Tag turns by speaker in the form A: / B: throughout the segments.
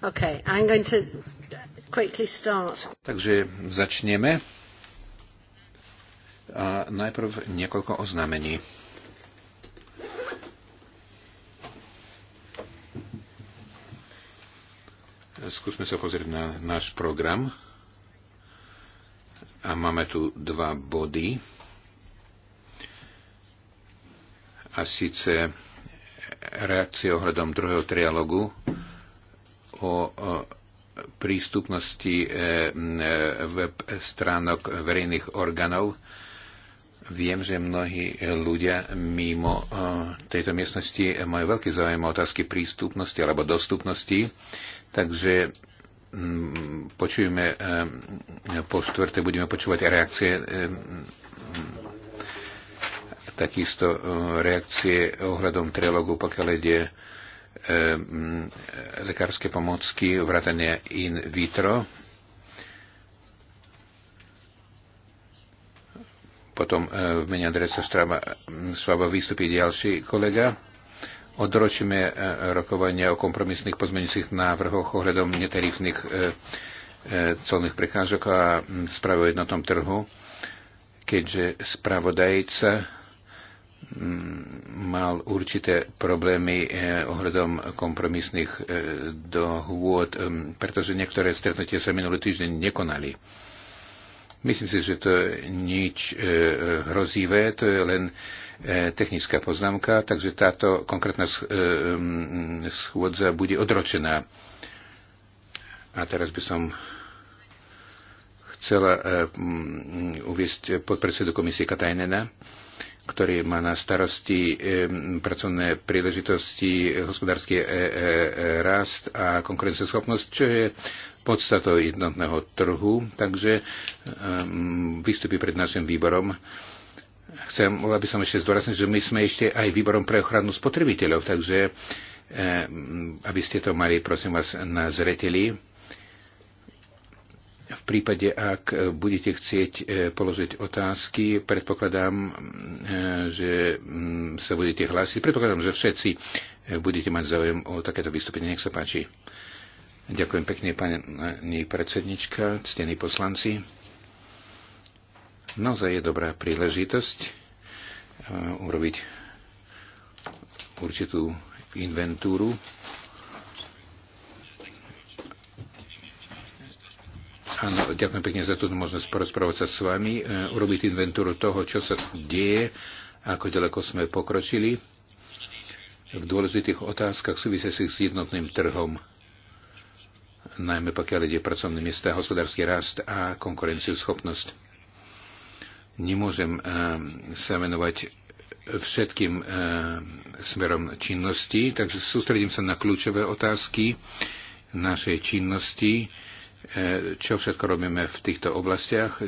A: Okay, I'm going to quickly start.
B: Takže začneme. A najprv niekoľko oznámení. Skúsme sa pozrieť na náš program. A máme tu dva body. A síce reakcie ohľadom druhého trialogu o prístupnosti e, e, web stránok verejných orgánov. Viem, že mnohí ľudia mimo e, tejto miestnosti majú veľký záujem o otázky prístupnosti alebo dostupnosti, takže mm, počujeme, po štvrté budeme počúvať reakcie takisto reakcie ohľadom trialogu, pokiaľ ide Eh, mm, lekárske pomocky, vrátane in vitro, potom eh, v mene adresa Štraba, Švaba mm, vystupí ďalší kolega. Odročíme eh, rokovanie o kompromisných pozmeňujúcich návrhoch ohľadom netarifných colných prekážok a mm, správe o jednotnom trhu, keďže spravodajca Mm, mal určité problémy eh, ohľadom kompromisných eh, dohôd, mm, pretože niektoré stretnutie sa minulý týždeň nekonali. Myslím si, že to nič eh, hrozivé, to je len technická poznámka, takže táto konkrétna mm, schôdza bude odročená. A teraz by som chcela uviesť podpredsedu komisie Katajnena ktorý má na starosti pracovné príležitosti, hospodársky e, e, rast a konkurenceschopnosť, čo je podstatou jednotného trhu. Takže vystupí pred našim výborom. Chcem, aby som ešte zdôraznil, že my sme ešte aj výborom pre ochranu spotrebiteľov, takže aby ste to mali, prosím vás, na zreteli v prípade, ak budete chcieť e, položiť otázky, predpokladám, e, že mm, sa budete hlásiť. Predpokladám, že všetci e, budete mať záujem o takéto vystúpenie. Nech sa páči. Ďakujem pekne, pani predsednička, ctení poslanci. Naozaj je dobrá príležitosť urobiť určitú inventúru Áno, ďakujem pekne za túto možnosť porozprávať sa s vami, e, urobiť inventúru toho, čo sa deje, ako ďaleko sme pokročili v dôležitých otázkach súvisiacich s jednotným trhom, najmä pokiaľ ide pracovné miesta, hospodársky rast a schopnosť. Nemôžem e, sa venovať všetkým e, smerom činnosti, takže sústredím sa na kľúčové otázky našej činnosti E, čo všetko robíme v týchto oblastiach. E,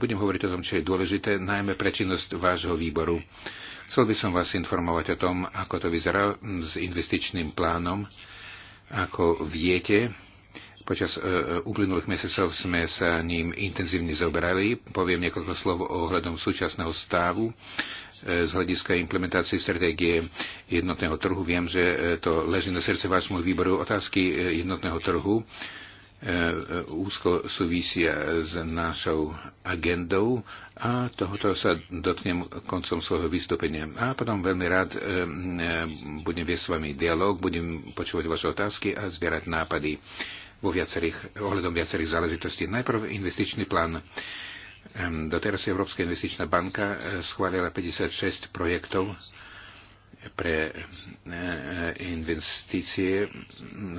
B: budem hovoriť o tom, čo je dôležité, najmä pre činnosť vášho výboru. Chcel by som vás informovať o tom, ako to vyzerá s investičným plánom. Ako viete, počas e, uplynulých mesiacov sme sa ním intenzívne zaoberali. Poviem niekoľko slov ohľadom súčasného stavu z hľadiska implementácie stratégie jednotného trhu. Viem, že to leží na srdce vášmu výboru otázky jednotného trhu E, e, úzko súvisia s našou agendou a tohoto sa dotknem koncom svojho vystúpenia. A potom veľmi rád e, budem viesť s vami dialog, budem počúvať vaše otázky a zbierať nápady vo viacerých, ohľadom viacerých záležitostí. Najprv investičný plán. Doteraz Európska investičná banka schválila 56 projektov pre investície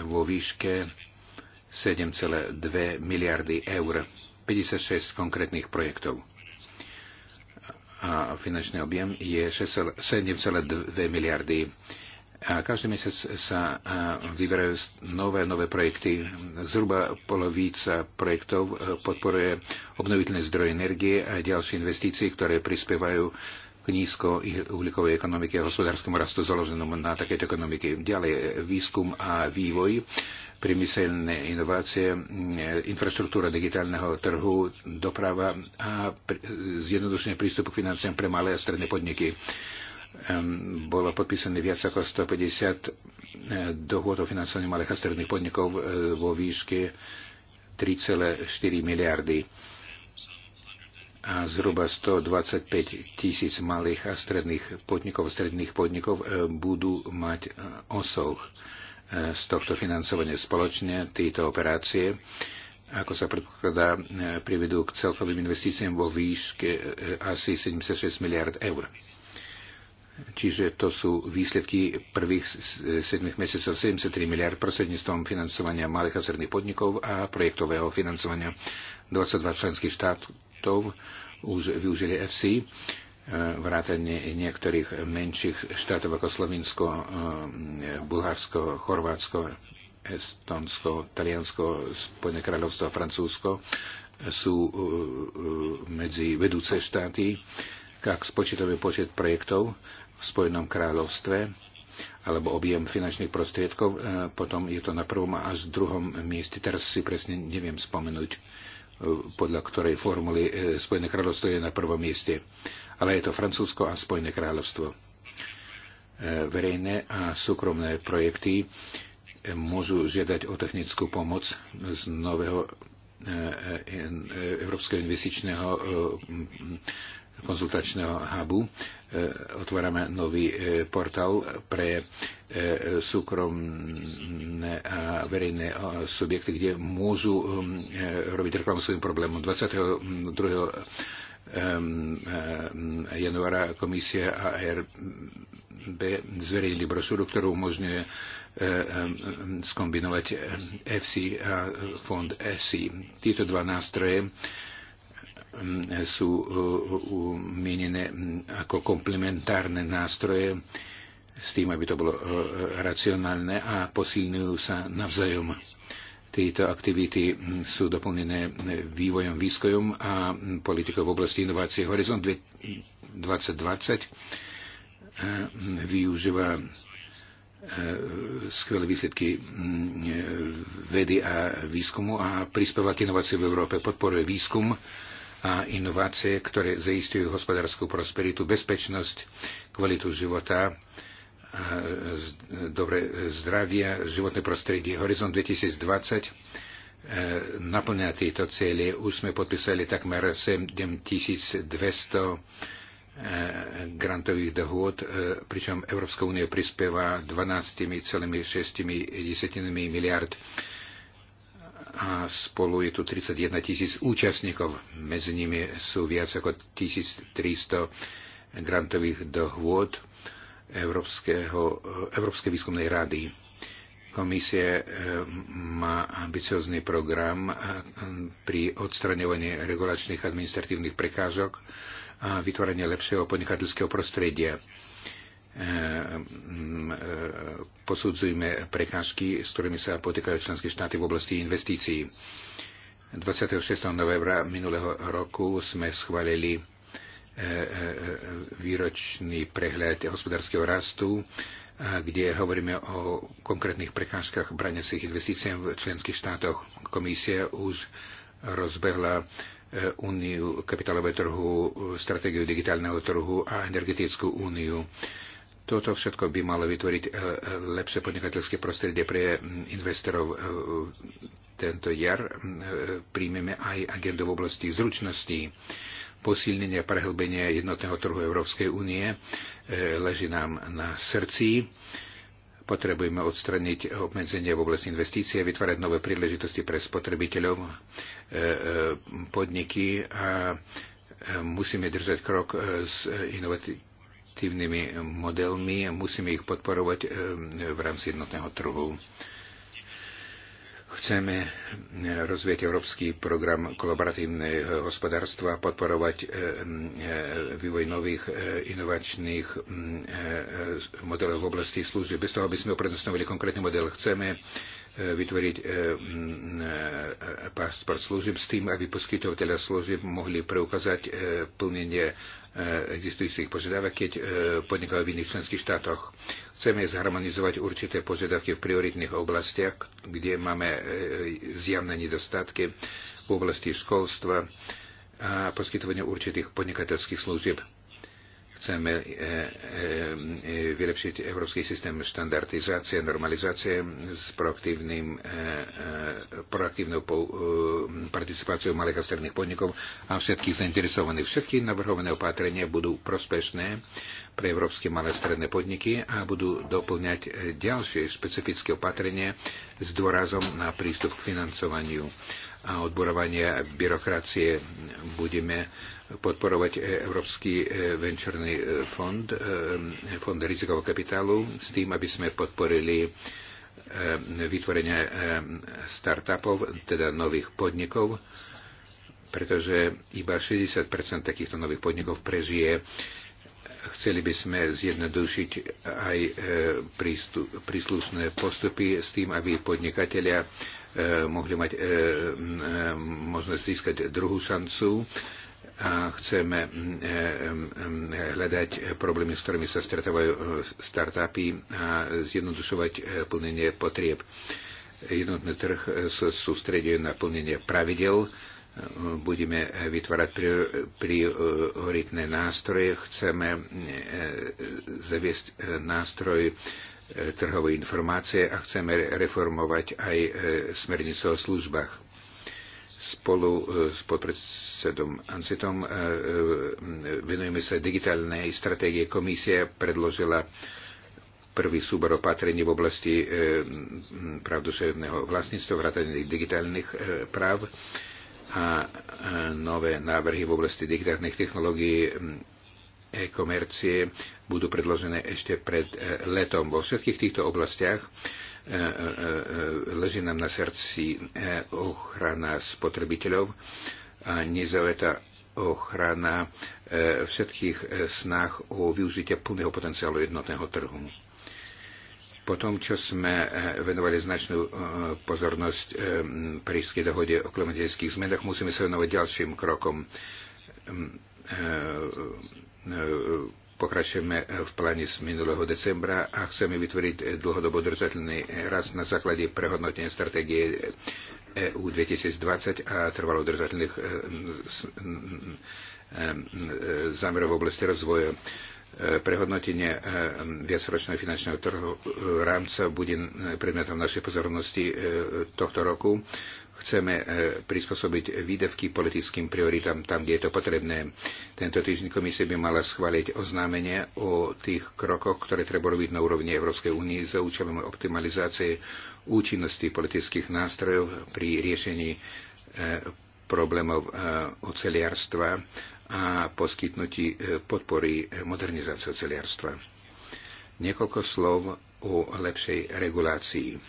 B: vo výške 7,2 miliardy eur, 56 konkrétnych projektov a finančný objem je 7,2 miliardy. A každý mesiac sa vyberajú nové nové projekty. Zhruba polovica projektov e, podporuje obnoviteľné zdroje energie a ďalšie investície, ktoré prispievajú k nízko uhlíkovej ekonomike a hospodárskému rastu založenom na takejto ekonomike. Ďalej e, výskum a vývoj priemyselné inovácie, infraštruktúra digitálneho trhu, doprava a zjednodušenie prístupu k financiám pre malé a stredné podniky. Bolo podpísané viac ako 150 e, dohôd o financovaní malých a stredných podnikov e, vo výške 3,4 miliardy a zhruba 125 tisíc malých a stredných podnikov, stredných podnikov e, budú mať osoch z tohto financovania spoločne tieto operácie, ako sa predpokladá, e, privedú k celkovým investíciám vo výške e, asi 76 miliard eur. Čiže to sú výsledky prvých 7 mesiacov 73 miliard prostredníctvom financovania malých a sredných podnikov a projektového financovania 22 členských štátov už využili FC vrátane niektorých menších štátov ako Slovinsko, eh, Bulharsko, Chorvátsko, Estonsko, Taliansko, Spojené kráľovstvo a Francúzsko sú eh, eh, medzi vedúce štáty, ak spočítame počet projektov v Spojenom kráľovstve alebo objem finančných prostriedkov, potom je to na prvom až druhom mieste. Teraz si presne neviem spomenúť, podľa ktorej formuly Spojené kráľovstvo je na prvom mieste ale je to Francúzsko a Spojené kráľovstvo. E, verejné a súkromné projekty e, môžu žiadať o technickú pomoc z nového e, Európskeho investičného konzultačného hubu. Otvárame nový portál pre súkromné a verejné subjekty, kde môžu robiť reklamu svojim problémom. 22. Ehm, ehm, januára komisia a RB zverejnili brošúru, ktorú umožňuje ehm, skombinovať FC a fond ESI. Tieto dva nástroje sú umienené ako komplementárne nástroje s tým, aby to bolo e, racionálne a posilňujú sa navzájom tieto aktivity sú doplnené vývojom, výskojom a politikou v oblasti inovácie. Horizont 2020 eh, využíva eh, skvelé výsledky mm, eh, vedy a výskumu a prispieva k inovácii v Európe. Podporuje výskum a inovácie, ktoré zaistujú hospodárskú prosperitu, bezpečnosť, kvalitu života E, dobre zdravia, životné prostredie. Horizont 2020 e, naplňa tieto cieľe. Už sme podpísali takmer 7200 e, grantových dohôd, pričom Európska únia prispieva 12,6 miliard a spolu je tu 31 tisíc účastníkov. Medzi nimi sú viac ako 1300 grantových dohôd Eh, Európskej výskumnej rady. Komisie eh, má ambiciozný program eh, pri odstraňovaní regulačných administratívnych prekážok a vytvorenie lepšieho podnikateľského prostredia. Mm, posudzujme prekážky, s ktorými sa potýkajú členské štáty v oblasti investícií. 26. novembra minulého roku sme schválili E, e, e, výročný prehľad hospodárskeho rastu, kde hovoríme o konkrétnych prekážkach brania si investíciám v členských štátoch. Komisia už rozbehla úniu kapitálového trhu, stratégiu digitálneho trhu a energetickú úniu. Toto všetko by malo vytvoriť lepšie podnikateľské prostredie pre investorov. Tento jar príjmeme aj agendu v oblasti zručností posilnenie a prehlbenie jednotného trhu Európskej únie e, leží nám na srdci. Potrebujeme odstraniť obmedzenia v oblasti investície, vytvárať nové príležitosti pre spotrebiteľov, e, e, podniky a musíme držať krok s inovatívnymi modelmi a musíme ich podporovať v rámci jednotného trhu. Chceme eh, rozvieť európsky program kolaboratívne eh, hospodárstva, podporovať eh, vývoj nových inovačných modelov v oblasti služieb. Bez toho, aby sme predstavili konkrétny model, chceme E, vytvoriť e, e, pasport služieb s tým, aby poskytovateľa služieb mohli preukázať plnenie existujúcich požiadavek, keď podnikajú v iných členských štátoch. Chceme zharmonizovať určité požiadavky v prioritných oblastiach, kde máme zjavné nedostatky v oblasti školstva a poskytovania určitých podnikateľských služieb Chceme e, e, e, vylepšiť európsky systém štandardizácie, normalizácie s proaktívnym, proaktívnou participáciou malých a stredných podnikov a všetkých zainteresovaných. Všetky navrhované opatrenia budú prospešné pre európske malé a stredné podniky a budú doplňať ďalšie špecifické opatrenia s dôrazom na prístup k financovaniu a odborovanie byrokracie. Budeme podporovať Európsky e, venčerný e, fond, e, fond rizikového kapitálu, s tým, aby sme podporili vytvorenie startupov, teda nových podnikov, pretože iba 60 takýchto nových podnikov prežije. Chceli by sme zjednodušiť aj príslušné postupy s tým, aby podnikatelia E, mohli mať e, e, možnosť získať druhú šancu a chceme hľadať problémy, s ktorými sa stretávajú startupy a zjednodušovať plnenie potrieb. Jednotný trh sa sústreduje na plnenie pravidel, budeme vytvárať prioritné nástroje, chceme zaviesť nástroj trhové informácie a chceme reformovať aj e, smernice o službách. Spolu e, s podpredsedom Ancitom e, venujeme sa digitálnej stratégie. Komisia predložila prvý súbor opatrení v oblasti pravduševného vlastníctva, vrátane digitálnych práv a nové návrhy v oblasti digitálnych technológií e-komercie budú predložené ešte pred e, letom. Vo všetkých týchto oblastiach e, e, leží nám na srdci ochrana spotrebiteľov a nezaujatá ochrana všetkých snách o využitie plného potenciálu jednotného trhu. Po tom, čo sme venovali značnú pozornosť Parížskej dohode o klimatických zmenách, musíme sa venovať ďalším krokom E, pokračujeme v pláne z minulého decembra a chceme vytvoriť dlhodobo držateľný rast na základe prehodnotenia stratégie EU 2020 a trvalo držateľných e, e, zámerov v oblasti rozvoja prehodnotenie viacročného finančného trhu rámca bude predmetom našej pozornosti tohto roku. Chceme eh, prispôsobiť výdavky politickým prioritám tam, kde je to potrebné. Tento týždeň komisie by mala schváliť oznámenie o tých krokoch, ktoré treba robiť na úrovni Európskej únie za účelom optimalizácie účinnosti politických nástrojov pri riešení eh, problémov eh, oceliarstva a poskytnutí podpory modernizácie oceliarstva. Niekoľko slov o lepšej regulácii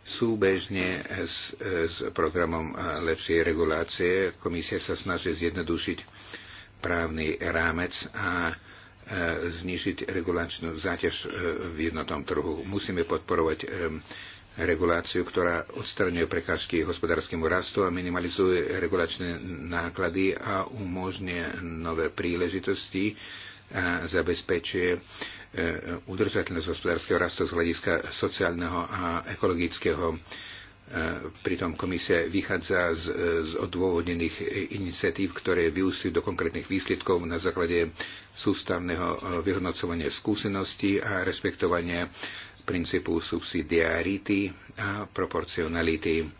B: Súbežne s, s programom lepšej regulácie komisia sa snaží zjednodušiť právny rámec a e, znižiť regulačnú záťaž e, v jednotnom trhu. Musíme podporovať e, reguláciu, ktorá odstraňuje prekážky hospodárskému rastu a minimalizuje regulačné náklady a umožňuje nové príležitosti a zabezpečuje E, udržateľnosť hospodárskeho rastu z hľadiska sociálneho a ekologického. E, pritom komisia vychádza z, z odôvodnených iniciatív, ktoré vyústili do konkrétnych výsledkov na základe sústavného e, vyhodnocovania skúseností a respektovania princípu subsidiarity a proporcionality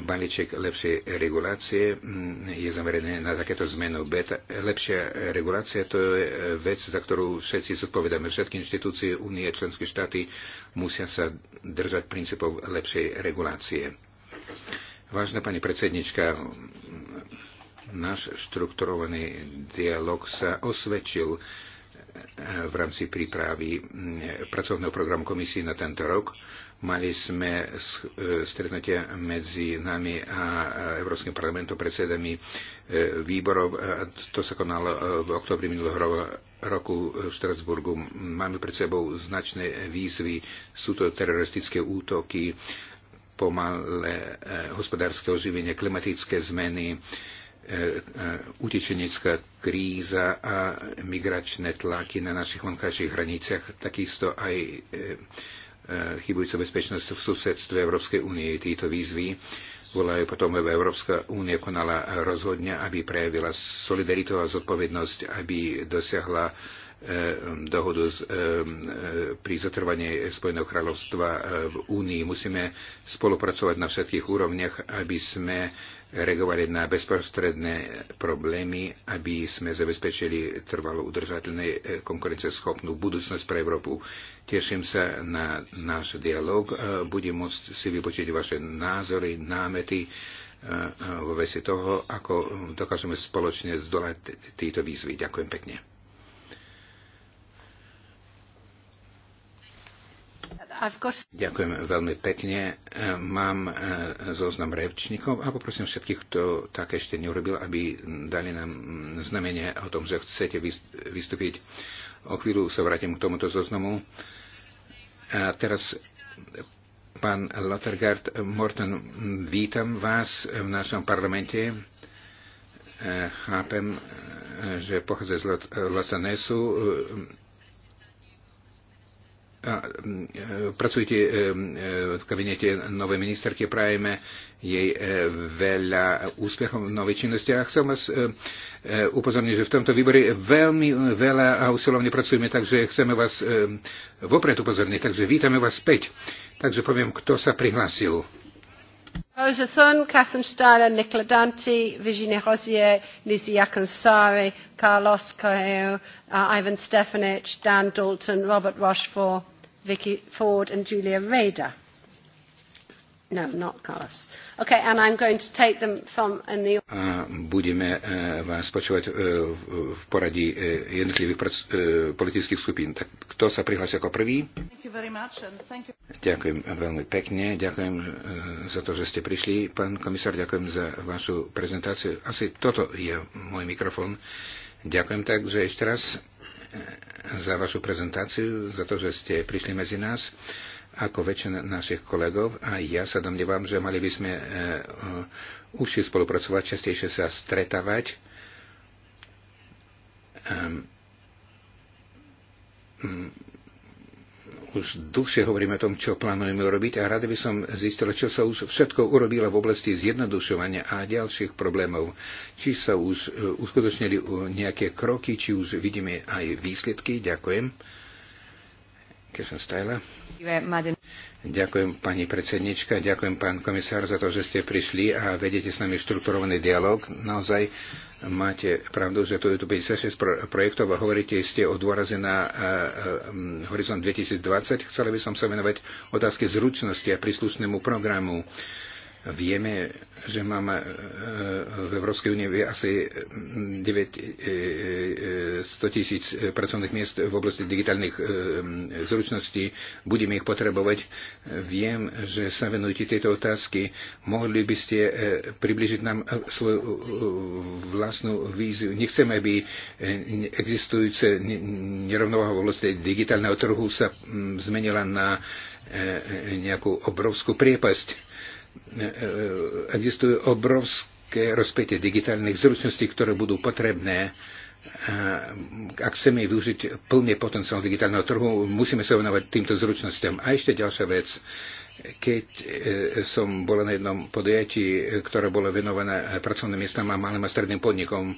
B: balíček lepšej regulácie mm, je zameraný na takéto zmenu. Beta, lepšia regulácia to je e, vec, za ktorú všetci zodpovedáme. Všetky inštitúcie únie, členské štáty musia sa držať princípov lepšej regulácie. Vážna pani predsednička, náš štrukturovaný dialog sa osvedčil e, v rámci prípravy pracovného programu komisie na tento rok. Mali sme e, stretnutie medzi nami a Európskym parlamentom predsedami e, výborov. E, to sa konalo v oktobri minulého roku v Štrasburgu. Máme pred sebou značné výzvy. Sú to teroristické útoky, pomalé hospodárske oživenie, klimatické zmeny, utečenická kríza a migračné tlaky na našich vonkajších hraniciach, takisto aj chybujúcu bezpečnosť v susedstve Európskej únie. Títo výzvy volajú potom, aby Európska únia konala rozhodne, aby prejavila solidaritu a zodpovednosť, aby dosiahla eh, dohodu z, eh, pri zatrvaní Spojeného kráľovstva eh, v Únii. Musíme spolupracovať na všetkých úrovniach, aby sme reagovali na bezprostredné problémy, aby sme zabezpečili trvalo udržateľné e, konkurenceschopnú budúcnosť pre Európu. Teším sa na náš dialog. E, Budem môcť si vypočiť vaše názory, námety e, vo veci toho, ako dokážeme spoločne zdolať tieto výzvy. Ďakujem pekne.
A: Ďakujem
B: veľmi pekne. E, mám e, zoznam revčníkov a poprosím všetkých, kto tak ešte neurobil, aby dali nám znamenie o tom, že chcete vystúpiť. O chvíľu sa vrátim k tomuto zoznamu. A teraz pán Lothargard Morton, vítam vás v našom parlamente e, chápem, že pochádza z Lotanesu, Mm, e, pracujete e, e, v kabinete novej ministerky, prajeme jej veľa úspechov v novej činnosti. A chcem vás upozorniť, že v tomto výbore veľmi veľa a usilovne pracujeme, takže chceme vás vopred upozorniť. Takže vítame vás späť. Takže poviem, kto sa prihlásil.
A: Rosa Sun, Catherine Steiner, Nicola Dante, Virginia Rosier, Lizzie Akansari, Carlos Correo, uh, Ivan Stefanich, Dan Dalton, Robert Rochefort, Vicky Ford and Julia Rader. No, not Carlos. Okay, and I'm going to take them from in the...
B: A budeme uh, vás počúvať uh, v, v poradí uh, jednotlivých prac, uh, politických skupín. Tak kto sa prihlási ako prvý?
C: Thank you very much and thank you.
B: Ďakujem veľmi pekne. Ďakujem uh, za to, že ste prišli. Pán komisár, ďakujem za vašu prezentáciu. Asi toto je môj mikrofón. Ďakujem tak, že ešte raz za vašu prezentáciu, za to, že ste prišli medzi nás ako väčšina našich kolegov a ja sa domnievam, že mali by sme e, užšie e, spolupracovať, častejšie sa stretávať. um, už dlhšie hovoríme o tom, čo plánujeme urobiť a rada by som zistila, čo sa už všetko urobilo v oblasti zjednodušovania a ďalších problémov. Či sa už e, uskutočnili nejaké kroky, či už vidíme aj výsledky. Ďakujem. Kirsten Steiler. Ďakujem pani predsednička, ďakujem pán komisár za to, že ste prišli a vedete s nami štrukturovaný dialog. Naozaj máte pravdu, že tu je tu 56 projektov a hovoríte ste o dôraze na Horizont 2020. Chcela by som sa venovať otázke zručnosti a príslušnému programu. Uh, Vieme, že máme e, v Európskej únie asi 900 mm, e, e, tisíc pracovných miest v oblasti digitálnych mm, zručností. Budeme ich potrebovať. Viem, že sa venujete tejto otázky. Mohli by ste približiť nám svoju vlastnú víziu. Nechceme, aby existujúce nerovnováha v oblasti digitálneho trhu sa mm, zmenila na nejakú obrovskú priepasť E, e, existujú obrovské rozpätie digitálnych zručností, ktoré budú potrebné e, ak chceme využiť plne potenciál digitálneho trhu, musíme sa venovať týmto zručnostiam. A ešte ďalšia vec. Keď som bola na jednom podujatí, ktoré bolo venované pracovným miestam a malým a stredným podnikom,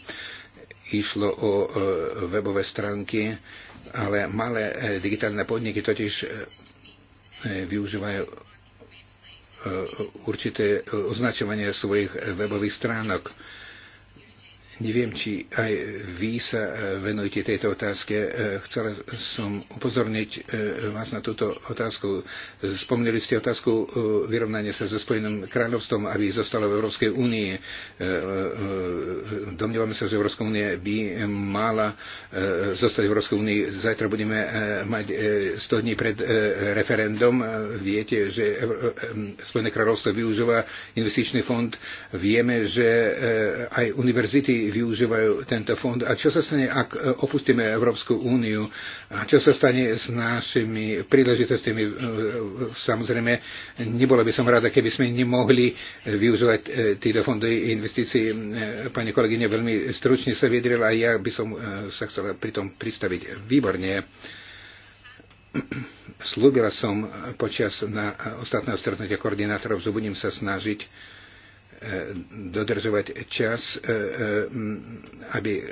B: išlo o webové stránky, ale malé digitálne podniky totiž využívajú určité e, označovanie svojich webových stránok Neviem, či aj vy sa e, venujete tejto otázke. E, chcela som upozorniť e, vás na túto otázku. Spomneli ste otázku vyrovnania sa so Spojeným kráľovstvom, aby zostalo v Európskej únie. Domnievame sa, že Európska únie by mala zostať v Európskej únii. Zajtra budeme mať 100 dní pred referendum. Viete, že Spojené kráľovstvo využíva investičný fond. Vieme, že aj univerzity využívajú tento fond a čo sa stane, ak e, opustíme Európsku úniu a čo sa stane s našimi príležitostiami. E, e, samozrejme, nebola by som rada, keby sme nemohli využívať tieto fondy investícií. Pani kolegyne veľmi stručne sa vyjadrila a ja by som sa chcela pri tom pristaviť. Výborne slúbila som počas na ostatného stretnutia koordinátorov, že budem sa snažiť dodržovať čas, e, e, aby e,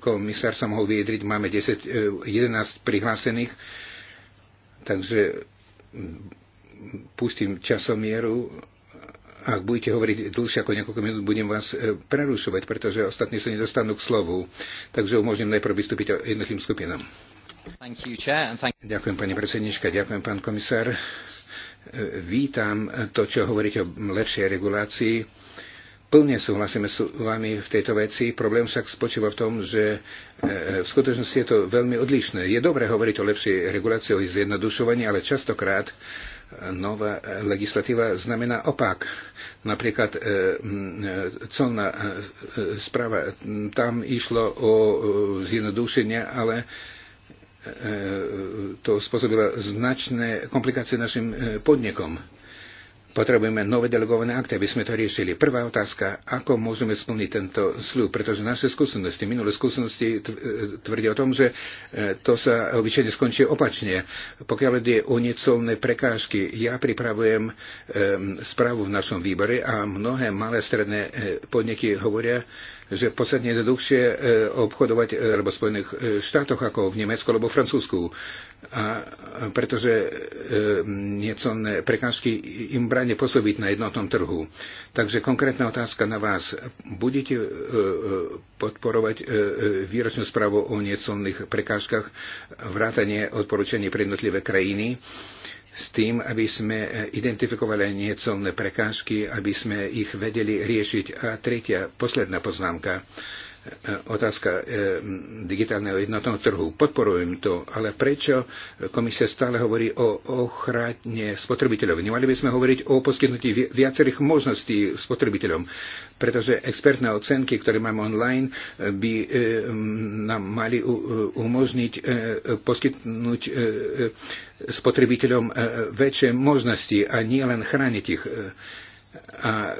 B: komisár sa mohol vyjadriť. Máme 10, 11 prihlásených, takže pustím časomieru. Ak budete hovoriť dlhšie ako niekoľko minút, budem vás prerušovať, pretože ostatní sa nedostanú k slovu. Takže umožním najprv vystúpiť jednotlivým skupinám. You, chair, Ďakujem, pani predsednička, ďakujem, pán komisár vítam to, čo hovoríte o lepšej regulácii. Plne súhlasíme s vami v tejto veci. Problém však spočíva v tom, že e, v skutočnosti je to veľmi odlišné. Je dobré hovoriť o lepšej regulácii, o zjednodušovaní, ale častokrát nová legislatíva znamená opak. Napríklad e, colná e, správa, tam išlo o zjednodušenie, ale E, e, to spôsobilo značné komplikácie našim e, podnikom. Potrebujeme nové delegované akty, aby sme to riešili. Prvá otázka, ako môžeme splniť tento sľub, pretože naše skúsenosti, minulé skúsenosti tvrdia o tom, že to sa obyčajne skončí opačne. Pokiaľ ide o necolné prekážky, ja pripravujem správu v našom výbore a mnohé malé stredné podniky hovoria, že posledne jednoduchšie e, obchodovať e, alebo v Spojených e, štátoch ako v Nemecku alebo v Francúzsku. A pretože niecelné prekážky im bráne posobiť na jednotnom trhu. Takže konkrétna otázka na vás. Budete podporovať výročnú správu o niecelných prekážkach vrátanie odporúčaní pre jednotlivé krajiny? s tým, aby sme e, identifikovali niecelné prekážky, aby sme ich vedeli riešiť. A tretia, posledná poznámka. E, e, otázka e, digitálneho jednotného trhu. Podporujem to, ale prečo komisia stále hovorí o ochrane spotrebiteľov? Nemali by sme hovoriť o poskytnutí viacerých možností spotrebiteľom, pretože expertné ocenky, ktoré máme online, by nám mali umožniť poskytnúť spotrebiteľom väčšie možnosti a nie len chrániť ich. A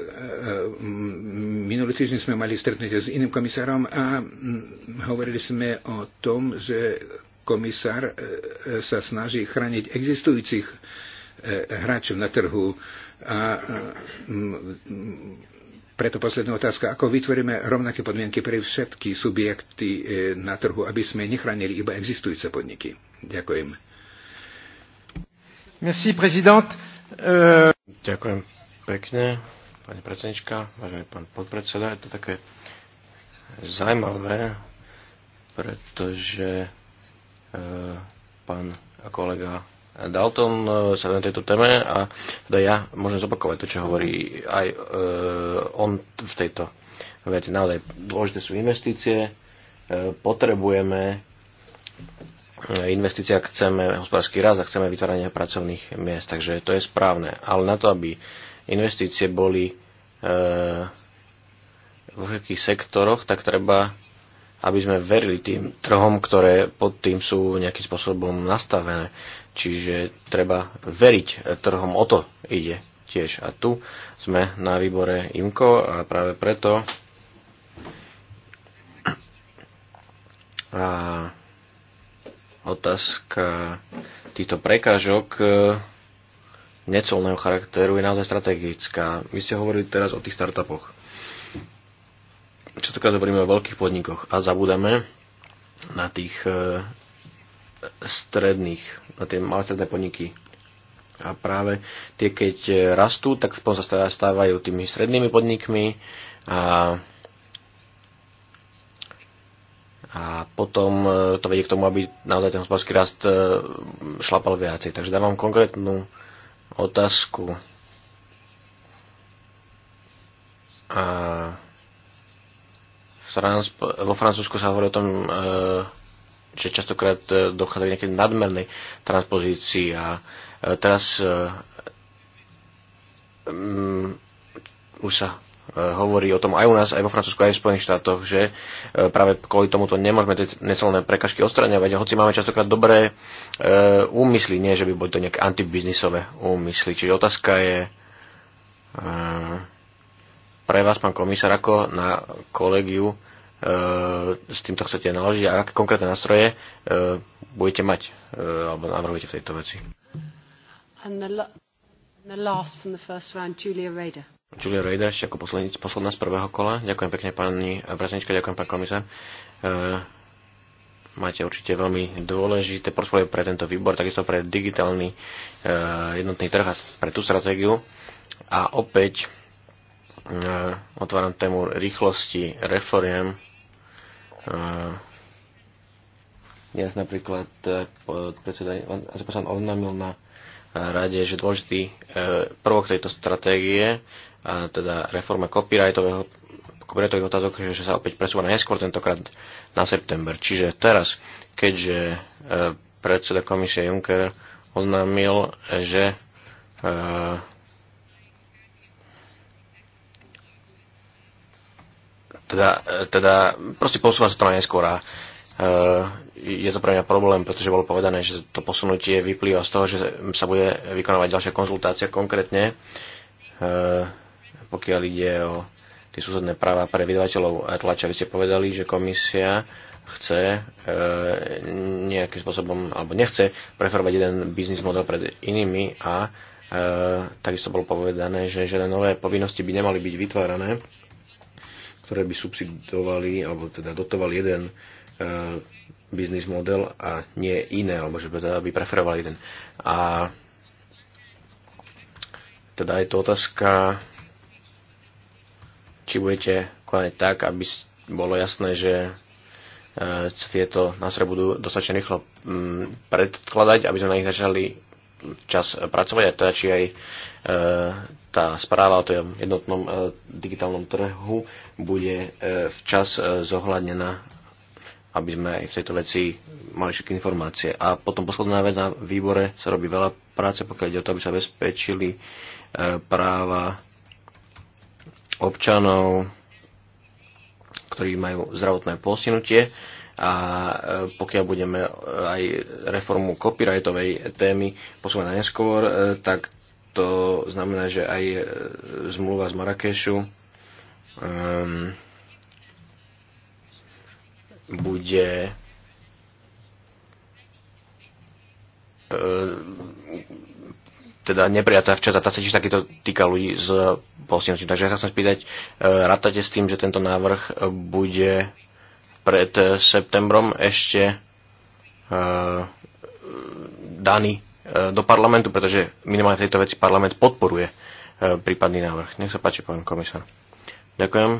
B: minulý týždeň sme mali stretnutie s iným komisárom a hovorili sme o tom, že komisár e, sa snaží chrániť existujúcich e, hráčov na trhu. A preto posledná otázka, ako vytvoríme rovnaké podmienky pre všetky subjekty e, na trhu, aby sme nechránili iba existujúce podniky. Ďakujem. Merci, prezident. Euh, Ďakujem
D: pekne, pani predsednička, vážený pán podpredseda. Je to také zaujímavé, pretože e, pán kolega Dalton e, sa na tejto téme a teda ja môžem zopakovať to, čo hovorí aj e, on v tejto veci. Naozaj dôležité sú investície, e, potrebujeme e, investícia, chceme hospodársky rast a chceme vytváranie pracovných miest, takže to je správne. Ale na to, aby investície boli e, vo všetkých sektoroch, tak treba, aby sme verili tým trhom, ktoré pod tým sú nejakým spôsobom nastavené. Čiže treba veriť trhom, o to ide tiež. A tu sme na výbore IMKO a práve preto a otázka týchto prekážok e, necolného charakteru je naozaj strategická. Vy ste hovorili teraz o tých startupoch. Častokrát hovoríme o veľkých podnikoch a zabúdame na tých e, stredných, na tie malé stredné podniky. A práve tie, keď e, rastú, tak potom sa stávajú tými strednými podnikmi a a potom e, to vedie k tomu, aby naozaj ten hospodársky rast šlapal viacej. Takže dávam konkrétnu otázku. A vo Francúzsku sa hovorí o tom, e, že častokrát e, dochádza k nejakej nadmernej transpozícii a e, teraz um, už sa E, hovorí o tom aj u nás, aj vo Francúzsku, aj v Spojených štátoch, že e, práve kvôli tomuto nemôžeme tie necelné prekažky odstraňovať. A hoci máme častokrát dobré e, úmysly, nie že by boli to nejaké antibiznisové úmysly. Čiže otázka je pre vás, pán komisár, ako na kolegiu s týmto chcete naložiť a aké konkrétne nástroje budete mať alebo navrhujete v tejto veci.
A: And the, and the last from the first round, Julia Rader.
D: Julia Rejda ešte ako posledný, posledná z prvého kola. Ďakujem pekne pani Breznička, ďakujem pán komisár. E, máte určite veľmi dôležité portfólio pre tento výbor, takisto pre digitálny e, jednotný trh a pre tú stratégiu. A opäť e, otváram tému rýchlosti reforiem. E, dnes napríklad e, predseda oznámil na e, rade, že dôležitý e, prvok tejto stratégie teda reforma copyrightového copyrightových otázok, že sa opäť presúva na neskôr, tentokrát na september. Čiže teraz, keďže e, predseda komisie Juncker oznámil, že e, teda, e, teda proste posúva sa to na neskôr a je to pre mňa problém, pretože bolo povedané, že to posunutie vyplýva z toho, že sa bude vykonávať ďalšia konzultácia konkrétne pokiaľ ide o tie súsadné práva pre vydavateľov tlača. Vy ste povedali, že komisia chce e, nejakým spôsobom, alebo nechce preferovať jeden biznis model pred inými a e, takisto bolo povedané, že žiadne nové povinnosti by nemali byť vytvárané, ktoré by subsidovali, alebo teda dotovali jeden e, biznis model a nie iné, alebo že by teda by preferovali jeden. A teda je to otázka či budete konať tak, aby bolo jasné, že e, sa tieto nástroje budú dostatočne rýchlo mm, predkladať, aby sme na nich začali čas pracovať a teda či aj e, tá správa o tom jednotnom e, digitálnom trhu bude včas zohľadnená, aby sme aj v tejto veci mali všetky informácie. A potom posledná vec na výbore sa robí veľa práce, pokiaľ ide o to, aby sa bezpečili práva občanov, ktorí majú zdravotné posunutie a e, pokiaľ budeme e, aj reformu copyrightovej témy posúvať neskôr, e, tak to znamená, že aj zmluva z Marrakešu um, bude um, teda neprijatá včas a tá sa tiež takýto týka ľudí s postihnutím. Takže ja sa chcem spýtať, e, rátate s tým, že tento návrh bude pred septembrom ešte e, daný e, do parlamentu, pretože minimálne tejto veci parlament podporuje prípadný návrh. Nech sa páči, pán komisár. Ďakujem.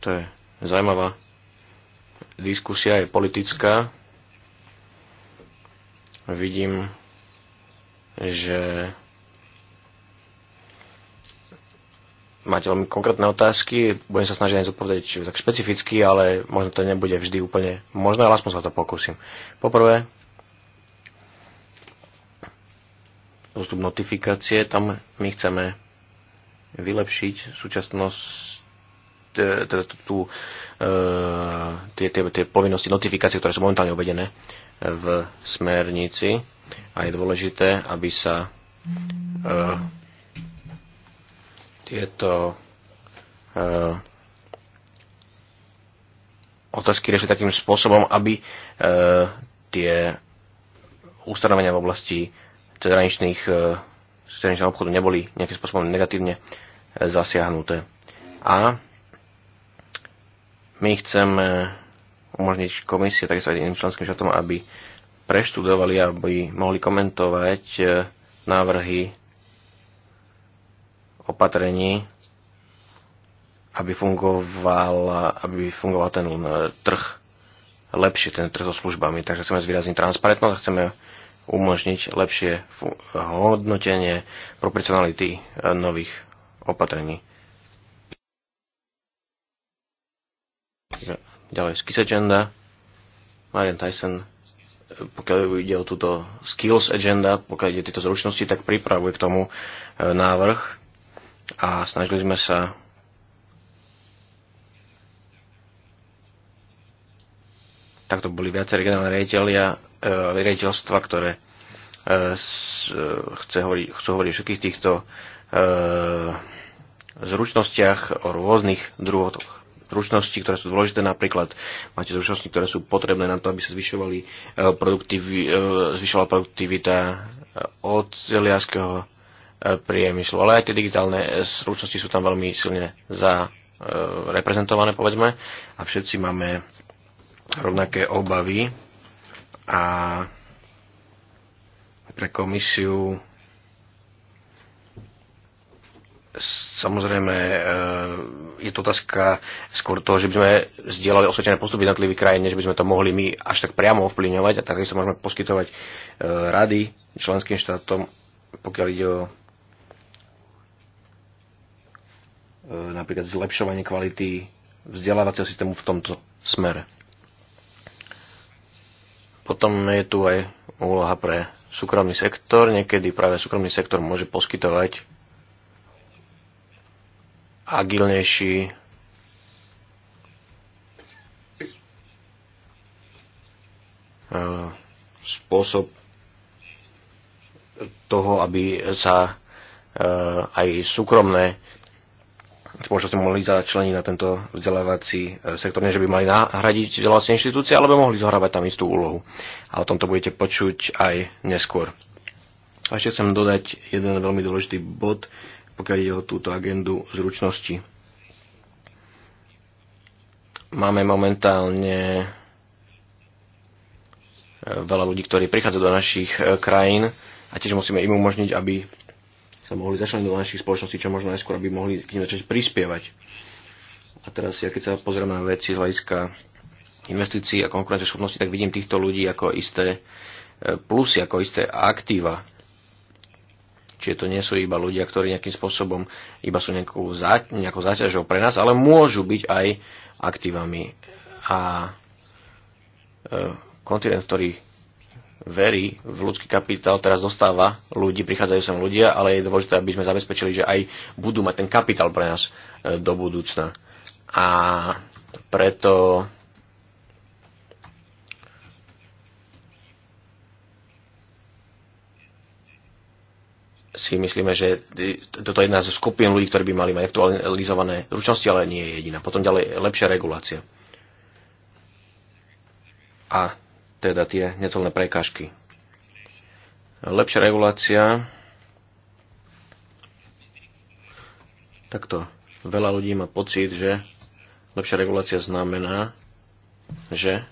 D: To je zaujímavá diskusia, je politická vidím, že máte veľmi konkrétne otázky, budem sa snažiť aj zodpovedať tak špecificky, ale možno to nebude vždy úplne možné, ale aspoň sa to pokúsim. Poprvé, postup notifikácie, tam my chceme vylepšiť súčasnosť E, teda tú, e, tie, tie, tie povinnosti notifikácie, ktoré sú momentálne uvedené v smernici a je dôležité, aby sa uh, tieto uh, otázky riešili takým spôsobom, aby uh, tie ustanovenia v oblasti cezhraničných uh, obchodu neboli nejakým spôsobom negatívne zasiahnuté. A my chceme umožniť komisie takisto aj iným členským štátom, aby preštudovali, aby mohli komentovať e, návrhy opatrení, aby fungoval, aby fungoval ten e, trh lepšie, ten trh so službami. Takže chceme zvýrazniť transparentnosť, chceme umožniť lepšie hodnotenie proporcionality e, nových opatrení. Ďalej, Skills Agenda. Marian Tyson, eh, pokiaľ ide o túto Skills Agenda, pokiaľ ide o tieto zručnosti, tak pripravuje k tomu eh, návrh a snažili sme sa takto boli viaceré generálne riaditeľia, eh, riaditeľstva, ktoré chce hovoriť, chcú hovoriť o všetkých týchto zručnostiach, o rôznych druhotoch zručnosti, ktoré sú dôležité, napríklad máte zručnosti, ktoré sú potrebné na to, aby sa zvyšovali, eh, produktiv, eh, zvyšovala produktivita eh, oceliarského priemyslu. Ale aj tie digitálne zručnosti sú tam veľmi silne zareprezentované, povedzme, a všetci máme rovnaké obavy a pre komisiu Samozrejme, e, je to otázka skôr toho, že by sme vzdielali osvedčené postupy jednotlivých krajín, než by sme to mohli my až tak priamo ovplyvňovať a takisto môžeme poskytovať e, rady členským štátom, pokiaľ ide o e, napríklad zlepšovanie kvality vzdelávacieho systému v tomto smere. Potom je tu aj úloha pre súkromný sektor. Niekedy práve súkromný sektor môže poskytovať agilnejší. spôsob toho, aby sa e, aj súkromné spoločnosti mohli začleniť na tento vzdelávací e, sektor. Nie, že by mali nahradiť vzdelávacie inštitúcie, alebo mohli zohrávať tam istú úlohu. A o tomto budete počuť aj neskôr. A ešte chcem dodať jeden veľmi dôležitý bod pokiaľ ide o túto agendu zručnosti. Máme momentálne e, veľa ľudí, ktorí prichádzajú do našich e, krajín a tiež musíme im umožniť, aby sa mohli začať do našich spoločností čo možno najskôr, aby mohli k nim začať prispievať. A teraz, ja keď sa pozriem na veci z hľadiska investícií a schopnosti, tak vidím týchto ľudí ako isté e, plusy, ako isté aktíva Čiže to nie sú iba ľudia, ktorí nejakým spôsobom iba sú nejakou, zá, nejakou záťažou pre nás, ale môžu byť aj aktívami. A e, kontinent, ktorý verí v ľudský kapitál, teraz dostáva ľudí, prichádzajú sem ľudia, ale je dôležité, aby sme zabezpečili, že aj budú mať ten kapitál pre nás e, do budúcna. A preto si myslíme, že toto je jedna zo skupín ľudí, ktorí by mali mať aktualizované zručnosti, ale nie je jediná. Potom ďalej lepšia regulácia. A teda tie necelné prekážky. Lepšia regulácia. Takto. Veľa ľudí má pocit, že lepšia regulácia znamená, že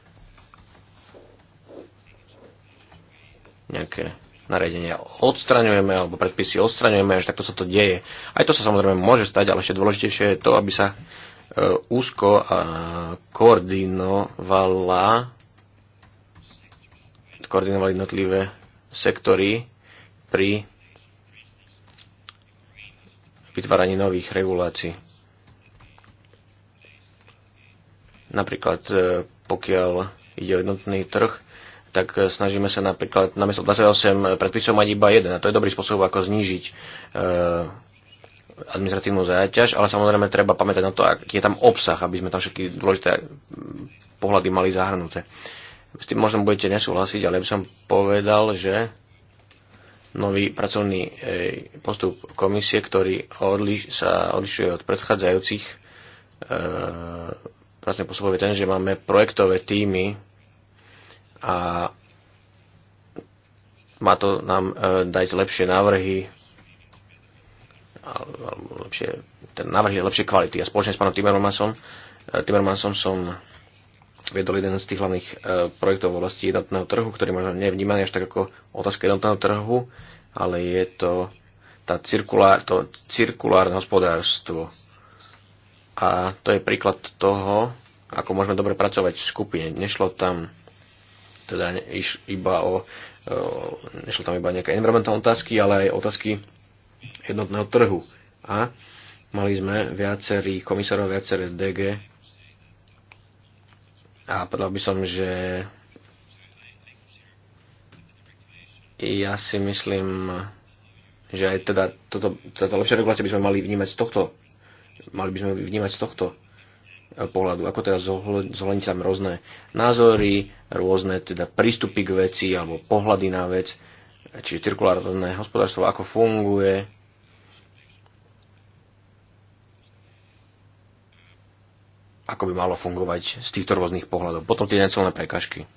D: nejaké nariadenia odstraňujeme alebo predpisy odstraňujeme, až takto sa to deje. Aj to sa samozrejme môže stať, ale ešte dôležitejšie je to, aby sa e, úzko a koordinovala koordinovali jednotlivé sektory pri vytváraní nových regulácií. Napríklad e, pokiaľ ide o jednotný trh, tak e, snažíme sa napríklad namiesto 28 predpisov mať iba jeden. A to je dobrý spôsob, ako znížiť e, administratívnu záťaž, ale samozrejme treba pamätať na to, aký je tam obsah, aby sme tam všetky dôležité pohľady mali zahrnuté. S tým možno budete nesúhlasiť, ale by som povedal, že nový pracovný e, postup komisie, ktorý odliš- sa odlišuje od predchádzajúcich e, pracovných postupov, je ten, že máme projektové týmy a má to nám e, dať lepšie návrhy alebo lepšie, ten návrh je lepšie kvality. A spoločne s pánom Timmermansom, e, Timmermansom som viedol jeden z tých hlavných e, projektov v oblasti jednotného trhu, ktorý možno nevnímaný až tak ako otázka jednotného trhu, ale je to tá cirkulár, to cirkulárne hospodárstvo. A to je príklad toho, ako môžeme dobre pracovať v skupine. Nešlo tam teda iš, iba o, o, nešlo tam iba nejaké environmentálne otázky, ale aj otázky jednotného trhu. A mali sme viacerí komisárov, viaceré DG a povedal by som, že ja si myslím, že aj teda toto, táto lepšia regulácia by sme mali vnímať z tohto. Mali by sme vnímať z tohto pohľadu. Ako teda zohľadniť tam rôzne názory, rôzne teda prístupy k veci alebo pohľady na vec, čiže cirkulárne hospodárstvo, ako funguje. ako by malo fungovať z týchto rôznych pohľadov. Potom tie necelné prekažky.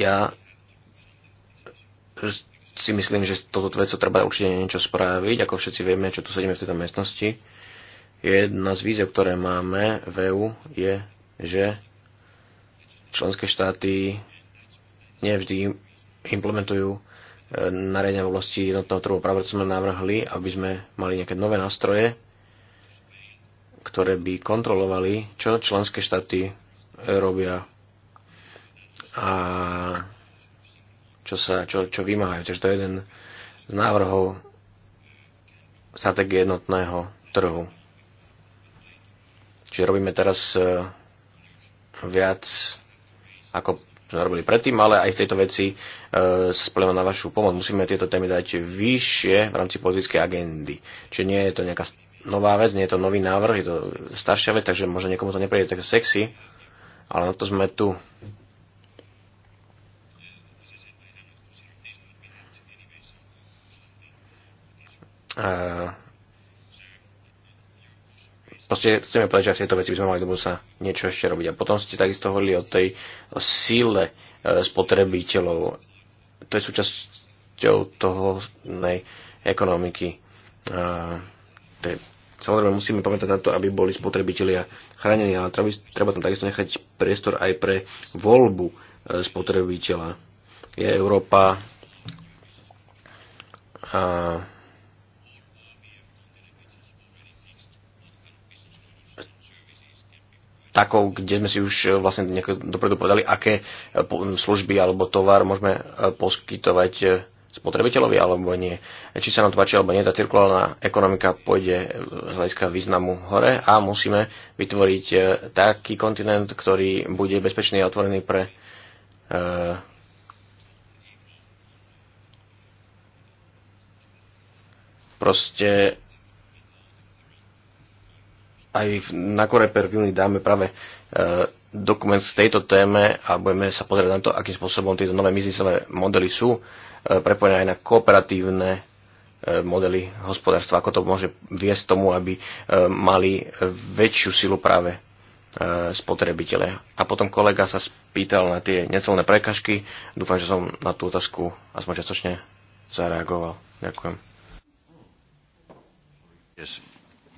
D: Ja si myslím, že toto vecou treba určite niečo spraviť. Ako všetci vieme, čo tu sedíme v tejto miestnosti, jedna z víziev, ktoré máme v EU, je, že členské štáty nevždy implementujú e, nariadenia v oblasti jednotného trhu. Práve sme navrhli, aby sme mali nejaké nové nástroje, ktoré by kontrolovali, čo členské štáty robia. A čo, sa, čo, čo vymáhajú. Takže to je jeden z návrhov stratégie jednotného trhu. Čiže robíme teraz e, viac ako sme robili predtým, ale aj v tejto veci e, sa na vašu pomoc. Musíme tieto témy dať vyššie v rámci politickej agendy. Čiže nie je to nejaká nová vec, nie je to nový návrh, je to staršia vec, takže možno niekomu to neprejde tak sexy, ale na to sme tu. Eh, proste chceme povedať, že v tejto veci by sme mali do sa niečo ešte robiť. A potom ste takisto hovorili o tej o síle eh, spotrebiteľov. To je súčasťou toho nej, ekonomiky. A, to je, samozrejme musíme pamätať na to, aby boli spotrebitelia chránení, ale treba, treba tam takisto nechať priestor aj pre voľbu eh, spotrebiteľa. Je Európa a, takou, kde sme si už e, vlastne dopredu povedali, aké e, služby alebo tovar môžeme e, poskytovať spotrebiteľovi alebo nie. Či sa nám to páči alebo nie, tá cirkulárna ekonomika pôjde z hľadiska významu hore a musíme vytvoriť taký kontinent, ktorý bude bezpečný a otvorený pre proste aj na Koreper v júni dáme práve e, dokument z tejto téme a budeme sa pozrieť na to, akým spôsobom tieto nové biznisové modely sú e, prepojené aj na kooperatívne e, modely hospodárstva, ako to môže viesť tomu, aby mali väčšiu silu práve spotrebitele. A potom kolega sa spýtal na tie necelné prekažky. Dúfam, že som na tú otázku aspoň čiastočne zareagoval. Ďakujem.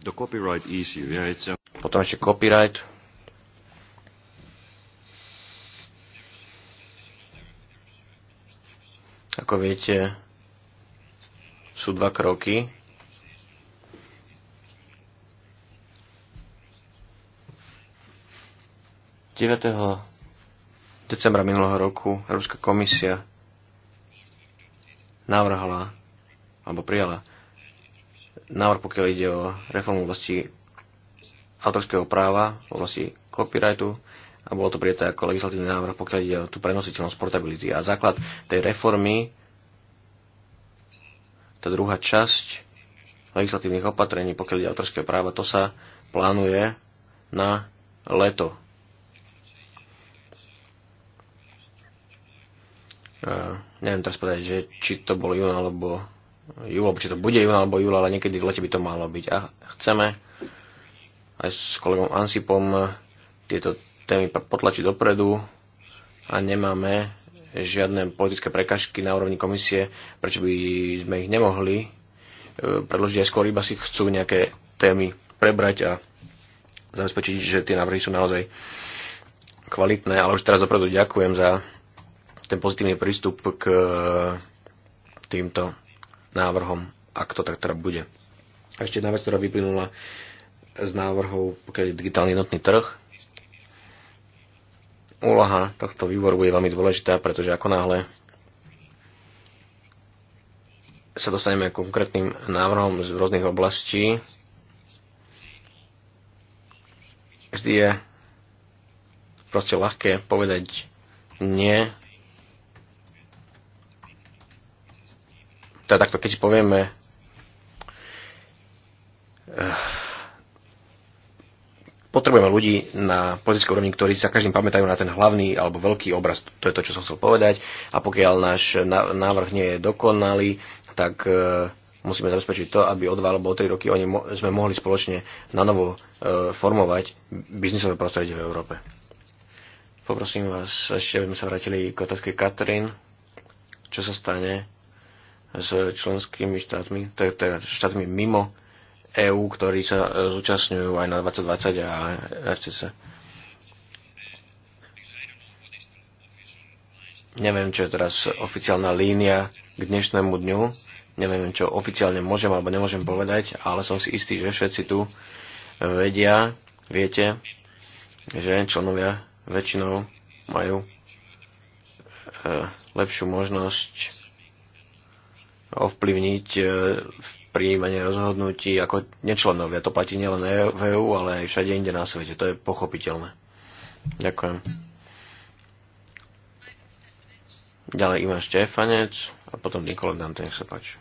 D: The copyright issue, yeah, it's a... Potom ešte copyright. Ako viete, sú dva kroky. 9. decembra minulého roku Európska komisia navrhla alebo prijala návrh, pokiaľ ide o reformu vlasti autorského práva, vlasti copyrightu a bolo to prijaté ako legislatívny návrh, pokiaľ ide o tú prenositeľnosť portability. A základ tej reformy, tá druhá časť legislatívnych opatrení, pokiaľ ide o autorské práva, to sa plánuje na leto. Uh, neviem teraz povedať, že či to bol jún alebo júl, či to bude júl alebo júl, ale niekedy v lete by to malo byť. A chceme aj s kolegom Ansipom tieto témy potlačiť dopredu a nemáme žiadne politické prekažky na úrovni komisie, prečo by sme ich nemohli e, predložiť aj skôr, iba si chcú nejaké témy prebrať a zabezpečiť, že tie návrhy sú naozaj kvalitné, ale už teraz opravdu ďakujem za ten pozitívny prístup k e, týmto návrhom, ak to tak teda bude. A ešte jedna vec, ktorá vyplynula z návrhov, pokiaľ je digitálny jednotný trh, úloha tohto výboru bude veľmi dôležitá, pretože ako náhle sa dostaneme k konkrétnym návrhom z rôznych oblastí, vždy je proste ľahké povedať nie teda takto keď povieme eh, potrebujeme ľudí na politické úrovni, ktorí sa každým pamätajú na ten hlavný alebo veľký obraz. To je to, čo som chcel povedať. A pokiaľ náš návrh nie je dokonalý, tak eh, musíme zabezpečiť to, aby o dva alebo o tri roky oni mo- sme mohli spoločne na novo e, formovať biznisové prostredie v Európe. Poprosím vás, ešte aby sme sa vrátili k otázke Katrin. Čo sa stane, s členskými štátmi, teda štátmi mimo EÚ, ktorí sa e, zúčastňujú aj na 2020 a FCC. Neviem, čo je teraz oficiálna línia k dnešnému dňu. Neviem, čo oficiálne môžem alebo nemôžem povedať, ale som si istý, že všetci tu vedia, viete, že členovia väčšinou majú e, lepšiu možnosť ovplyvniť e, príjmanie rozhodnutí ako nečlenovia. To platí nielen e- v EU, ale aj všade inde na svete. To je pochopiteľné. Ďakujem. Ďalej Ivan Štefanec a potom Nikola Dante, nech sa páči.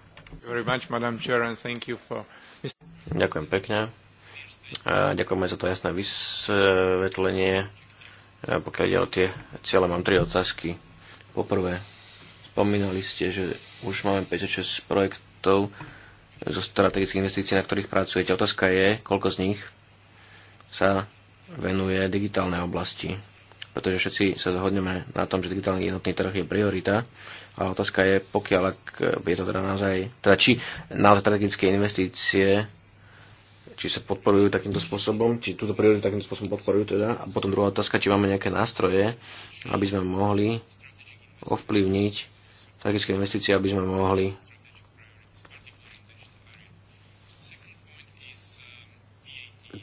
D: Ďakujem pekne. A ďakujem aj za to jasné vysvetlenie. Pokiaľ ide o tie ciele, mám tri otázky. Poprvé, spomínali ste, že už máme 56 projektov zo strategických investícií, na ktorých pracujete. Otázka je, koľko z nich sa venuje digitálnej oblasti. Pretože všetci sa zhodneme na tom, že digitálny jednotný trh je priorita, ale otázka je, pokiaľ ak je to teda naozaj, teda či naozaj strategické investície či sa podporujú takýmto spôsobom, či túto prioritu takýmto spôsobom podporujú teda. A potom druhá otázka, či máme nejaké nástroje, aby sme mohli ovplyvniť strategické investície, aby sme mohli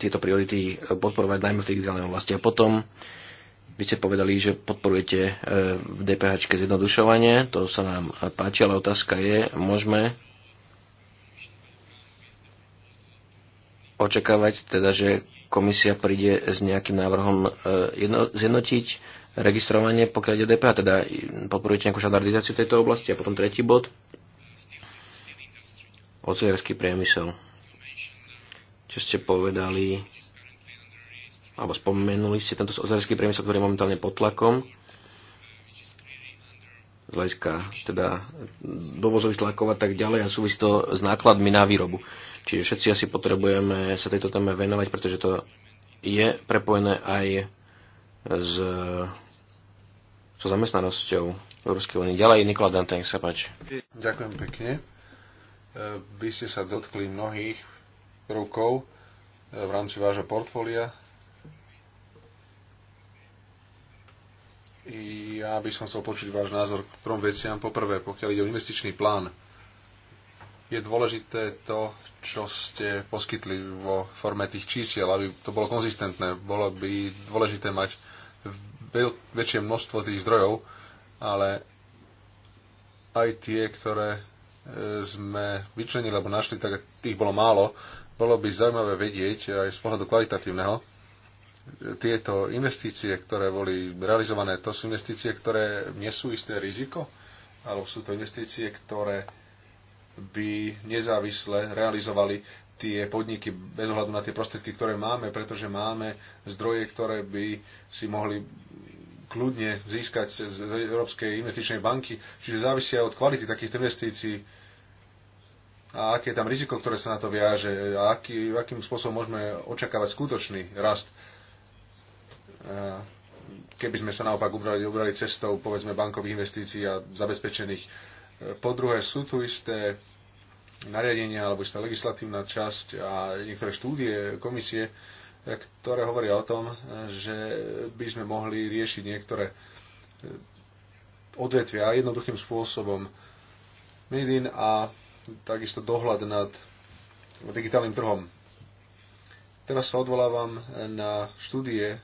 D: tieto priority podporovať najmä v tej digitálnej oblasti. A potom vy ste povedali, že podporujete e, v DPH zjednodušovanie, to sa nám páči, ale otázka je, môžeme očakávať teda, že komisia príde s nejakým návrhom e, zjednotiť registrovanie, pokiaľ ide DPH, teda podporujete nejakú štandardizáciu v tejto oblasti. A potom tretí bod, ocelierský priemysel. Čo ste povedali, alebo spomenuli ste tento ocelierský priemysel, ktorý je momentálne pod tlakom, z hľadiska teda dovozových tlakov a tak ďalej a súvisí to s nákladmi na výrobu. Čiže všetci asi potrebujeme sa tejto téme venovať, pretože to je prepojené aj s so zamestnanosťou Európskej únie. Ďalej Nikola Dante, nech sa páči.
E: Ďakujem pekne. E, vy ste sa dotkli mnohých rukov e, v rámci vášho portfólia. Ja by som chcel počuť váš názor k trom veciam. Poprvé, pokiaľ ide o investičný plán, je dôležité to, čo ste poskytli vo forme tých čísiel, aby to bolo konzistentné. Bolo by dôležité mať väčšie množstvo tých zdrojov, ale aj tie, ktoré e, sme vyčlenili alebo našli, tak tých bolo málo. Bolo by zaujímavé vedieť aj z pohľadu kvalitatívneho, e, tieto investície, ktoré boli realizované, to sú investície, ktoré nesú isté riziko, alebo sú to investície, ktoré by nezávisle realizovali tie podniky bez ohľadu na tie prostriedky, ktoré máme, pretože máme zdroje, ktoré by si mohli kľudne získať z Európskej investičnej banky, čiže závisia od kvality takýchto investícií a aké je tam riziko, ktoré sa na to viaže a aký, akým spôsobom môžeme očakávať skutočný rast. Keby sme sa naopak ubrali, ubrali cestou povedzme bankových investícií a zabezpečených. E, po druhé, sú tu isté nariadenia alebo istá legislatívna časť a niektoré štúdie komisie, eh, ktoré hovoria o tom, eh, že by sme mohli riešiť niektoré eh, odvetvia jednoduchým spôsobom. medin a takisto dohľad nad digitálnym trhom. Teraz sa odvolávam na štúdie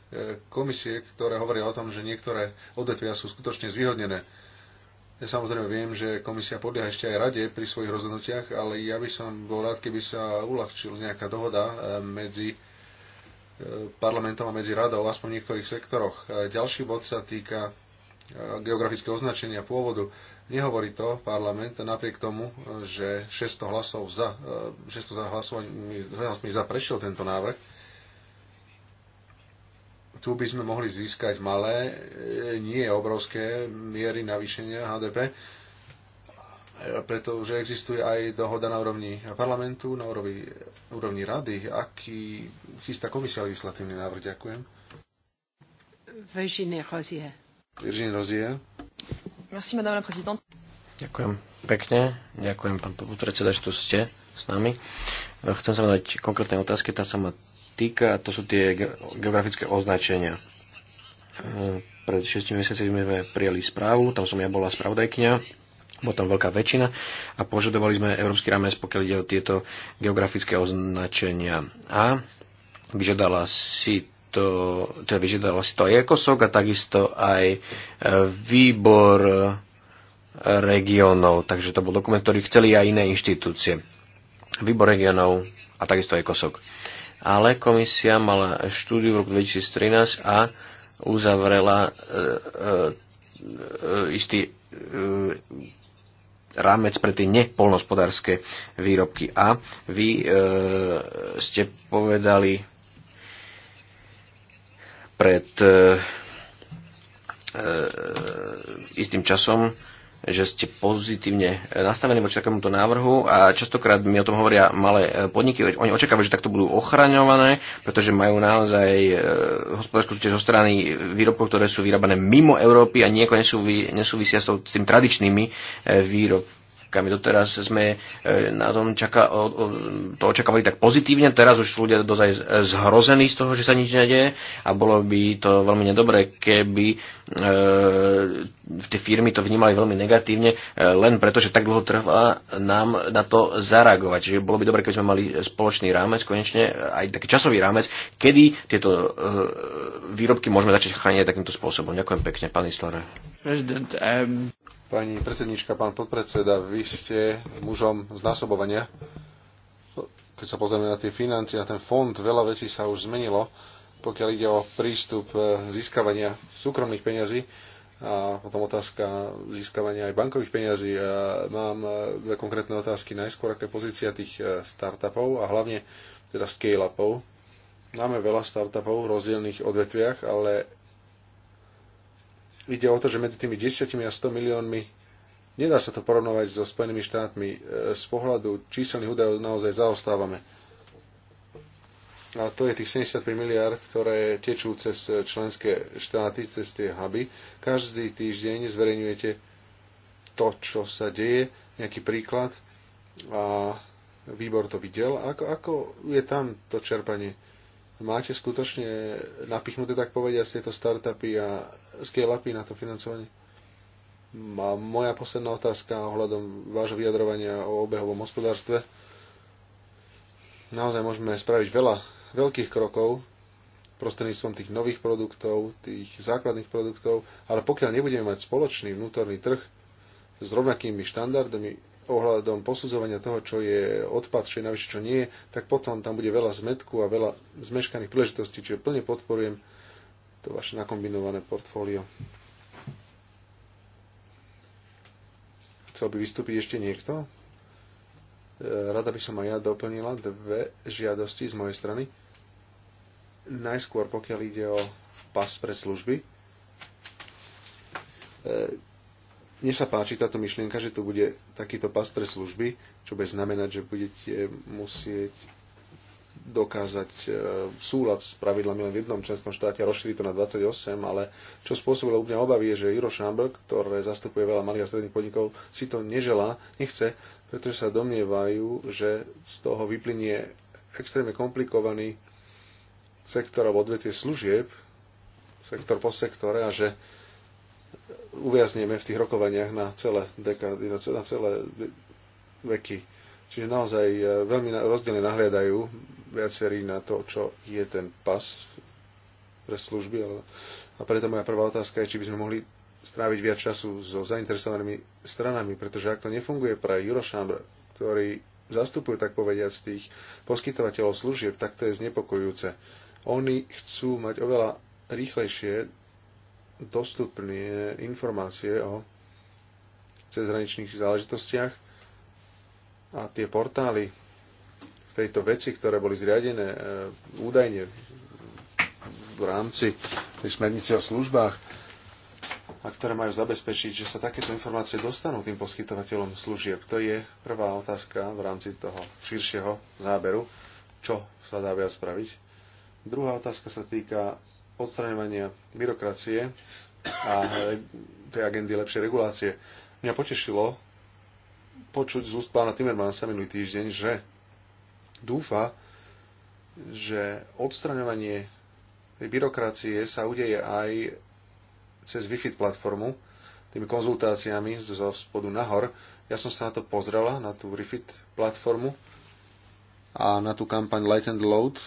E: komisie, ktoré hovoria o tom, že niektoré odvetvia sú skutočne zvýhodnené ja samozrejme viem, že komisia podľa ešte aj rade pri svojich rozhodnutiach, ale ja by som bol rád, keby sa uľahčil nejaká dohoda eh, medzi eh, parlamentom a medzi radou, aspoň v niektorých sektoroch. Eh, ďalší bod sa týka geografického označenia pôvodu. Nehovorí to parlament napriek tomu, že 600 hlasov za, 600 za hlasovaní, hlasmi za prešiel tento návrh tu by sme mohli získať malé, e, nie obrovské miery navýšenia HDP, pretože existuje aj dohoda na úrovni parlamentu, na úrovni, úrovni rady. Aký chystá komisia legislatívny návrh? Ďakujem.
A: Virginie Rozier.
E: Virginie Rozier.
C: Merci, madame la présidente.
D: Ďakujem pekne. Ďakujem, pán podpredseda, že tu ste s nami. Chcem sa dať konkrétne otázky. Tá sa ma týka, to sú tie geografické označenia. E, pred 6 mesiacmi sme prijali správu, tam som ja bola spravodajkňa, bola tam veľká väčšina a požadovali sme Európsky rámec, pokiaľ ide o tieto geografické označenia. A vyžiadala si to, teda vyžadala si to aj ECOSOC a takisto aj e, výbor e, regionov, takže to bol dokument, ktorý chceli aj iné inštitúcie. Výbor regionov a takisto ECOSOC ale komisia mala štúdiu v roku 2013 a uzavrela e, e, e, istý e, rámec pre tie nepolnospodárske výrobky. A vy e, ste povedali pred e, e, istým časom, že ste pozitívne nastavení voči takémuto návrhu a častokrát mi o tom hovoria malé e, podniky, oni očakávajú, že takto budú ochraňované, pretože majú naozaj e, hospodárskú súťaž zo strany výrobkov, ktoré sú vyrábané mimo Európy a nieko nesúvisia s tým tradičnými e, výrobkami my doteraz sme e, na tom o, to očakávali tak pozitívne, teraz už sú ľudia dozaj zhrození z toho, že sa nič nedieje a bolo by to veľmi nedobré, keby e, tie firmy to vnímali veľmi negatívne, e, len preto, že tak dlho trvá nám na to zareagovať. Čiže bolo by dobré, keby sme mali spoločný rámec, konečne aj taký časový rámec, kedy tieto výrobky môžeme začať chrániť takýmto spôsobom. Ďakujem pekne, pán Islare.
E: Um... Pani predsednička, pán podpredseda, vy ste mužom znásobovania. Keď sa pozrieme na tie financie, na ten fond, veľa vecí sa už zmenilo, pokiaľ ide o prístup e, získavania súkromných peňazí a potom otázka získavania aj bankových peňazí. E, mám e, dve konkrétne otázky. Najskôr, aká je pozícia tých startupov a hlavne teda scale-upov. Máme veľa startupov v rozdielných odvetviach, ale ide o to, že medzi tými 10 a 100 miliónmi nedá sa to porovnovať so Spojenými štátmi. E, z pohľadu číselných údajov naozaj zaostávame. A to je tých 75 miliard, ktoré tečú cez členské štáty, cez tie huby. Každý týždeň zverejňujete to, čo sa deje, nejaký príklad a výbor to videl. Ako, ako je tam to čerpanie? Máte skutočne napichnuté, tak povediať, tieto startupy a scale-upy na to financovanie? A moja posledná otázka ohľadom vášho vyjadrovania o obehovom hospodárstve. Naozaj môžeme spraviť veľa veľkých krokov prostredníctvom tých nových produktov, tých základných produktov, ale pokiaľ nebudeme mať spoločný vnútorný trh s rovnakými štandardmi ohľadom posudzovania toho, čo je odpad, čo je navyše, čo nie, tak potom tam bude veľa zmetku a veľa zmeškaných príležitostí, čiže plne podporujem to vaše nakombinované portfólio. Chcel by vystúpiť ešte niekto? E, rada by som aj ja doplnila dve žiadosti z mojej strany. Najskôr, pokiaľ ide o pas pre služby, e, mne sa páči táto myšlienka, že tu bude takýto pas pre služby, čo bude znamenať, že budete musieť dokázať e, súlad s pravidlami len v jednom členskom štáte a rozšíriť to na 28, ale čo spôsobilo u mňa obavy je, že Juro Šambr, ktoré zastupuje veľa malých a stredných podnikov, si to neželá, nechce, pretože sa domnievajú, že z toho vyplynie extrémne komplikovaný sektor alebo odvetie služieb, sektor po sektore a že uviazneme v tých rokovaniach na celé dekády, na celé veky. Čiže naozaj e, veľmi rozdielne nahliadajú viacerí na to, čo je ten pas pre služby. A preto moja prvá otázka je, či by sme mohli stráviť viac času so zainteresovanými stranami, pretože ak to nefunguje pre Eurošambr, ktorý zastupujú, tak povediať, z tých poskytovateľov služieb, tak to je znepokojujúce. Oni chcú mať oveľa rýchlejšie dostupné informácie o cezhraničných záležitostiach a tie portály v tejto veci, ktoré boli zriadené e, údajne v rámci tej smernice o službách a ktoré majú zabezpečiť, že sa takéto informácie dostanú tým poskytovateľom služieb. To je prvá otázka v rámci toho širšieho záberu, čo sa dá viac spraviť. Druhá otázka sa týka odstraňovania byrokracie a tej agendy lepšej regulácie. Mňa potešilo počuť z úst pána Timmermansa minulý týždeň, že dúfa, že odstraňovanie tej byrokracie sa udeje aj cez Wi-Fi platformu, tými konzultáciami zo spodu nahor. Ja som sa na to pozrela, na tú Refit platformu a na tú kampaň Light and Load.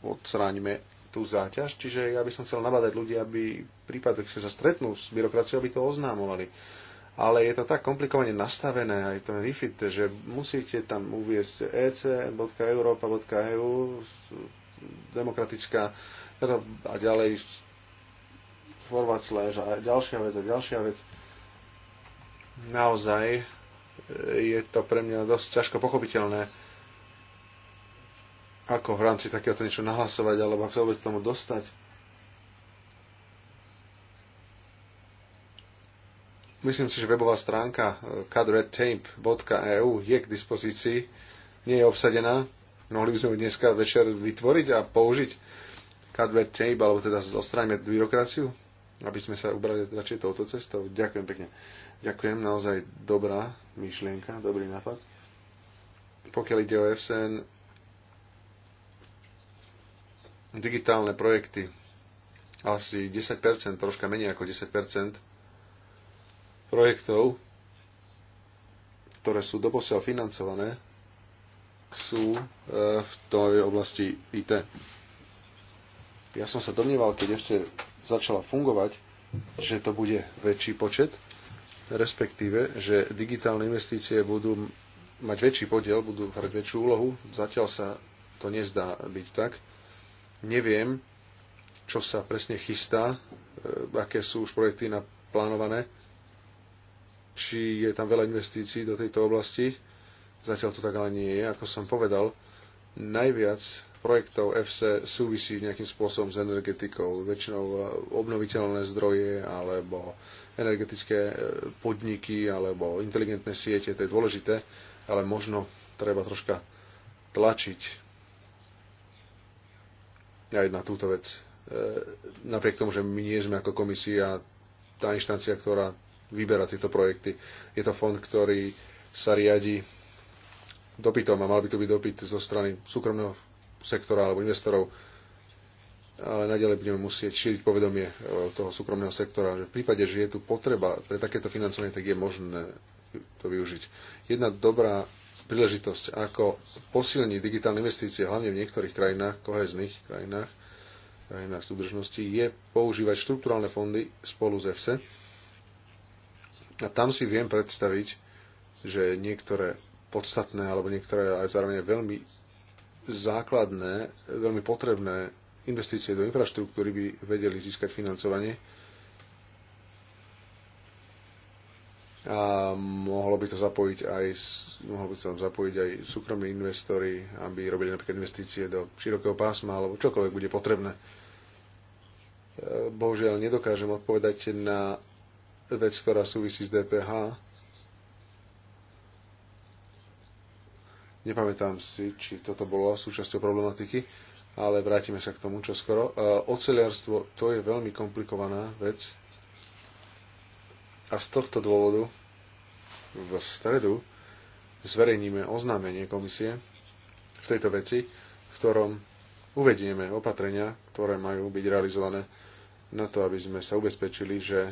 E: Odstráňme tú záťaž, čiže ja by som chcel nabadať ľudí, aby prípadne, keď sa stretnú s byrokraciou, aby to oznámovali. Ale je to tak komplikovane nastavené, aj je refit, že musíte tam uviesť ec.europa.eu, demokratická a ďalej forward slash a ďalšia vec a ďalšia vec. Naozaj e, je to pre mňa dosť ťažko pochopiteľné ako v rámci takéhoto niečo nahlasovať, alebo ako sa vôbec tomu dostať. Myslím si, že webová stránka cadredtape.eu eh, je k dispozícii, nie je obsadená. Mohli by sme ju dneska večer vytvoriť a použiť cadredtape, alebo teda zostraňme byrokraciu, aby sme sa ubrali radšej touto cestou. Ďakujem pekne. Ďakujem, naozaj dobrá myšlienka, dobrý nápad. Pokiaľ ide o FSN, digitálne projekty asi 10%, troška menej ako 10% projektov, ktoré sú doposiaľ financované, sú e, v tej oblasti IT. Ja som sa domnieval, keď FC začala fungovať, že to bude väčší počet, respektíve, že digitálne investície budú mať väčší podiel, budú hrať väčšiu úlohu. Zatiaľ sa to nezdá byť tak. Neviem, čo sa presne chystá, e, aké sú už projekty naplánované, či je tam veľa investícií do tejto oblasti. Zatiaľ to tak ale nie je. Ako som povedal, najviac projektov FC súvisí nejakým spôsobom s energetikou. Väčšinou e, obnoviteľné zdroje alebo energetické e, podniky alebo inteligentné siete, to je dôležité, ale možno treba troška tlačiť aj na túto vec. E, napriek tomu, že my nie sme ako komisia tá inštancia, ktorá vyberá tieto projekty. Je to fond, ktorý sa riadi dopytom a mal by to byť dopyt zo strany súkromného sektora alebo investorov, ale nadalej budeme musieť šíriť povedomie toho súkromného sektora, že v prípade, že je tu potreba pre takéto financovanie, tak je možné to využiť. Jedna dobrá príležitosť, ako posilní digitálne investície, hlavne v niektorých krajinách, koheznych krajinách, krajinách súdržnosti, je používať štruktúralne fondy spolu s EFSE. A tam si viem predstaviť, že niektoré podstatné, alebo niektoré aj zároveň veľmi základné, veľmi potrebné investície do infraštruktúry by vedeli získať financovanie a mohlo by to zapojiť aj, mohlo by sa tam zapojiť aj súkromní investori, aby robili napríklad investície do širokého pásma alebo čokoľvek bude potrebné. E, bohužiaľ nedokážem odpovedať na vec, ktorá súvisí s DPH. Nepamätám si, či toto bolo súčasťou problematiky, ale vrátime sa k tomu čoskoro. E, oceliarstvo to je veľmi komplikovaná vec a z tohto dôvodu v stredu zverejníme oznámenie komisie v tejto veci, v ktorom uvedieme opatrenia, ktoré majú byť realizované na to, aby sme sa ubezpečili, že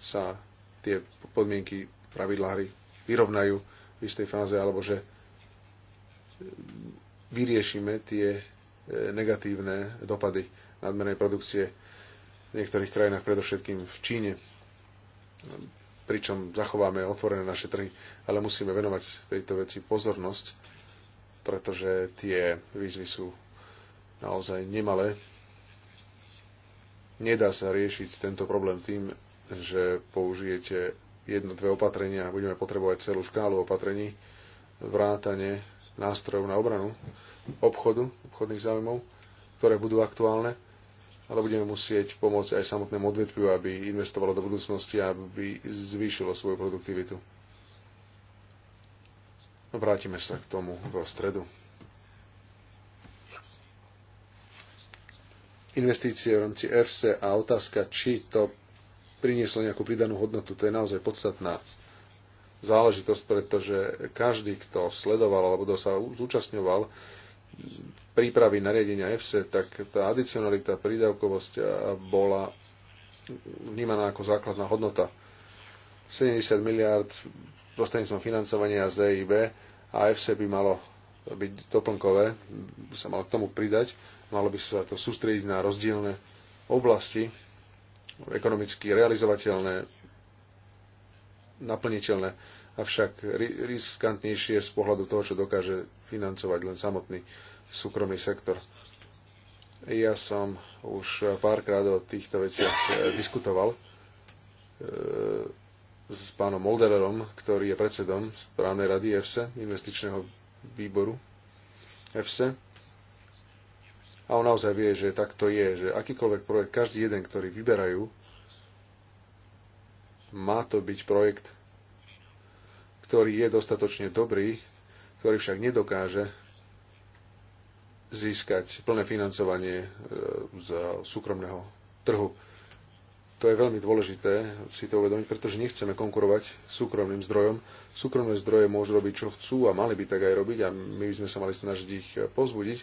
E: sa tie podmienky pravidlá hry vyrovnajú v istej fáze, alebo že vyriešime tie e, negatívne dopady nadmernej produkcie v niektorých krajinách, predovšetkým v Číne pričom zachováme otvorené naše trhy, ale musíme venovať tejto veci pozornosť, pretože tie výzvy sú naozaj nemalé. Nedá sa riešiť tento problém tým, že použijete jedno, dve opatrenia a budeme potrebovať celú škálu opatrení, vrátane nástrojov na obranu obchodu, obchodných záujmov, ktoré budú aktuálne ale budeme musieť pomôcť aj samotnému odvetviu, aby investovalo do budúcnosti, aby zvýšilo svoju produktivitu. No, vrátime sa k tomu do stredu. Investície v rámci FC a otázka, či to prinieslo nejakú pridanú hodnotu, to je naozaj podstatná záležitosť, pretože každý, kto sledoval alebo kto sa zúčastňoval prípravy nariadenia EFSE, tak tá adicionalita, prídavkovosť bola vnímaná ako základná hodnota. 70 miliard prostredníctvom financovania z EIB a EFSE by malo byť doplnkové, by sa malo k tomu pridať, malo by sa to sústrediť na rozdielne oblasti, ekonomicky realizovateľné, naplniteľné avšak riskantnejšie z pohľadu toho, čo dokáže financovať len samotný súkromný sektor. Ja som už párkrát o týchto veciach e, diskutoval e, s pánom Moldererom, ktorý je predsedom správnej rady EFSE, investičného výboru EFSE. A on naozaj vie, že takto je, že akýkoľvek projekt, každý jeden, ktorý vyberajú, má to byť projekt ktorý je dostatočne dobrý, ktorý však nedokáže získať plné financovanie e, z súkromného trhu. To je veľmi dôležité si to uvedomiť, pretože nechceme konkurovať súkromným zdrojom. Súkromné zdroje môžu robiť, čo chcú a mali by tak aj robiť a my by sme sa mali snažiť ich e, pozbudiť,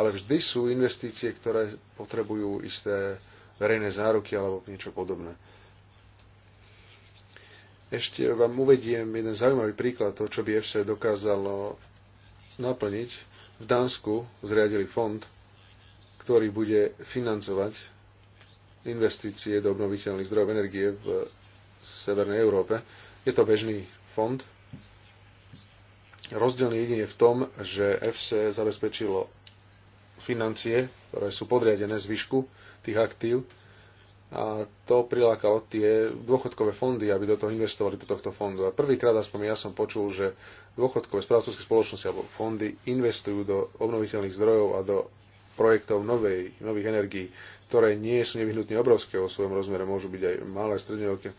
E: ale vždy sú investície, ktoré potrebujú isté verejné záruky alebo niečo podobné. Ešte vám uvediem jeden zaujímavý príklad toho, čo by FC dokázalo naplniť. V Dánsku zriadili fond, ktorý bude financovať investície do obnoviteľných zdrojov energie v Severnej Európe. Je to bežný fond. Rozdiel jedine je v tom, že FC zabezpečilo financie, ktoré sú podriadené zvyšku tých aktív a to prilákalo tie dôchodkové fondy, aby do toho investovali do tohto fondu. A prvýkrát aspoň ja som počul, že dôchodkové správcovské spoločnosti alebo fondy investujú do obnoviteľných zdrojov a do projektov novej, nových energií, ktoré nie sú nevyhnutne obrovské vo svojom rozmere, môžu byť aj malé, stredne veľké.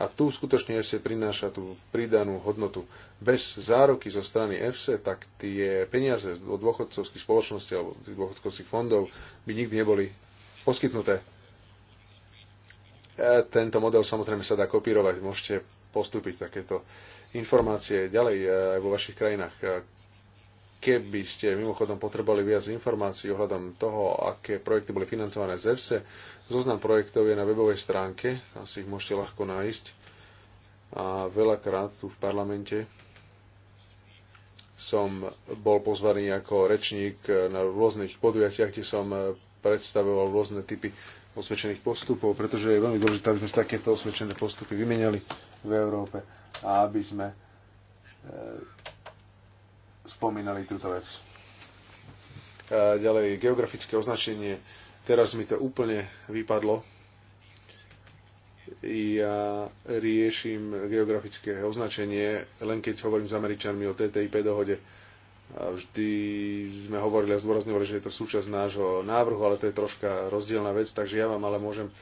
E: A tu skutočne EFSE prináša tú pridanú hodnotu. Bez záruky zo strany EFSE, tak tie peniaze od dôchodcovských spoločností alebo dôchodcovských fondov by nikdy neboli poskytnuté. E, tento model samozrejme sa dá kopírovať. Môžete postúpiť takéto informácie ďalej e, aj vo vašich krajinách. E, keby ste mimochodom potrebovali viac informácií ohľadom toho, aké projekty boli financované z EFSE, zoznam projektov je na webovej stránke, tam si ich môžete ľahko nájsť. A veľakrát tu v parlamente som bol pozvaný ako rečník na rôznych podujatiach, kde som predstavoval rôzne typy osvedčených postupov, pretože je veľmi dôležité, aby sme si takéto osvedčené postupy vymenali v Európe a aby sme e, spomínali túto vec. A e, ďalej, geografické označenie. Teraz mi to úplne vypadlo. Ja riešim geografické označenie, len keď hovorím s Američanmi o TTIP dohode Vždy sme hovorili a zdôrazňovali, že je to súčasť nášho návrhu, ale to je troška rozdielna vec, takže ja vám ale môžem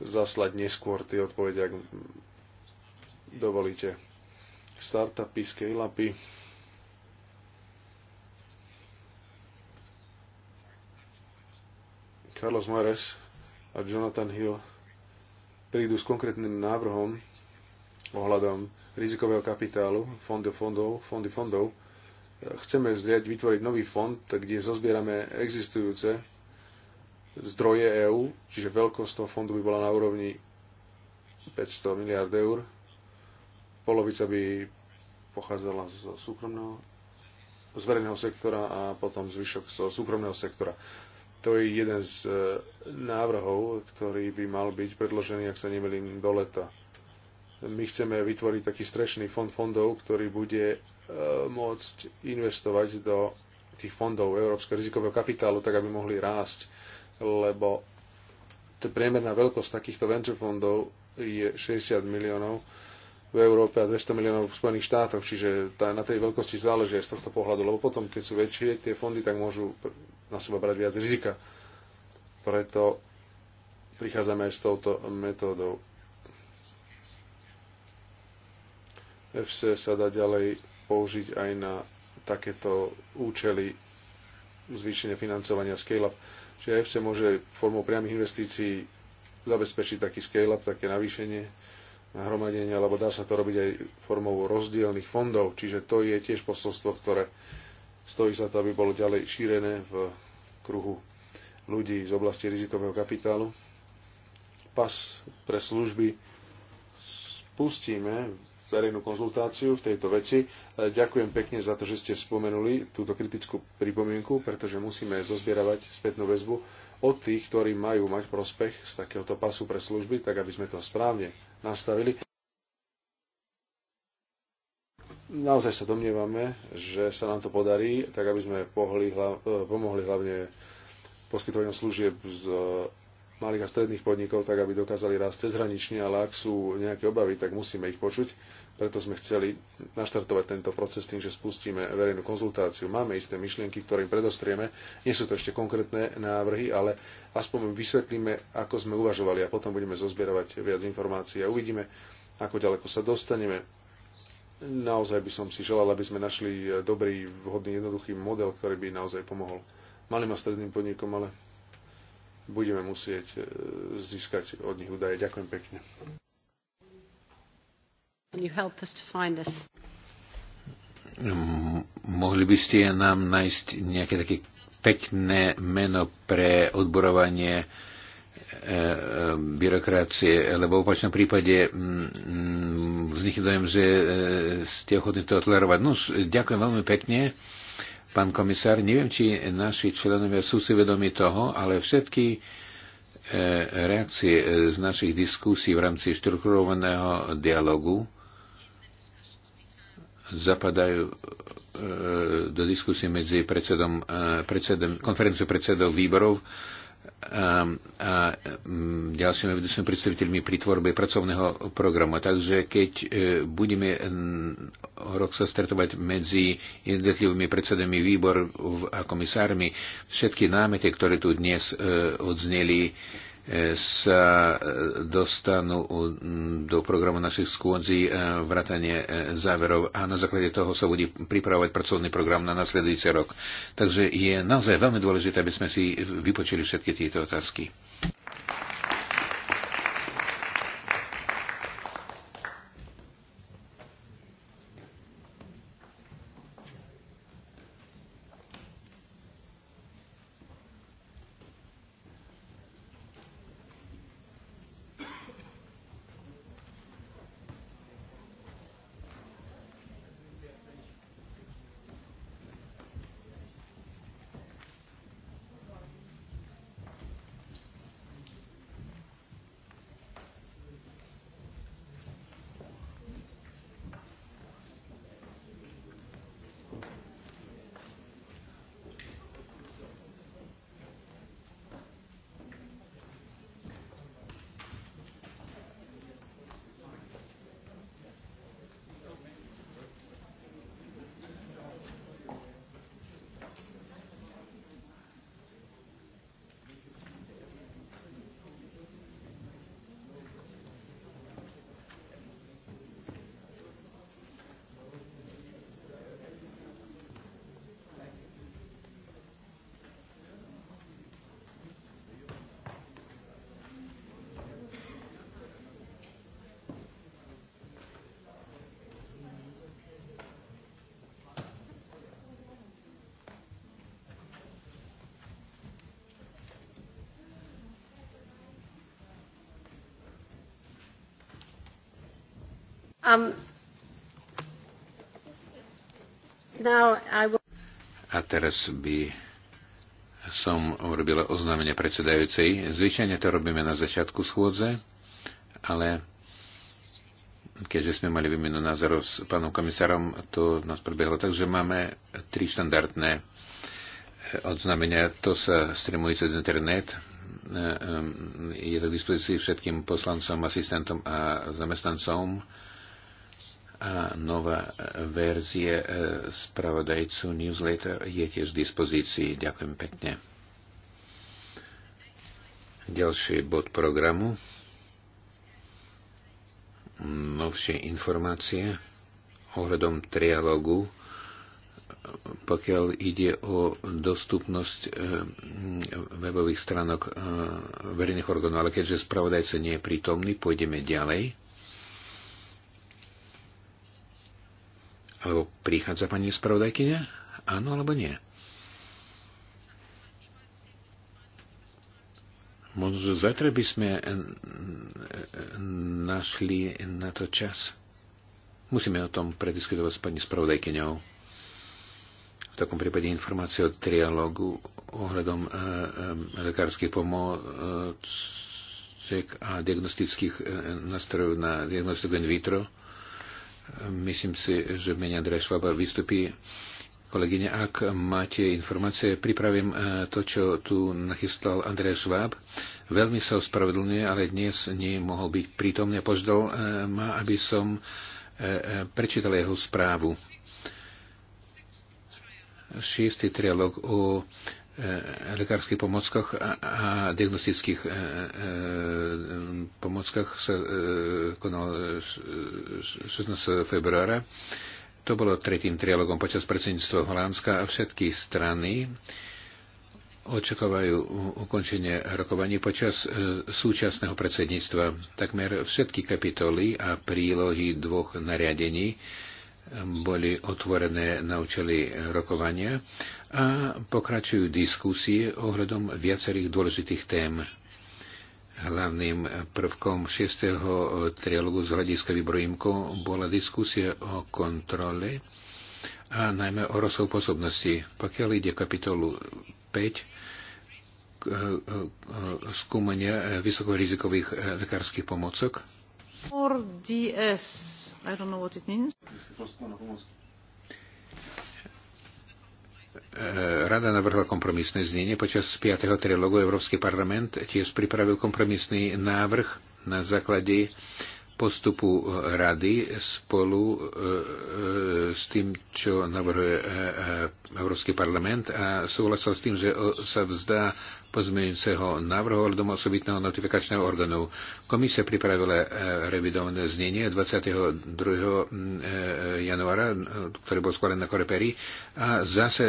E: zaslať neskôr tie odpovede, ak dovolíte. Startupy, scale-upy. Carlos Mares a Jonathan Hill prídu s konkrétnym návrhom ohľadom rizikového kapitálu, fondy fondov, fondy fondov chceme zriať, vytvoriť nový fond, kde zozbierame existujúce zdroje EÚ, čiže veľkosť toho fondu by bola na úrovni 500 miliard eur. Polovica by pochádzala zo súkromného, z verejného sektora a potom zvyšok zo súkromného sektora. To je jeden z e, návrhov, ktorý by mal byť predložený, ak sa nemýlim, do leta my chceme vytvoriť taký strešný fond fondov, ktorý bude e, môcť investovať do tých fondov európskeho rizikového kapitálu, tak aby mohli rásť, lebo priemerná veľkosť takýchto venture fondov je 60 miliónov v Európe a 200 miliónov v Spojených štátoch, čiže tá, na tej veľkosti záleží aj z tohto pohľadu, lebo potom, keď sú väčšie tie fondy, tak môžu na seba brať viac rizika. Preto prichádzame aj s touto metódou. FC sa dá ďalej použiť aj na takéto účely zvýšenia financovania scale-up. Čiže FC môže formou priamých investícií zabezpečiť taký scale-up, také navýšenie, nahromadenie, alebo dá sa to robiť aj formou rozdielných fondov. Čiže to je tiež posolstvo, ktoré stojí za to, aby bolo ďalej šírené v kruhu ľudí z oblasti rizikového kapitálu. Pas pre služby spustíme verejnú konzultáciu v tejto veci. E, ďakujem pekne za to, že ste spomenuli túto kritickú pripomienku, pretože musíme zozbieravať spätnú väzbu od tých, ktorí majú mať prospech z takéhoto pasu pre služby, tak aby sme to správne nastavili. Naozaj sa domnievame, že sa nám to podarí, tak aby sme pohli, e, pomohli hlavne poskytovaniu služieb z malých a stredných podnikov, tak aby dokázali rásť cezhranične, ale ak sú nejaké obavy, tak musíme ich počuť. Preto sme chceli naštartovať tento proces tým, že spustíme verejnú konzultáciu. Máme isté myšlienky, ktoré im predostrieme. Nie sú to ešte konkrétne návrhy, ale aspoň vysvetlíme, ako sme uvažovali a potom budeme zozbierovať viac informácií a uvidíme, ako ďaleko sa dostaneme. Naozaj by som si želal, aby sme našli dobrý, vhodný, jednoduchý model, ktorý by naozaj pomohol malým a stredným podnikom, ale budeme musieť e, získať od nich údaje. Ďakujem pekne.
B: Mohli by ste nám nájsť nejaké také pekné meno pre odborovanie e, e, byrokracie, lebo v opačnom prípade vznikne dojem, že ste ochotní to tolerovať. No, ďakujem veľmi pekne. Pán komisár, neviem, či naši členovia sú si vedomi toho, ale všetky e, reakcie e, z našich diskusí v rámci štrukturovaného dialogu zapadajú e, do diskusie medzi predsedom, predsedom, konferenciou predsedov výborov Um, a mm, ďalšími vedúcimi predstaviteľmi pri tvorbe pracovného programu. Takže keď e, budeme rok sa stretovať medzi jednotlivými predsedami výborov a komisármi, všetky námety, ktoré tu dnes e, odzneli, sa dostanú do programu našich skôdzí e, vratanie e, záverov a na základe toho sa bude pripravovať pracovný program na nasledujúci rok. Takže je naozaj veľmi dôležité, aby sme si vypočuli všetky tieto otázky.
A: Um, now I will...
B: A teraz by som urobila oznámenie predsedajúcej. Zvyčajne to robíme na začiatku schôdze, ale keďže sme mali výmenu názorov s pánom komisárom, to nás prebehlo tak, že máme tri štandardné eh, odznamenia. To sa streamuje cez internet. Eh, je to k dispozícii všetkým poslancom, asistentom a zamestnancom a nová verzie e, spravodajcu newsletter je tiež v dispozícii. Ďakujem pekne. Ďalší bod programu. Novšie informácie ohľadom trialógu, pokiaľ ide o dostupnosť e, webových stránok e, verejných orgánov. Ale keďže spravodajca nie je prítomný, pôjdeme ďalej. Alebo prichádza pani spravodajkyňa? Áno alebo nie? Možno, zajtra by sme eh, našli na to čas. Musíme o tom prediskutovať s pani spravodajkyňou. V takom prípade informácie o trialógu ohľadom e, e, lekárskych pomôcek a diagnostických e, nástrojov na diagnostiku in vitro. E, Myslím si, že v mene Andrej Švaba vystupí kolegyne. Ak máte informácie, pripravím eh, to, čo tu nachystal Andrej Šváb. Veľmi sa ospravedlňuje, ale dnes nie mohol byť prítomný a eh, ma, aby som eh, prečítal jeho správu. Šiestý trialog o Eh, lekárskych pomockách a diagnostických eh, eh, pomockách sa konal 16. februára. To bolo tretím trialogom počas predsedníctva Holandska a všetky strany očakávajú ukončenie rokovaní počas súčasného predsedníctva. Takmer všetky kapitoly a prílohy dvoch nariadení boli otvorené na účely rokovania a pokračujú diskusie ohľadom viacerých dôležitých tém. Hlavným prvkom 6. trialogu z hľadiska výbrojimkov bola diskusia o kontrole a najmä o rozsahu pôsobnosti. Pokiaľ ide kapitolu 5 skúmania vysokorizikových lekárskych pomocok,
D: Or DS. I don't know what it means.
B: Eh, Rada navrhla kompromisné znenie. Počas 5. trilógu Európsky parlament tiež pripravil kompromisný návrh na základe postupu rady spolu eh, eh, s tým, čo navrhuje Európsky parlament a súhlasil s tým, že sa vzdá pozmeňujúceho návrhu alebo osobitného notifikačného orgánu. Komisia pripravila e, revidované znenie 22. E, januára, e, ktoré bol schválené na Koreperi a zase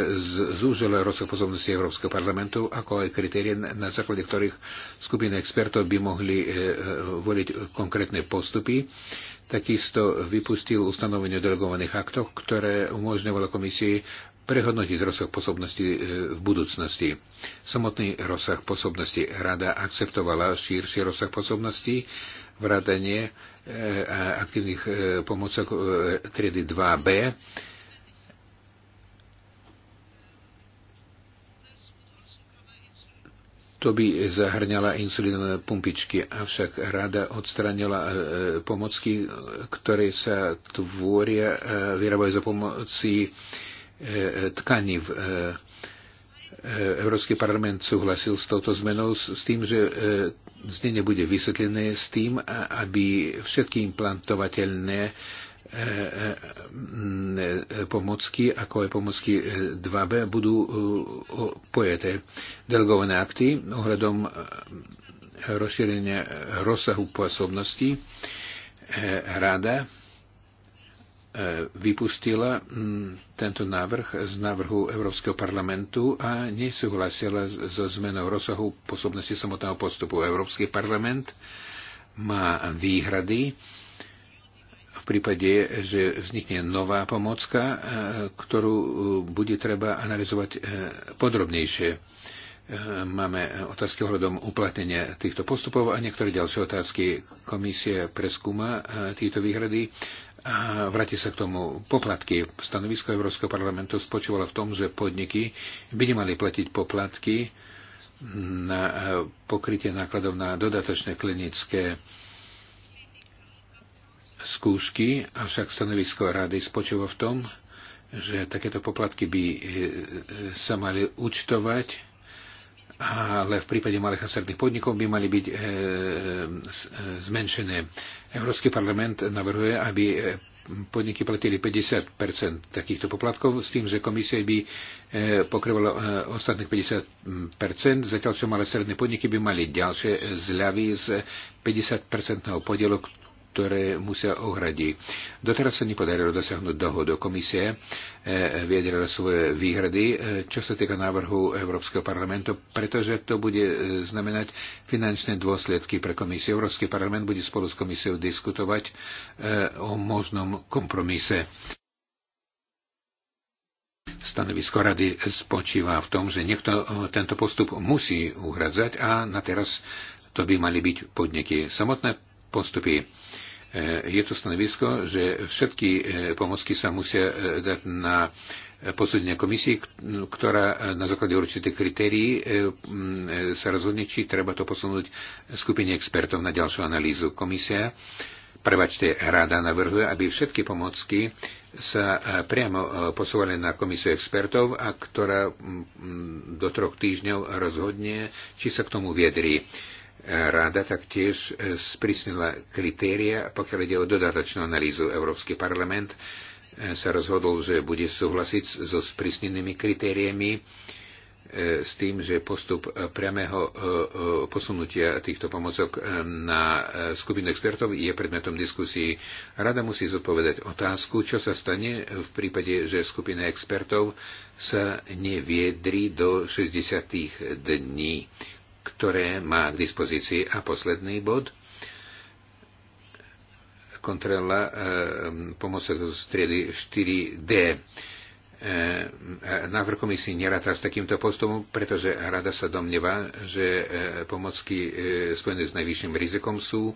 B: zúžila rozsah pozornosti Európskeho parlamentu, ako aj kritérie, na základe ktorých skupiny expertov by mohli voliť konkrétne postupy. Takisto vypustil ustanovenie delegovaných aktov, ktoré umožňovalo komisii prehodnotiť rozsah posobnosti e, v budúcnosti. Samotný rozsah posobnosti. rada akceptovala širší rozsah posobnosti v vrátanie e, aktívnych e, pomocok triedy 2B, To by zahrňala insulinové pumpičky, avšak rada odstranila pomocky, ktoré sa tvoria, vyrábajú za pomoci E, tkaní. E, e, Európsky parlament súhlasil s touto zmenou s tým, že znenie bude vysvetlené s tým, aby všetky implantovateľné pomocky, ako aj pomocky 2B, budú pojeté. Delegované akty ohľadom rozšírenia rozsahu pôsobnosti rada vypustila mm, tento návrh z návrhu Európskeho parlamentu a nesúhlasila so zmenou rozsahu posobnosti samotného postupu. Európsky parlament má výhrady v prípade, že vznikne nová pomocka, e, ktorú bude treba analyzovať e, podrobnejšie. E, máme otázky ohľadom uplatnenia týchto postupov a niektoré ďalšie otázky. Komisia preskúma tieto výhrady a vráti sa k tomu poplatky. Stanovisko Európskeho parlamentu spočívalo v tom, že podniky by nemali platiť poplatky na e, pokrytie nákladov na dodatočné klinické skúšky, avšak stanovisko rady spočívalo v tom, že takéto poplatky by e, e, sa mali účtovať ale v prípade malých a stredných podnikov by mali byť e, e, e zmenšené. Európsky parlament navrhuje, aby e, podniky platili 50 takýchto poplatkov s tým, že komisia by pokrývala ostatných 50 zatiaľ čo malé stredné podniky by mali ďalšie zľavy z 50 podielu, ktoré musia ohradiť. Doteraz sa nepodarilo dosiahnuť dohodu. Komisie e, vyjadrila svoje výhrady, e, čo sa týka návrhu Európskeho parlamentu, pretože to bude e, znamenať finančné dôsledky pre komisiu. Európsky parlament bude spolu s komisiou diskutovať o možnom kompromise. Stanovisko rady spočíva v tom, že niekto tento postup musí uhradzať a na teraz to by mali byť podniky. Samotné postupy. E, je to stanovisko, že všetky e, pomocky sa musia e, dať na posúdenie komisii, ktorá na základe určitých kritérií sa rozhodne, či treba to posunúť skupine expertov na ďalšiu analýzu. Komisia Prebačte, rada navrhuje, aby všetky pomocky sa priamo posúvali na komisiu expertov, a ktorá do troch týždňov rozhodne, či sa k tomu viedrí. Rada taktiež e, sprísnila kritéria, pokiaľ ide o dodatočnú analýzu. Európsky parlament e, sa rozhodol, že bude súhlasiť so sprísnenými kritériami e, s tým, že postup priamého posunutia týchto pomocok na skupinu expertov je predmetom diskusí. Rada musí zodpovedať otázku, čo sa stane v prípade, že skupina expertov sa neviedri do 60 dní ktoré má k dispozícii. A posledný bod, kontrola e, eh, pomocou stredy 4D. E, eh, návrh komisie neráta s takýmto postupom, pretože rada sa domnieva, že eh, pomocky spojené s najvyšším rizikom sú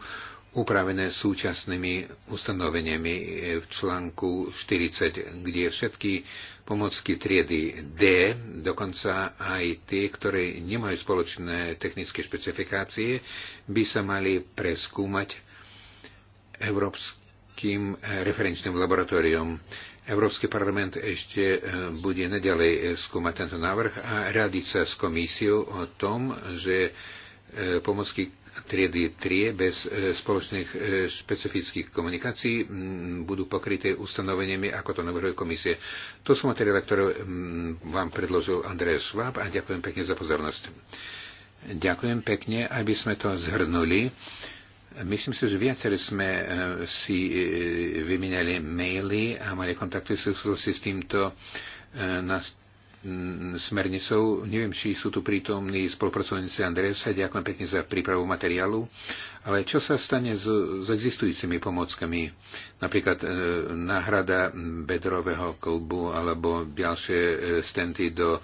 B: upravené súčasnými ustanoveniami v článku 40, kde všetky pomocky triedy D, dokonca aj tie, ktoré nemajú spoločné technické špecifikácie, by sa mali preskúmať Európskym referenčným laboratóriom. Európsky parlament ešte e, bude nedalej e, skúmať tento návrh a radiť sa s komisiou o tom, že e, pomocky triedy 3 bez e, spoločných e, špecifických komunikácií budú pokryté ustanoveniami, ako to navrhuje komisie. To sú materiály, ktoré vám predložil Andrej Schwab a ďakujem pekne za pozornosť. Ďakujem pekne, aby sme to zhrnuli. Myslím si, že viacerí sme e, si vymenali maily a mali kontakty s týmto na Mm, smernicou. Neviem, či sú tu prítomní spolupracovníci Andresa. Ďakujem pekne za prípravu materiálu. Ale čo sa stane s, s existujúcimi pomockami? Napríklad e, náhrada bedrového kolbu alebo ďalšie e, stenty do e,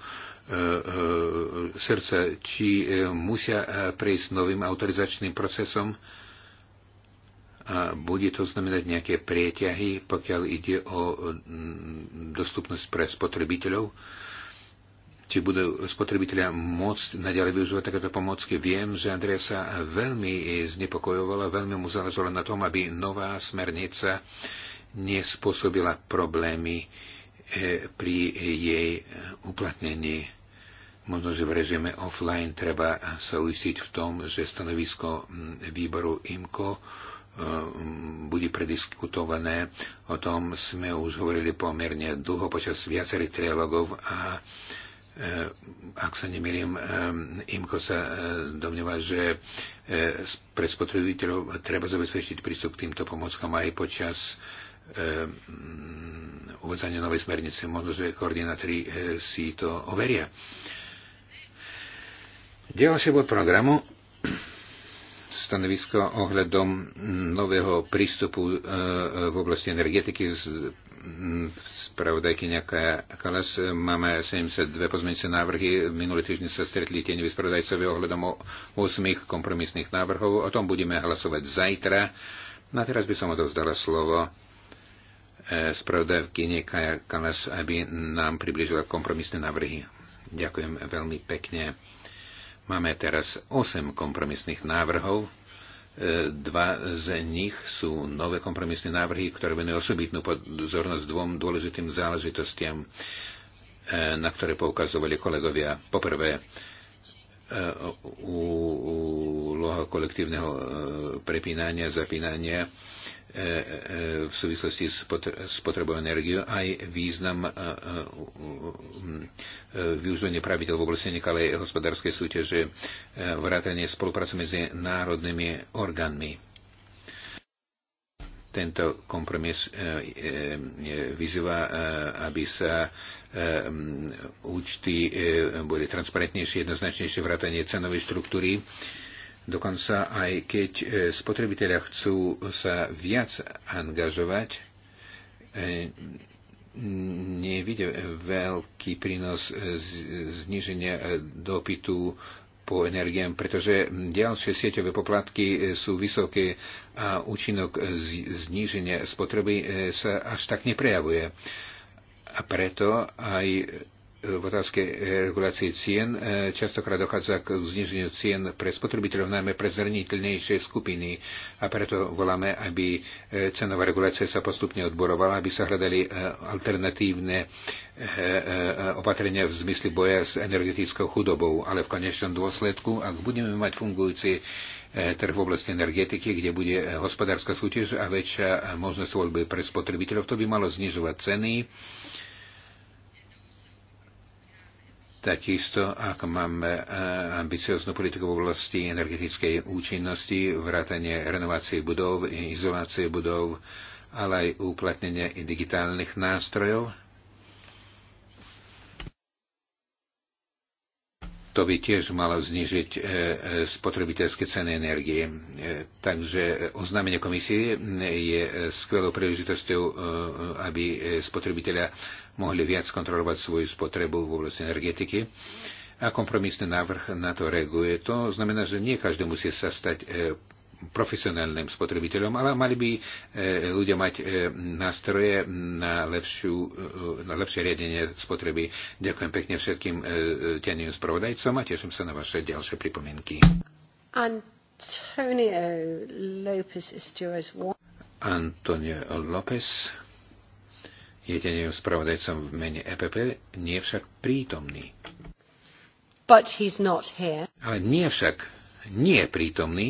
B: e, srdca, či e, musia prejsť novým autorizačným procesom a bude to znamenať nejaké prieťahy, pokiaľ ide o mm, dostupnosť pre spotrebiteľov či budú spotrebitelia môcť naďalej využívať takéto pomocky. Viem, že Andrea sa veľmi znepokojovala, veľmi mu záležalo na tom, aby nová smernica nespôsobila problémy e, pri jej uplatnení. Možno, že v režime offline treba sa uistiť v tom, že stanovisko výboru IMCO e, bude prediskutované. O tom sme už hovorili pomerne dlho počas viacerých trialogov a Eh, ak sa nemýlim, eh, IMCO sa eh, domnieva, že pre spotrebiteľov treba zabezpečiť prístup k týmto pomockám aj počas uvedzania novej smernice. Možno, že koordinátori si to overia. Ďalšie bod programu stanovisko ohľadom nového prístupu v oblasti energetiky nejaká Kalas. Máme 72 pozmeňujúce návrhy. Minulý týždeň sa stretli tie nevyspravodajcovi ohľadom 8 kompromisných návrhov. O tom budeme hlasovať zajtra. No a teraz by som odovzdala slovo e, spravodajky nejaká Kalas, aby nám približila kompromisné návrhy. Ďakujem veľmi pekne. Máme teraz 8 kompromisných návrhov. Dva z nich sú nové kompromisné návrhy, ktoré venujú osobitnú pozornosť dvom dôležitým záležitostiam, e, na ktoré poukazovali kolegovia. Poprvé, e, úloha kolektívneho e, prepínania, zapínania e, e, v súvislosti s potrebou energiu, aj význam využívania pravidel v oblasti nekalej hospodárskej súťaže, vrátanie spolupráce medzi národnými orgánmi tento kompromis vyzýva, aby sa účty boli transparentnejšie, jednoznačnejšie vrátanie cenovej štruktúry Dokonca aj keď e, spotrebitelia chcú sa viac angažovať, e, nevidia veľký prínos e, zniženia dopytu po energiám, pretože ďalšie sieťové poplatky sú vysoké a účinok zníženia spotreby sa až tak neprejavuje. A preto aj v otázke eh, regulácie cien eh, častokrát dochádza k zniženiu cien pre spotrebiteľov, najmä pre zraniteľnejšie skupiny a preto voláme, aby eh, cenová regulácia sa postupne odborovala, aby sa hľadali alternatívne opatrenia v zmysle boja s energetickou chudobou, ale v konečnom dôsledku, ak budeme mať fungujúci trh v oblasti energetiky, kde bude hospodárska súťaž a väčšia možnosť voľby pre spotrebiteľov, to by malo znižovať ceny takisto ak máme eh, ambicioznú politiku v oblasti energetickej účinnosti, vrátanie renovácie budov, izolácie budov, ale aj uplatnenie digitálnych nástrojov, to by tiež malo znižiť e, e, spotrebiteľské ceny energie. E, takže oznámenie komisie je skvelou príležitosťou, aby spotrebitelia mohli viac kontrolovať svoju spotrebu v oblasti energetiky. A kompromisný návrh na to reaguje. To znamená, že nie každý musí sa stať profesionálnym spotrebiteľom, ale mali by e, ľudia mať e, nástroje na, lepšiu, e, na lepšie riadenie spotreby. Ďakujem pekne všetkým teným spravodajcom a teším sa na vaše ďalšie pripomienky.
A: Antonio Lopez
B: Antonio Lopez je teným spravodajcom v mene EPP, nie však prítomný.
A: But he's not here.
B: Ale nie však nie je prítomný.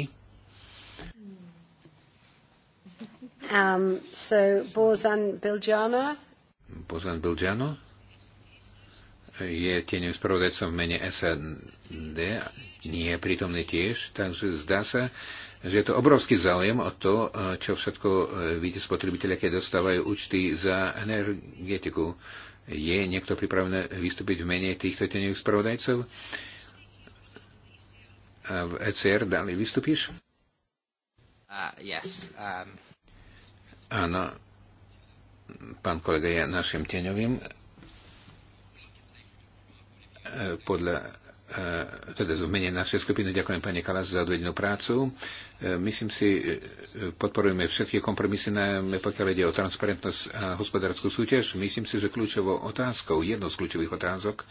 A: Um, so Borzan Biljana.
B: Borzan Biljano je tieňom spravodajcom v mene SND, nie je prítomný tiež, takže zdá sa, že je to obrovský záujem o to, eh, čo všetko eh, vidí spotrebitelia, keď dostávajú účty za energetiku. Je niekto pripravený vystúpiť v mene týchto tenových spravodajcov? A v ECR, Dali, vystúpiš? Uh, yes, um... Áno, pán kolega je našim tieňovým. E, podľa e, teda v mene našej skupiny ďakujem pani Kalas za odvedenú prácu. E, myslím si, podporujeme všetky kompromisy, najmä pokiaľ ide o transparentnosť a hospodárskú súťaž. Myslím si, že kľúčovou otázkou, jednou z kľúčových otázok,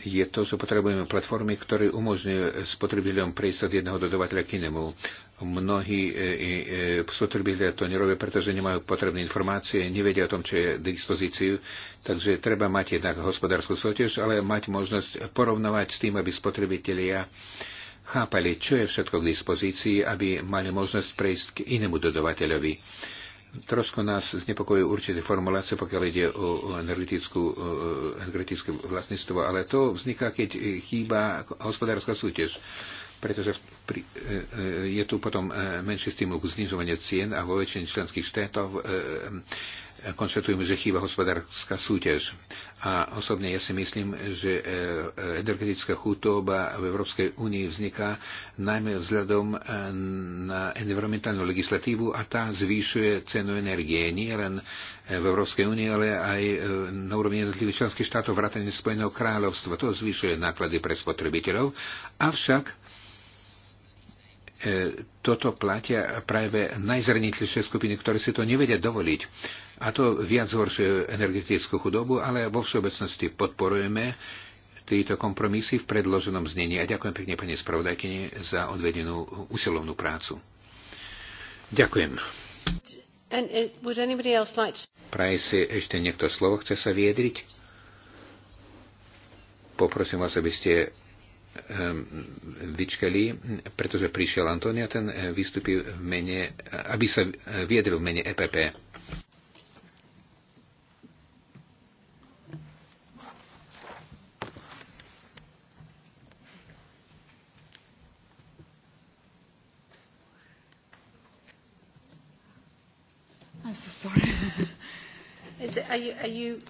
B: je to, že potrebujeme platformy, ktoré umožňujú spotrebiteľom prejsť od jedného dodavateľa k inému mnohí e, e, e, spotrebitelia to nerobia, pretože nemajú potrebné informácie, nevedia o tom, čo je k dispozíciu. Takže treba mať jednak hospodárskú súťaž, ale mať možnosť porovnávať s tým, aby spotrebitelia chápali, čo je všetko k dispozícii, aby mali možnosť prejsť k inému dodavateľovi. Trošku nás znepokojujú určité formulácie, pokiaľ ide o energetické vlastníctvo, ale to vzniká, keď chýba hospodárska súťaž pretože e, e, je tu potom e, menší stimul k znižovaniu cien a vo väčšine členských štátov konštatujeme, že chýba hospodárska súťaž. A osobne ja si myslím, že energetická chutoba v Európskej únii vzniká najmä vzhľadom na environmentálnu legislatívu a tá zvýšuje cenu energie nie len v Európskej únii, ale aj na úrovni jednotlivých členských štátov vrátane Spojeného kráľovstva. To zvyšuje náklady pre spotrebiteľov. Avšak E, toto platia práve najzraniteľšie skupiny, ktoré si to nevedia dovoliť. A to viac zhoršuje energetickú chudobu, ale vo všeobecnosti podporujeme tieto kompromisy v predloženom znení. A ďakujem pekne pani spravodajkyni za odvedenú usilovnú prácu. Ďakujem. Praje si ešte niekto slovo, chce sa viedriť? Poprosím vás, aby ste Ehm, vyčkali, pretože prišiel Antonio, ten eh, vystúpil v mene, aby sa viedril v mene EPP.
C: I'm so sorry.
A: Is it, are you, are you...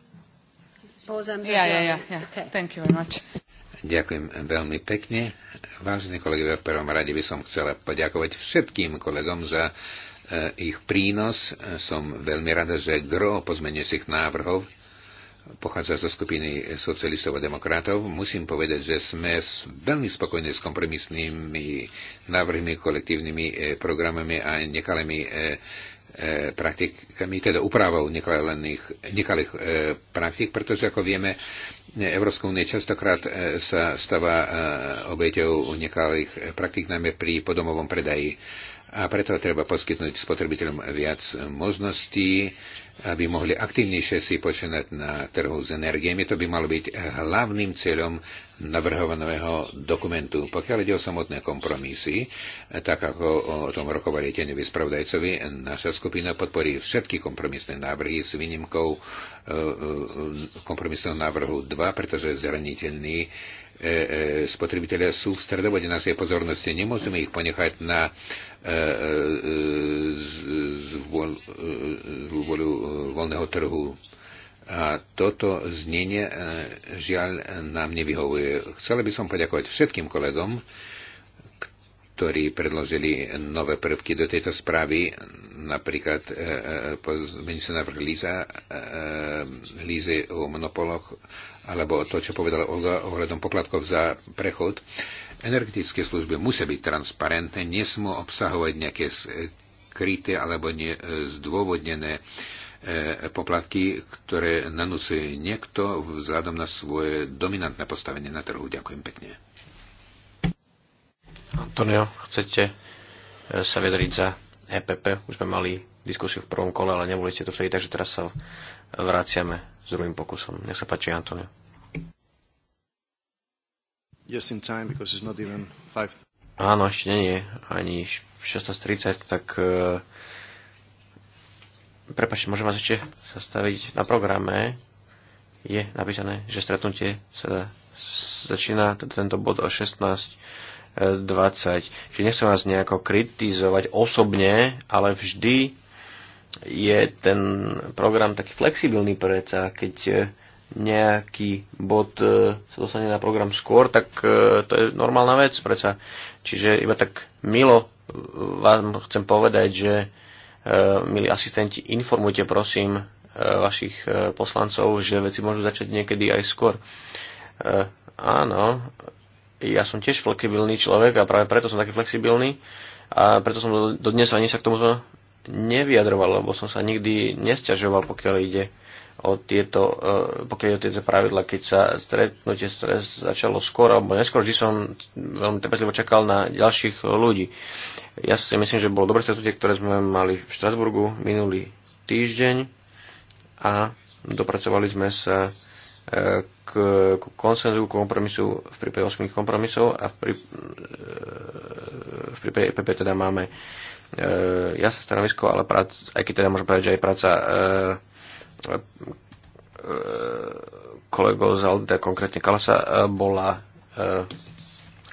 A: Yeah, yeah, yeah,
C: yeah. Okay. Thank you very much.
B: Ďakujem veľmi pekne. Vážení kolegovia, v prvom rade by som chcela poďakovať všetkým kolegom za eh, ich prínos. Som veľmi rada, že gro pozmeniacich návrhov pochádza zo skupiny socialistov a demokratov. Musím povedať, že sme veľmi spokojní s kompromisnými návrhmi, kolektívnymi eh, programami a nekalými eh, E, praktikami, teda úpravou nekalých e, praktik, pretože ako vieme, Európska únia častokrát e, sa stáva obeťou nekalých praktik, najmä pri podomovom predaji a preto treba poskytnúť spotrebiteľom viac možností, aby mohli aktívnejšie si počínať na trhu s energiami. To by malo byť hlavným cieľom navrhovaného dokumentu. Pokiaľ ide o samotné kompromisy, tak ako o tom rokovali tenevi spravodajcovi, naša skupina podporí všetky kompromisné návrhy s výnimkou e, e, kompromisného návrhu 2, pretože zraniteľný E, e, spotrebitelia sú v stredovode našej pozornosti. Nemôžeme ich ponechať na e, voľu voľného trhu. A toto znenie žiaľ nám nevyhovuje. Chcela by som poďakovať všetkým kolegom, ktorí predložili nové prvky do tejto správy, napríklad zmení e, e, e, sa návrh Líza, Líze o monopoloch, alebo to, čo povedala Olga ohľadom poplatkov za prechod. Energetické služby musia byť transparentné, nesmú obsahovať nejaké skryté alebo zdôvodnené poplatky, ktoré nanúsuje niekto vzhľadom na svoje dominantné postavenie na trhu. Ďakujem pekne.
D: Antonio, chcete e, sa vedriť za EPP? Už sme mali diskusiu v prvom kole, ale neboli ste tu vtedy, takže teraz sa vraciame s druhým pokusom. Nech sa páči, Antonio.
E: in time, because it's not even five...
D: Áno, ešte nie je ani 16.30, tak uh, prepačte, môžem vás ešte zastaviť na programe. Je napísané, že stretnutie sa začína tento bod o 16. Čiže nechcem vás nejako kritizovať osobne, ale vždy je ten program taký flexibilný predsa, keď e, nejaký bod e, sa dostane na program skôr, tak e, to je normálna vec predsa. Čiže iba tak milo vám chcem povedať, že milí asistenti, informujte prosím vašich poslancov, že veci môžu začať niekedy aj skôr. Áno, ja som tiež flexibilný človek a práve preto som taký flexibilný a preto som do, dnes ani sa k tomu nevyjadroval, lebo som sa nikdy nesťažoval, pokiaľ ide o tieto, eh, pokiaľ ide o tieto pravidla, keď sa stretnutie stres začalo skôr alebo neskôr, vždy som veľmi trpezlivo čakal na ďalších ľudí. Ja si myslím, že bolo dobré stretnutie, ktoré sme mali v Štrasburgu minulý týždeň a dopracovali sme sa k, k konsenzu, kompromisu v prípade 8 kompromisov a v, prí, e, v prípade EPP teda máme e, ja sa stanovisko, ale prac, aj keď teda môžem povedať, že aj práca e, kolegov z Alde, konkrétne Kalasa, bola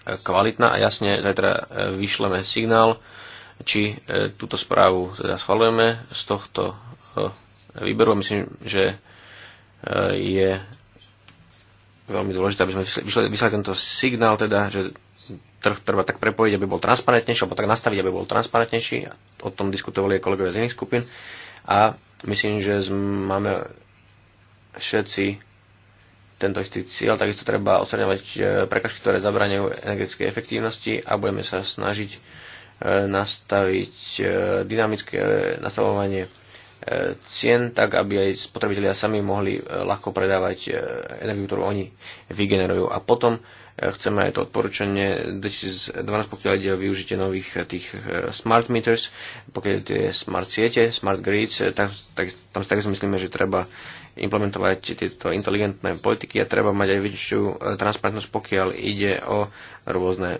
D: kvalitná a jasne zajtra vyšleme signál, či túto správu teda schvalujeme z tohto výberu. Myslím, že je veľmi dôležité, aby sme vyslali, vyslali tento signál, teda, že trh treba tak prepojiť, aby bol transparentnejší, alebo tak nastaviť, aby bol transparentnejší. O tom diskutovali aj kolegovia z iných skupín. A myslím, že máme všetci tento istý cieľ, takisto treba odstraňovať e, prekažky, ktoré zabraňujú energetickej efektívnosti a budeme sa snažiť e, nastaviť e, dynamické nastavovanie E, cien, tak aby aj spotrebitelia sami mohli e, ľahko predávať e, energiu, ktorú oni vygenerujú. A potom chceme aj to odporúčanie 2012, pokiaľ ide o využitie nových tých smart meters, pokiaľ tie smart siete, smart grids, tak, tak tam si takisto myslíme, že treba implementovať tieto inteligentné politiky a treba mať aj väčšiu transparentnosť, pokiaľ ide o rôzne e,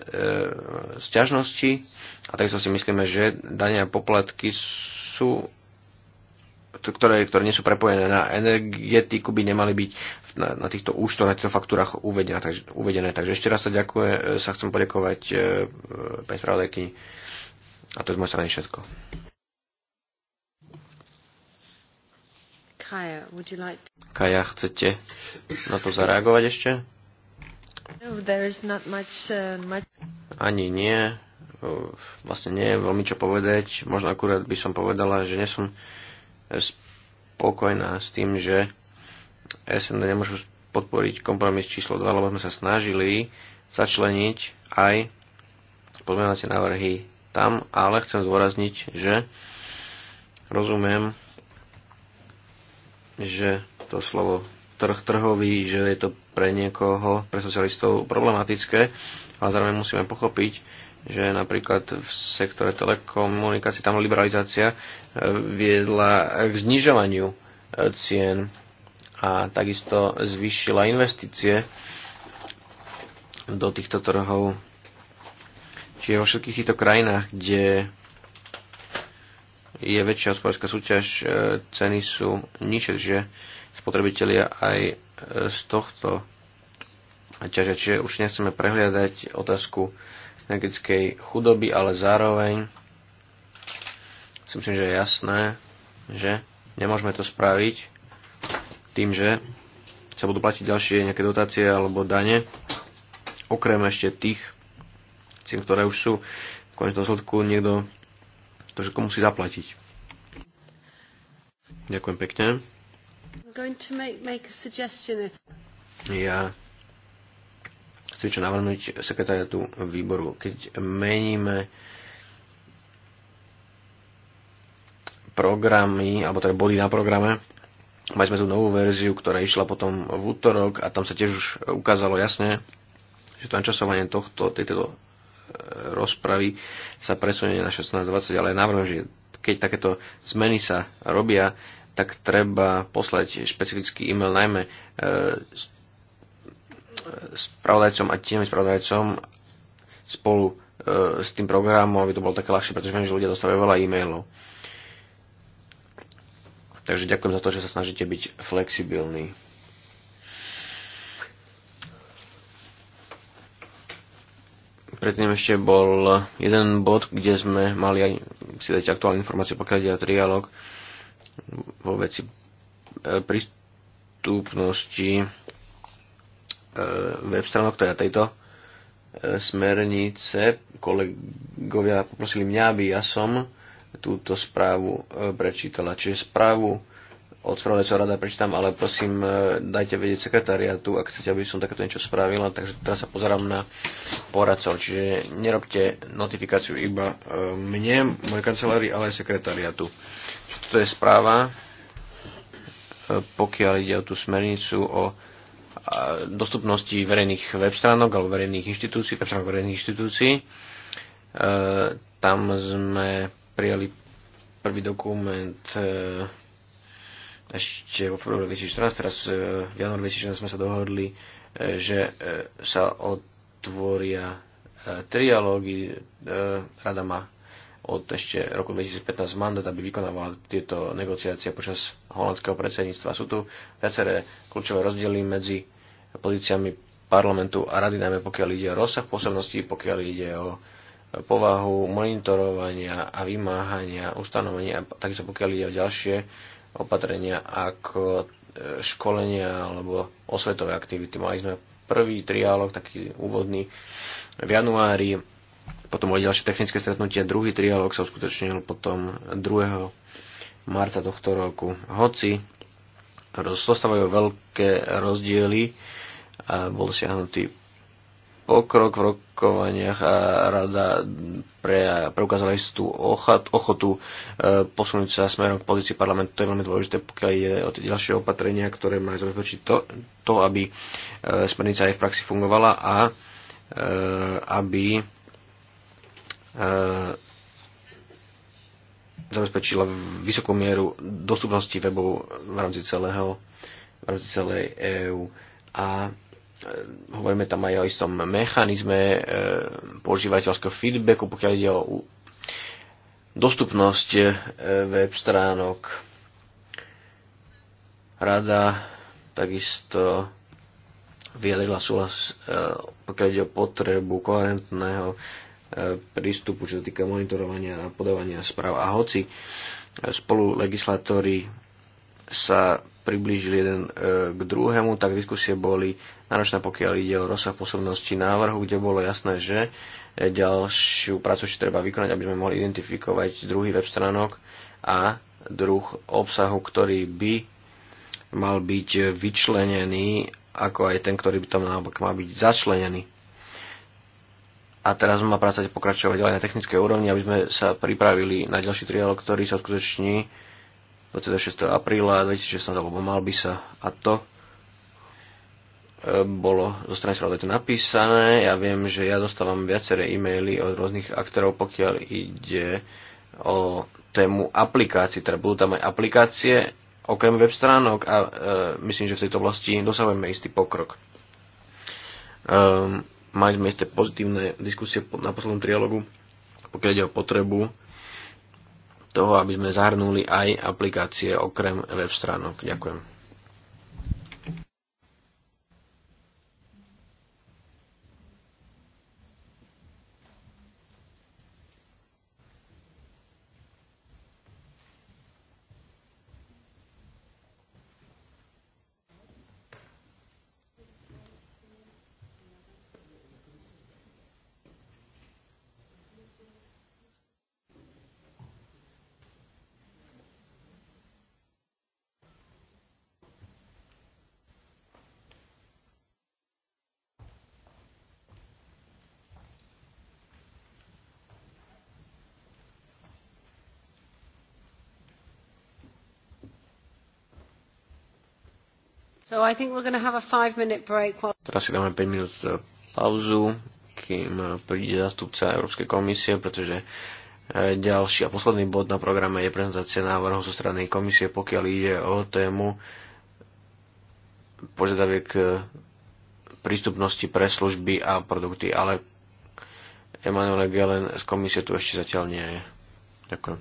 D: sťažnosti. A takisto si myslíme, že dania poplatky sú ktoré, ktoré nie sú prepojené na energetiku, by nemali byť na, na týchto účtoch, na týchto faktúrach uvedené. Takže, uvedené. takže ešte raz sa ďakujem, e, sa chcem poďakovať e, e pani spravodajky a to je z mojej strany všetko.
A: Kaja, would you like to...
D: Kaja, chcete na to zareagovať ešte?
A: No, there is not much, uh, much...
D: Ani nie. Vlastne nie je veľmi čo povedať. Možno akurát by som povedala, že nie som spokojná s tým, že SND nemôžu podporiť kompromis číslo 2, lebo sme sa snažili začleniť aj pozmeňovacie návrhy tam, ale chcem zdôrazniť, že rozumiem, že to slovo trh trhový, že je to pre niekoho, pre socialistov problematické, ale zároveň musíme pochopiť, že napríklad v sektore telekomunikácií tam liberalizácia e, viedla k znižovaniu e, cien a takisto zvýšila investície do týchto trhov. Čiže vo všetkých týchto krajinách, kde je väčšia hospodárska súťaž, e, ceny sú nižšie, že spotrebitelia aj z tohto ťažia. Čiže už nechceme prehliadať otázku energetickej chudoby, ale zároveň si myslím, že je jasné, že nemôžeme to spraviť tým, že sa budú platiť ďalšie nejaké dotácie alebo dane, okrem ešte tých cien, ktoré už sú. V konečnom dôsledku niekto to všetko musí zaplatiť. Ďakujem pekne. Ja chce čo navrhnúť sekretariatu výboru. Keď meníme programy, alebo teda body na programe, mali sme tu novú verziu, ktorá išla potom v útorok a tam sa tiež už ukázalo jasne, že to načasovanie tohto, tejto e, rozpravy sa presunie na 16.20, ale návrhom, že keď takéto zmeny sa robia, tak treba poslať špecifický e-mail najmä e, spravodajcom a tiemi spravodajcom spolu e, s tým programom, aby to bolo také ľahšie, pretože viem, že ľudia dostávajú veľa e-mailov. Takže ďakujem za to, že sa snažíte byť flexibilní. Predtým ešte bol jeden bod, kde sme mali aj si dať aktuálne informácie, pokiaľ ide o trialog vo veci e, prístupnosti E, web stránok, teda tejto e, smernice. Kolegovia poprosili mňa, aby ja som túto správu e, prečítala. Čiže správu od spravodajcov rada prečítam, ale prosím, dajte vedieť sekretariatu, ak chcete, aby som takéto niečo spravila. Takže teraz sa pozerám na poradcov. Čiže nerobte notifikáciu iba mne, mojej kancelárii, ale aj sekretariatu. Čiže toto je správa, pokiaľ ide o tú smernicu o dostupnosti verejných web stránok alebo verejných inštitúcií, web stránok verejných inštitúcií. E, tam sme prijali prvý dokument e, ešte vo februári 2014, teraz e, v januári 2014 sme sa dohodli, že sa otvoria trialógy. Rada má od ešte roku 2015 mandát, aby vykonávala tieto negociácie počas holandského predsedníctva. Sú tu viaceré kľúčové rozdiely medzi pozíciami parlamentu a rady, najmä pokiaľ ide o rozsah pôsobnosti, pokiaľ ide o povahu monitorovania a vymáhania ustanovenia, takisto pokiaľ ide o ďalšie opatrenia ako e, školenia alebo osvetové aktivity. Mali sme prvý triálog, taký úvodný v januári, potom boli ďalšie technické stretnutie, druhý triálog sa uskutočnil potom 2 marca tohto roku. Hoci zostávajú veľké rozdiely, bol siahnutý pokrok v rokovaniach a rada pre, preukázala istú ochat, ochotu e, posunúť sa smerom k pozícii parlamentu. To je veľmi dôležité, pokiaľ je o tie ďalšie opatrenia, ktoré majú zabezpečiť to, to, aby e, smernica aj v praxi fungovala a e, aby e, zabezpečila vysokú mieru dostupnosti webov v rámci celého v rámci celej EÚ a e, hovoríme tam aj o istom mechanizme e, používateľského feedbacku, pokiaľ ide o dostupnosť e, web stránok. Rada takisto vyjadrila súhlas, e, pokiaľ ide o potrebu koherentného prístupu, čo sa týka monitorovania a podávania správ. A hoci spolu legislatóri sa priblížili jeden e, k druhému, tak diskusie boli náročné, pokiaľ ide o rozsah pôsobnosti návrhu, kde bolo jasné, že e, ďalšiu prácu ešte treba vykonať, aby sme mohli identifikovať druhý web stránok a druh obsahu, ktorý by mal byť vyčlenený, ako aj ten, ktorý by tam naopak mal byť začlenený a teraz má práca pokračovať ďalej na technickej úrovni, aby sme sa pripravili na ďalší triál, ktorý sa skutoční 26. apríla 2016, alebo mal by sa. A to e, bolo zo strany spravodajte napísané. Ja viem, že ja dostávam viaceré e-maily od rôznych aktérov, pokiaľ ide o tému aplikácií, teda budú tam aj aplikácie okrem web stránok a e, myslím, že v tejto oblasti dosahujeme istý pokrok. Um, mali sme isté pozitívne diskusie na poslednom trialogu, pokiaľ ide o potrebu toho, aby sme zahrnuli aj aplikácie okrem web stránok. Ďakujem.
A: Teraz
D: si dáme 5 minút eh, pauzu, kým eh, príde zastupca Európskej komisie, pretože eh, ďalší a posledný bod na programe je prezentácia návrhu zo strany komisie, pokiaľ ide o tému požiadaviek prístupnosti pre služby a produkty, ale Emanuele Gelen z komisie tu ešte zatiaľ nie je. Ďakujem.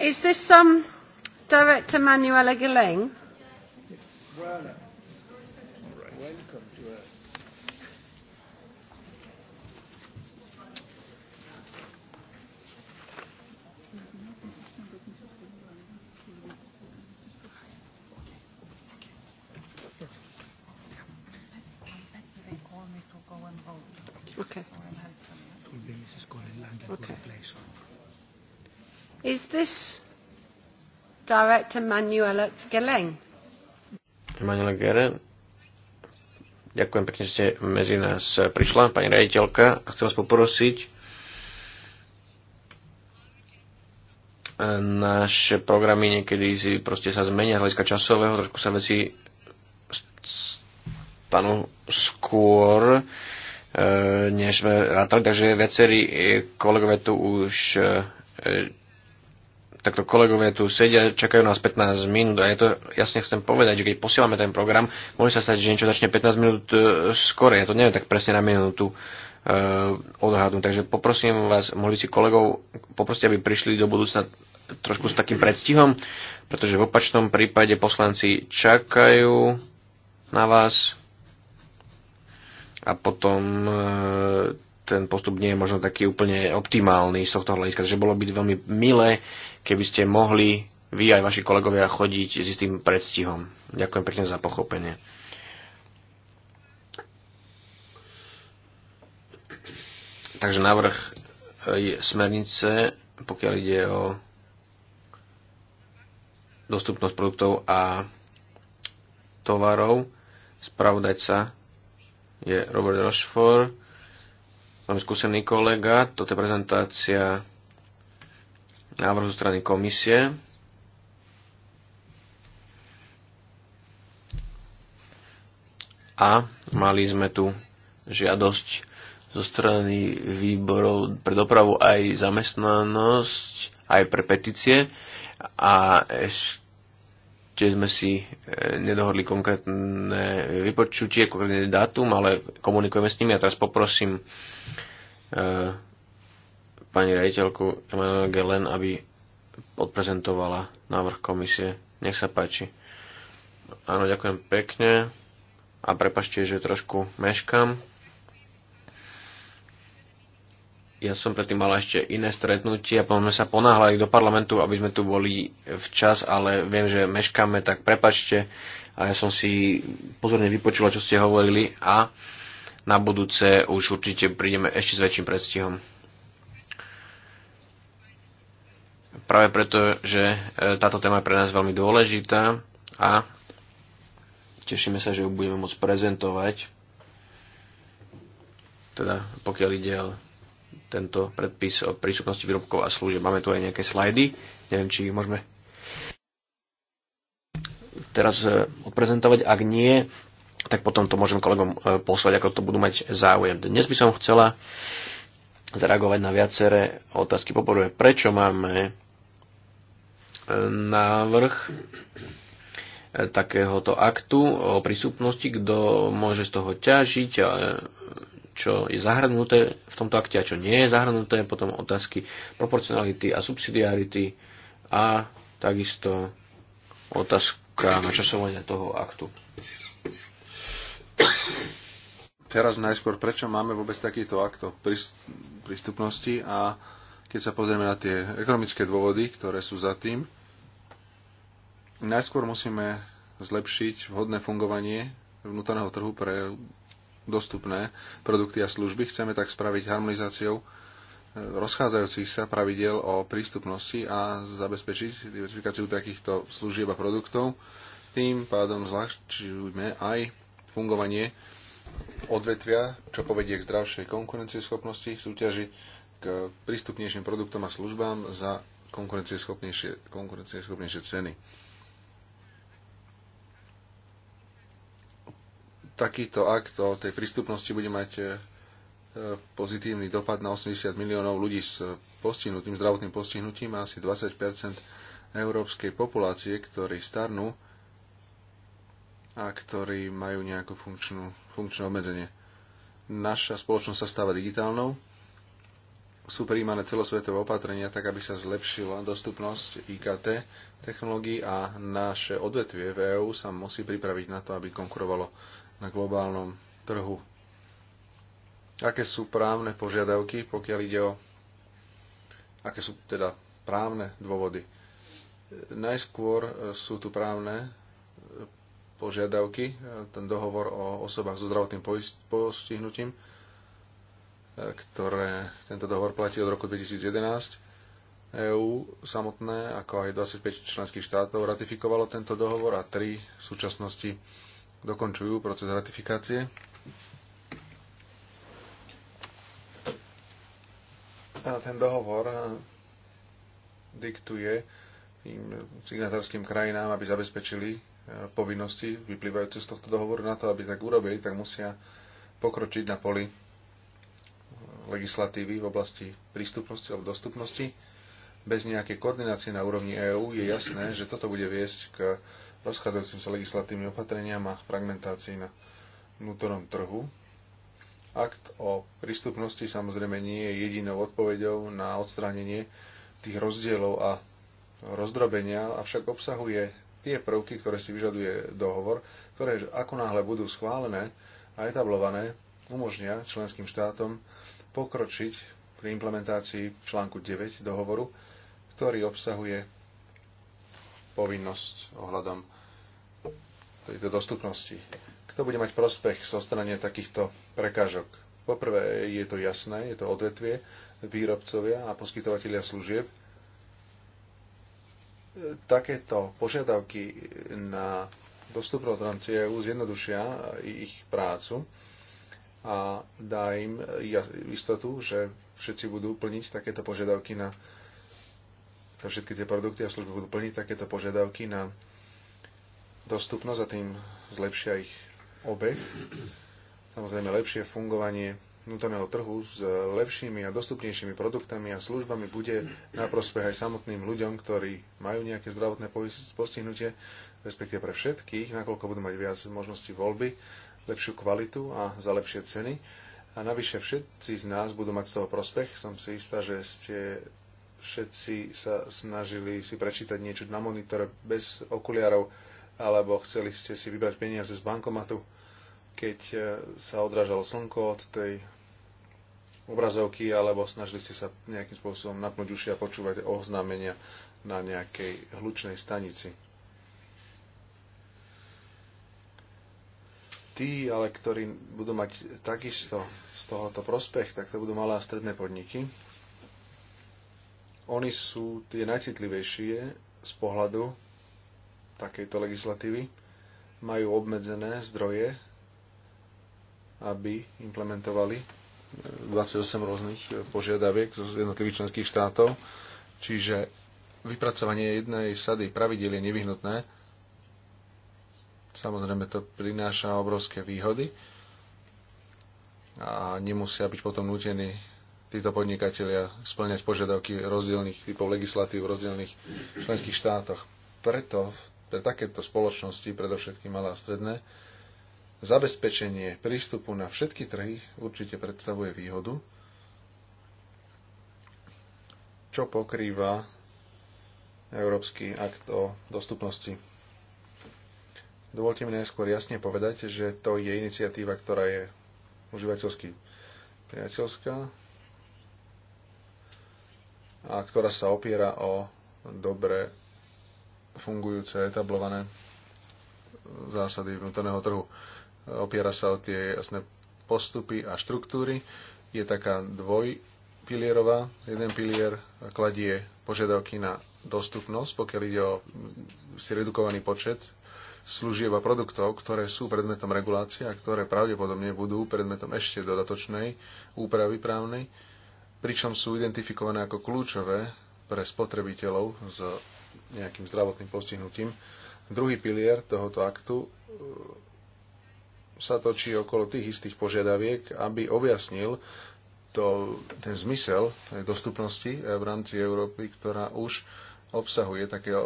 C: Is this um,
A: Director Manuela Gilling?
C: Yes. Well, welcome to a
A: Manuela
D: Ďakujem pekne, že ste medzi nás prišla, pani rejiteľka. A chcem vás poprosiť, naše programy niekedy si proste sa zmenia z hľadiska časového, trošku sa veci stanú skôr, e, než sme rátali, takže viacerí e, kolegové tu už e, takto kolegovia tu sedia, čakajú nás 15 minút a ja to jasne chcem povedať, že keď posielame ten program, môže sa stať, že niečo začne 15 minút e, skôr, ja to neviem tak presne na minútu e, odhadnúť, takže poprosím vás, mohli si kolegov, poprosiť, aby prišli do budúcna trošku s takým predstihom, pretože v opačnom prípade poslanci čakajú na vás a potom e, ten postup nie je možno taký úplne optimálny z tohto hľadiska. Takže bolo by veľmi milé, keby ste mohli vy aj vaši kolegovia chodiť s istým predstihom. Ďakujem pekne za pochopenie. Takže návrh e, smernice, pokiaľ ide o dostupnosť produktov a tovarov, spravodajca je Robert Rochefort, veľmi skúsený kolega. Toto je prezentácia návrhu strany komisie. A mali sme tu žiadosť zo strany výborov pre dopravu aj zamestnanosť, aj pre petície a ešte sme si e, nedohodli konkrétne vypočutie, konkrétne dátum, ale komunikujeme s nimi a teraz poprosím e, pani rejiteľku Emanuel Gelen, aby odprezentovala návrh komisie. Nech sa páči. Áno, ďakujem pekne a prepašte, že trošku meškam. Ja som predtým mala ešte iné stretnutie a potom sme sa ponáhľali do parlamentu, aby sme tu boli včas, ale viem, že meškáme, tak prepačte. A ja som si pozorne vypočula, čo ste hovorili a na budúce už určite prídeme ešte s väčším predstihom. práve preto, že e, táto téma je pre nás veľmi dôležitá a tešíme sa, že ju budeme môcť prezentovať, teda pokiaľ ide o tento predpis o prístupnosti výrobkov a služieb. Máme tu aj nejaké slajdy, neviem, či môžeme teraz e, odprezentovať. Ak nie, tak potom to môžem kolegom e, poslať, ako to budú mať záujem. Dnes by som chcela zareagovať na viaceré otázky. Poprvé, prečo máme návrh takéhoto aktu o prístupnosti, kto môže z toho ťažiť, čo je zahrnuté v tomto akte a čo nie je zahrnuté, potom otázky proporcionality a subsidiarity a takisto otázka načasovania toho aktu.
E: Teraz najskôr, prečo máme vôbec takýto akt o prístupnosti a keď sa pozrieme na tie ekonomické dôvody, ktoré sú za tým, Najskôr musíme zlepšiť vhodné fungovanie vnútorného trhu pre dostupné produkty a služby. Chceme tak spraviť harmonizáciou e, rozchádzajúcich sa pravidel o prístupnosti a zabezpečiť diversifikáciu takýchto služieb a produktov. Tým pádom zľahčujeme aj fungovanie odvetvia, čo povedie k zdravšej konkurencieschopnosti v súťaži k prístupnejším produktom a službám za konkurencieschopnejšie, konkurencieschopnejšie ceny. takýto akt o tej prístupnosti bude mať e, e, pozitívny dopad na 80 miliónov ľudí s postihnutým zdravotným postihnutím a asi 20 európskej populácie, ktorí starnú a ktorí majú nejakú funkčnú, funkčné obmedzenie. Naša spoločnosť sa stáva digitálnou. Sú príjmané celosvetové opatrenia tak, aby sa zlepšila dostupnosť IKT technológií a naše odvetvie v EÚ sa musí pripraviť na to, aby konkurovalo na globálnom trhu. Aké sú právne požiadavky, pokiaľ ide o... Aké sú teda právne dôvody? Najskôr e, sú tu právne e, požiadavky, e, ten dohovor o osobách so zdravotným postihnutím, ktoré tento dohovor platí od roku 2011. EÚ samotné, ako aj 25 členských štátov ratifikovalo tento dohovor a tri v súčasnosti dokončujú proces ratifikácie. A ten dohovor diktuje tým signatárským krajinám, aby zabezpečili povinnosti vyplývajúce z tohto dohovoru na to, aby tak urobili, tak musia pokročiť na poli legislatívy v oblasti prístupnosti alebo dostupnosti. Bez nejakej koordinácie na úrovni EÚ je jasné, že toto bude viesť k rozchádzajúcim sa legislatívnym opatreniam a fragmentácii na vnútornom trhu. Akt o prístupnosti samozrejme nie je jedinou odpoveďou na odstránenie tých rozdielov a rozdrobenia, avšak obsahuje tie prvky, ktoré si vyžaduje dohovor, ktoré ako náhle budú schválené a etablované, umožnia členským štátom pokročiť pri implementácii článku 9 dohovoru, ktorý obsahuje povinnosť ohľadom tejto dostupnosti. Kto bude mať prospech z odstranenia takýchto prekážok? Poprvé je to jasné, je to odvetvie, výrobcovia a poskytovateľia služieb. Takéto požiadavky na dostupnosť v rámci EU zjednodušia ich prácu a dá im istotu, že všetci budú plniť takéto požiadavky na všetky tie produkty a služby budú plniť takéto požiadavky na dostupnosť a tým zlepšia ich obeh. Samozrejme lepšie fungovanie vnútorného trhu s lepšími a dostupnejšími produktami a službami bude na prospech aj samotným ľuďom, ktorí majú nejaké zdravotné postihnutie, respektíve pre všetkých, nakoľko budú mať viac možností voľby, lepšiu kvalitu a za lepšie ceny. A navyše všetci z nás budú mať z toho prospech. Som si istá, že ste všetci sa snažili si prečítať niečo na monitore bez okuliarov, alebo chceli ste si vybrať peniaze z bankomatu, keď e, sa odrážalo slnko od tej obrazovky, alebo snažili ste sa nejakým spôsobom napnúť uši a počúvať oznámenia na nejakej hlučnej stanici. Tí, ale ktorí budú mať takisto z tohoto prospech, tak to budú malé a stredné podniky. Oni sú tie najcitlivejšie z pohľadu takejto legislatívy majú obmedzené zdroje, aby implementovali 28 e, rôznych e, požiadaviek zo jednotlivých členských štátov. Čiže vypracovanie jednej sady pravidel je nevyhnutné. Samozrejme to prináša obrovské výhody a nemusia byť potom nutení títo podnikatelia splňať požiadavky rozdielných typov legislatív v rozdielných členských štátoch. Preto v pre takéto spoločnosti, predovšetkým malé a stredné, zabezpečenie prístupu na všetky trhy určite predstavuje výhodu, čo pokrýva Európsky akt o dostupnosti. Dovolte mi najskôr jasne povedať, že to je iniciatíva, ktorá je užívateľsky priateľská a ktorá sa opiera o dobre fungujúce, etablované zásady vnútorného trhu. Opiera sa o tie jasné postupy a štruktúry. Je taká dvojpilierová. Jeden pilier kladie požiadavky na dostupnosť, pokiaľ ide o si redukovaný počet služieb a produktov, ktoré sú predmetom regulácie a ktoré pravdepodobne budú predmetom ešte dodatočnej úpravy právnej, pričom sú identifikované ako kľúčové pre spotrebiteľov z nejakým zdravotným postihnutím. Druhý pilier tohoto aktu e, sa točí okolo tých istých požiadaviek, aby objasnil to, ten zmysel dostupnosti e, v rámci Európy, ktorá už obsahuje také e,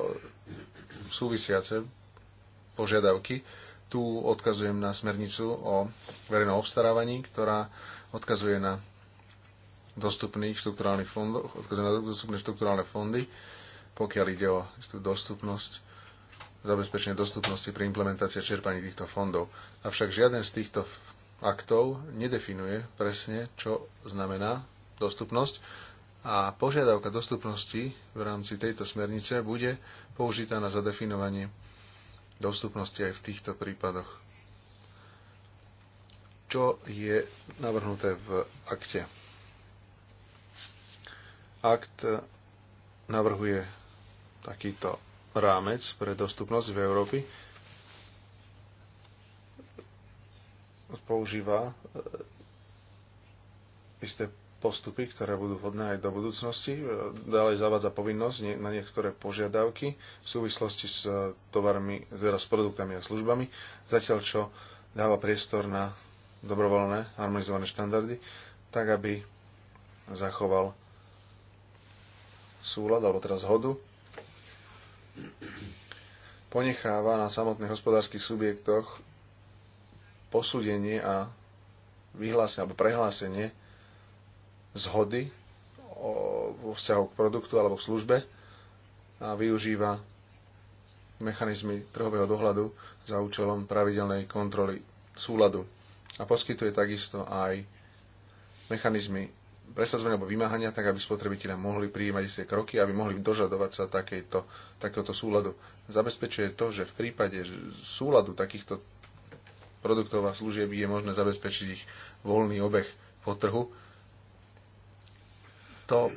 E: súvisiace požiadavky. Tu odkazujem na smernicu o verejnom obstarávaní, ktorá odkazuje na dostupných štrukturálnych fondoch, odkazujem na dostupné štrukturálne fondy, pokiaľ ide o istú dostupnosť, zabezpečenie dostupnosti pri implementácii a čerpaní týchto fondov. Avšak žiaden z týchto aktov nedefinuje presne, čo znamená dostupnosť a požiadavka dostupnosti v rámci tejto smernice bude použitá na zadefinovanie dostupnosti aj v týchto prípadoch. Čo je navrhnuté v akte? Akt navrhuje takýto rámec pre dostupnosť v Európy. Používa e, isté postupy, ktoré budú vhodné aj do budúcnosti. E, ďalej zavádza povinnosť na niektoré požiadavky v súvislosti s e, tovarmi, teda s produktami a službami, zatiaľ čo dáva priestor na dobrovoľné harmonizované štandardy, tak aby zachoval súlad alebo teraz zhodu ponecháva na samotných hospodárskych subjektoch posúdenie a vyhlásenie alebo prehlásenie zhody vo vzťahu k produktu alebo k službe a využíva mechanizmy trhového dohľadu za účelom pravidelnej kontroly súladu a poskytuje takisto aj mechanizmy presadzovania alebo vymáhania, tak aby spotrebitelia mohli prijímať isté kroky, aby mohli dožadovať sa takejto, takéhoto súladu. Zabezpečuje to, že v prípade súladu takýchto produktov a služieb je možné zabezpečiť ich voľný obeh po trhu. To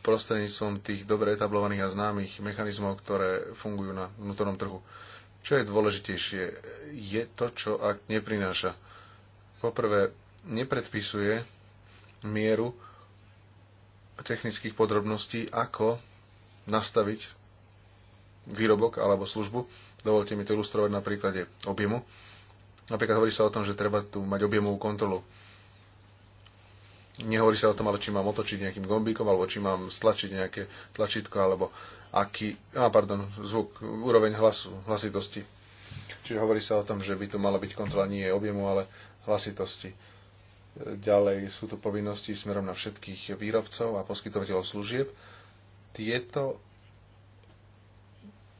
E: prostredníctvom tých dobre etablovaných a známych mechanizmov, ktoré fungujú na vnútornom trhu. Čo je dôležitejšie? Je to, čo ak neprináša. Poprvé, nepredpisuje mieru technických podrobností, ako nastaviť výrobok alebo službu. Dovolte mi to ilustrovať na príklade objemu. Napríklad hovorí sa o tom, že treba tu mať objemovú kontrolu. Nehovorí sa o tom, ale či mám otočiť nejakým gombíkom, alebo či mám stlačiť nejaké tlačítko, alebo aký, a ah, pardon, zvuk, úroveň hlasu, hlasitosti. Čiže hovorí sa o tom, že by tu mala byť kontrola nie objemu, ale hlasitosti. Ďalej sú to povinnosti smerom na všetkých výrobcov a poskytovateľov služieb. Tieto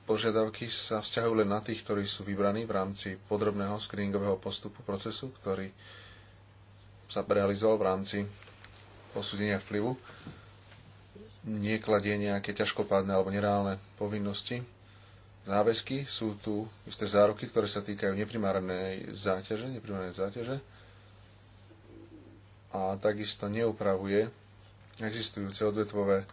E: požiadavky sa vzťahujú len na tých, ktorí sú vybraní v rámci podrobného screeningového postupu procesu, ktorý sa realizoval v rámci posúdenia vplyvu. Niekladie nejaké ťažkopádne alebo nereálne povinnosti. Záväzky sú tu isté záruky, ktoré sa týkajú neprimárnej záťaže, neprimárnej záťaže a takisto neupravuje existujúce odvetvové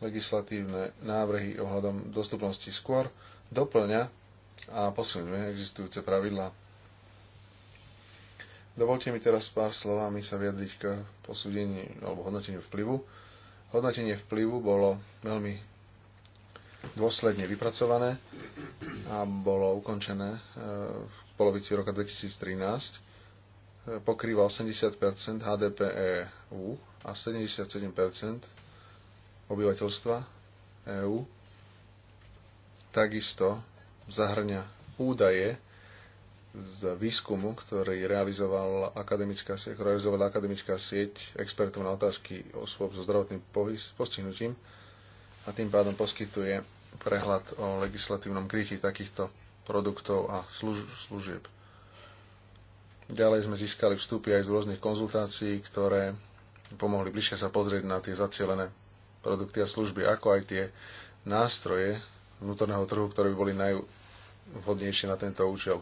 E: legislatívne návrhy ohľadom dostupnosti skôr, doplňa a posilňuje existujúce pravidlá. Dovolte mi teraz pár slovami sa vyjadriť k posúdení alebo hodnoteniu vplyvu. Hodnotenie vplyvu bolo veľmi dôsledne vypracované a bolo ukončené e, v polovici roka 2013 pokrýva 80 HDP EU a 77 obyvateľstva EÚ. Takisto zahrňa údaje z výskumu, ktorý realizoval akademická sieť, realizovala akademická sieť expertov na otázky osôb so zdravotným postihnutím a tým pádom poskytuje prehľad o legislatívnom krytí takýchto produktov a služ- služieb. Ďalej sme získali vstupy aj z rôznych konzultácií, ktoré pomohli bližšie sa pozrieť na tie zacielené produkty a služby, ako aj tie nástroje vnútorného trhu, ktoré by boli najvhodnejšie na tento účel.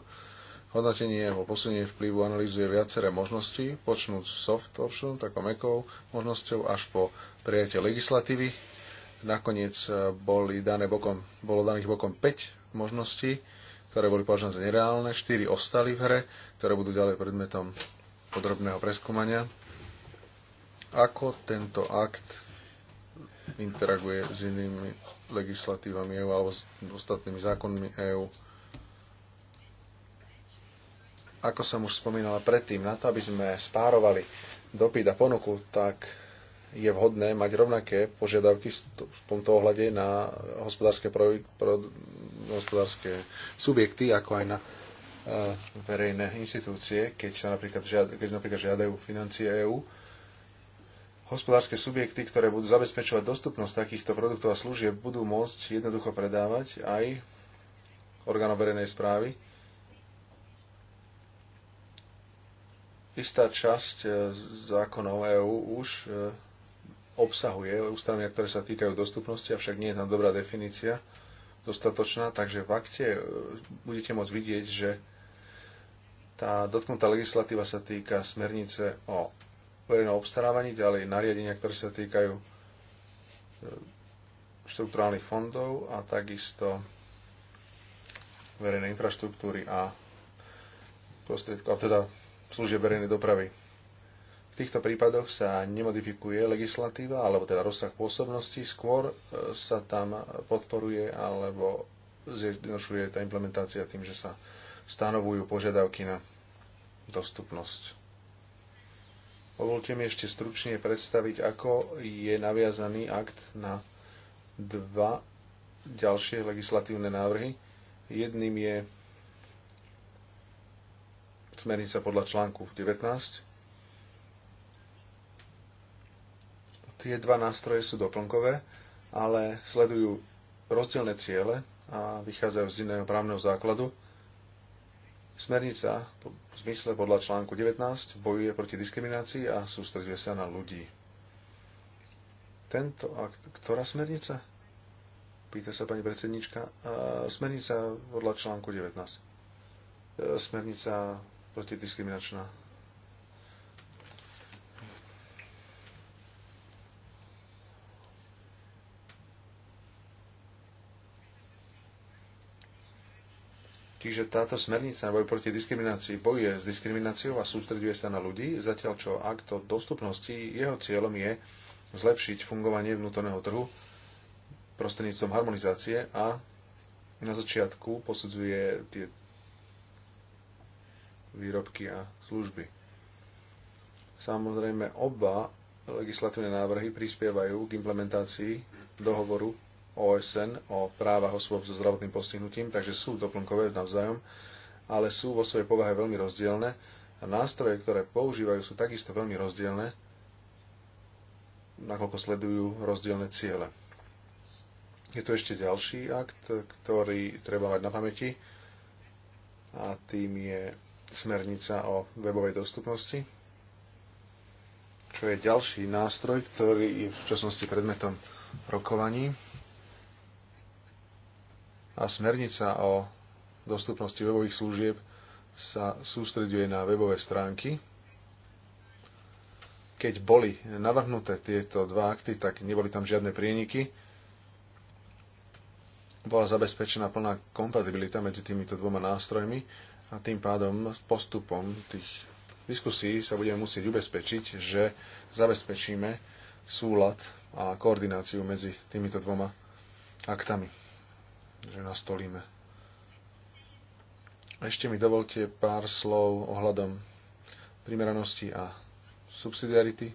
E: Hodnotenie alebo posunie vplyvu analýzuje viaceré možnosti, počnúť soft option, takou mekou možnosťou, až po prijatie legislatívy. Nakoniec eh, boli dané bokom, bolo daných bokom 5 možností, ktoré boli považované za nereálne, štyri ostali v hre, ktoré budú ďalej predmetom podrobného preskúmania. Ako tento akt interaguje s inými legislatívami EÚ alebo s ostatnými zákonmi EÚ. Ako som už spomínala predtým, na to, aby sme spárovali dopyt a ponuku, tak je vhodné mať rovnaké požiadavky v tomto ohľade na hospodárske, pro, pro, hospodárske subjekty, ako aj na eh, verejné inštitúcie, keď, sa napríklad žiad, keď napríklad žiadajú financie EÚ. Hospodárske subjekty, ktoré budú zabezpečovať dostupnosť takýchto produktov a služieb, budú môcť jednoducho predávať aj orgánom verejnej správy. Istá časť eh, zákonov EÚ už eh, obsahuje ustanovenia, ktoré sa týkajú dostupnosti, avšak nie je tam dobrá definícia dostatočná, takže v akte e, budete môcť vidieť, že tá dotknutá legislatíva sa týka smernice o verejnom obstarávaní, ďalej nariadenia, ktoré sa týkajú e, štruktúrálnych fondov a takisto verejnej infraštruktúry a prostriedkov, a teda služieb verejnej dopravy. V týchto prípadoch sa nemodifikuje legislatíva, alebo teda rozsah pôsobnosti, skôr e, sa tam podporuje alebo zjednodušuje tá implementácia tým, že sa stanovujú požiadavky na dostupnosť. Povolte mi ešte stručne predstaviť, ako je naviazaný akt na dva ďalšie legislatívne návrhy. Jedným je smernica podľa článku 19 Tie dva nástroje sú doplnkové, ale sledujú rozdielne ciele a vychádzajú z iného právneho základu. Smernica v zmysle podľa článku 19 bojuje proti diskriminácii a sústreduje sa na ľudí. Tento akt, ktorá smernica? Pýta sa pani predsednička. Smernica podľa článku 19. E, smernica protidiskriminačná Čiže táto smernica boj proti diskriminácii bojuje s diskrimináciou a sústreďuje sa na ľudí, zatiaľ čo akt o dostupnosti, jeho cieľom je zlepšiť fungovanie vnútorného trhu prostredníctvom harmonizácie a na začiatku posudzuje tie výrobky a služby. Samozrejme, oba legislatívne návrhy prispievajú k implementácii dohovoru OSN o právach osôb so zdravotným postihnutím, takže sú doplnkové navzájom, ale sú vo svojej povahe veľmi rozdielne a nástroje, ktoré používajú, sú takisto veľmi rozdielne, nakoľko sledujú rozdielne ciele. Je tu ešte ďalší akt, ktorý treba mať na pamäti a tým je smernica o webovej dostupnosti, čo je ďalší nástroj, ktorý je v súčasnosti predmetom rokovaní a smernica o dostupnosti webových služieb sa sústreďuje na webové stránky. Keď boli navrhnuté tieto dva akty, tak neboli tam žiadne prieniky. Bola zabezpečená plná kompatibilita medzi týmito dvoma nástrojmi a tým pádom postupom tých diskusí sa budeme musieť ubezpečiť, že zabezpečíme súlad a koordináciu medzi týmito dvoma aktami že nastolíme. Ešte mi dovolte pár slov ohľadom primeranosti a subsidiarity.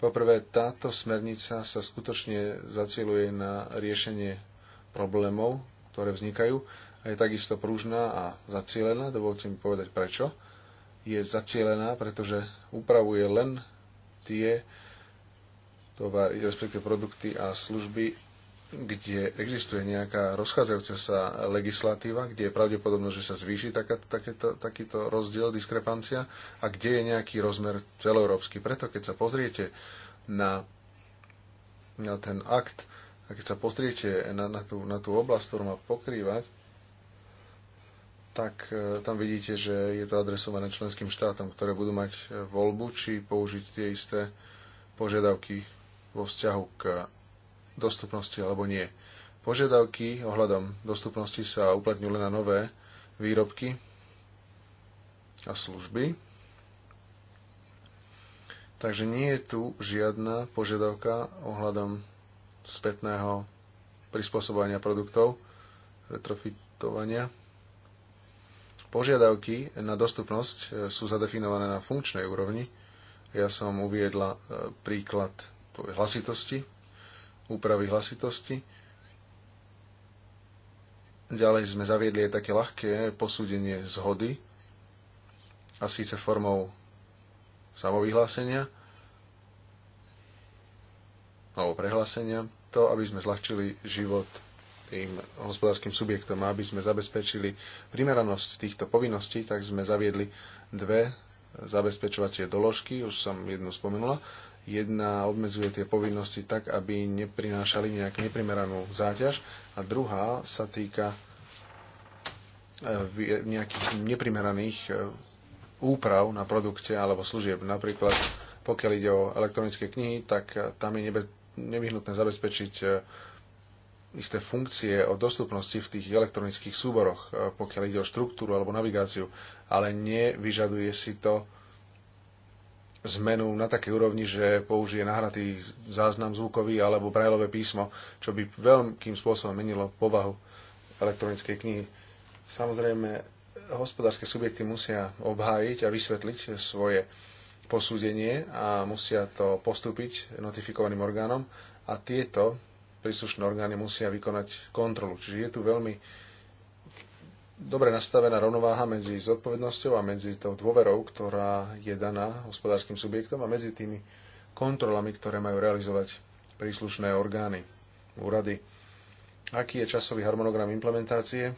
E: Poprvé, táto smernica sa skutočne zacieluje na riešenie problémov, ktoré vznikajú a je takisto pružná a zacielená. Dovolte mi povedať prečo. Je zacielená, pretože upravuje len tie tovary, respektive produkty a služby, kde existuje nejaká rozchádzajúca sa legislatíva, kde je pravdepodobno, že sa zvýši taká, takéto, takýto rozdiel, diskrepancia a kde je nejaký rozmer celoeurópsky. Preto keď sa pozriete na, na ten akt a keď sa pozriete na, na, tú, na tú oblasť, ktorú má pokrývať, tak e, tam vidíte, že je to adresované členským štátom, ktoré budú mať e, voľbu, či použiť tie isté požiadavky vo vzťahu k dostupnosti alebo nie. Požiadavky ohľadom dostupnosti sa uplatňujú len na nové výrobky a služby. Takže nie je tu žiadna požiadavka ohľadom spätného prispôsobovania produktov, retrofitovania. Požiadavky na dostupnosť e, sú zadefinované na funkčnej úrovni. Ja som uviedla e, príklad hlasitosti úpravy hlasitosti. Ďalej sme zaviedli aj také ľahké posúdenie zhody, a síce formou samovyhlásenia alebo prehlásenia, to, aby sme zľahčili život tým hospodárskym subjektom a aby sme zabezpečili primeranosť týchto povinností, tak sme zaviedli dve zabezpečovacie doložky, už som jednu spomenula, Jedna obmedzuje tie povinnosti tak, aby neprinášali nejakú neprimeranú záťaž a druhá sa týka e, nejakých neprimeraných e, úprav na produkte alebo služieb. Napríklad, pokiaľ ide o elektronické knihy, tak e, tam je nebe, nevyhnutné zabezpečiť isté funkcie o dostupnosti v tých elektronických súboroch, pokiaľ ide o štruktúru alebo navigáciu, ale nevyžaduje si to zmenu na takej úrovni, že použije nahratý záznam zvukový alebo brajlové písmo, čo by veľkým spôsobom menilo povahu elektronickej knihy. Samozrejme, hospodárske subjekty musia obhájiť a vysvetliť svoje posúdenie a musia to postúpiť notifikovaným orgánom a tieto príslušné orgány musia vykonať kontrolu. Čiže je tu veľmi dobre nastavená rovnováha medzi zodpovednosťou a medzi tou dôverou, ktorá je daná hospodárskym subjektom a medzi tými kontrolami, ktoré majú realizovať príslušné orgány, úrady. Aký je časový harmonogram implementácie? E,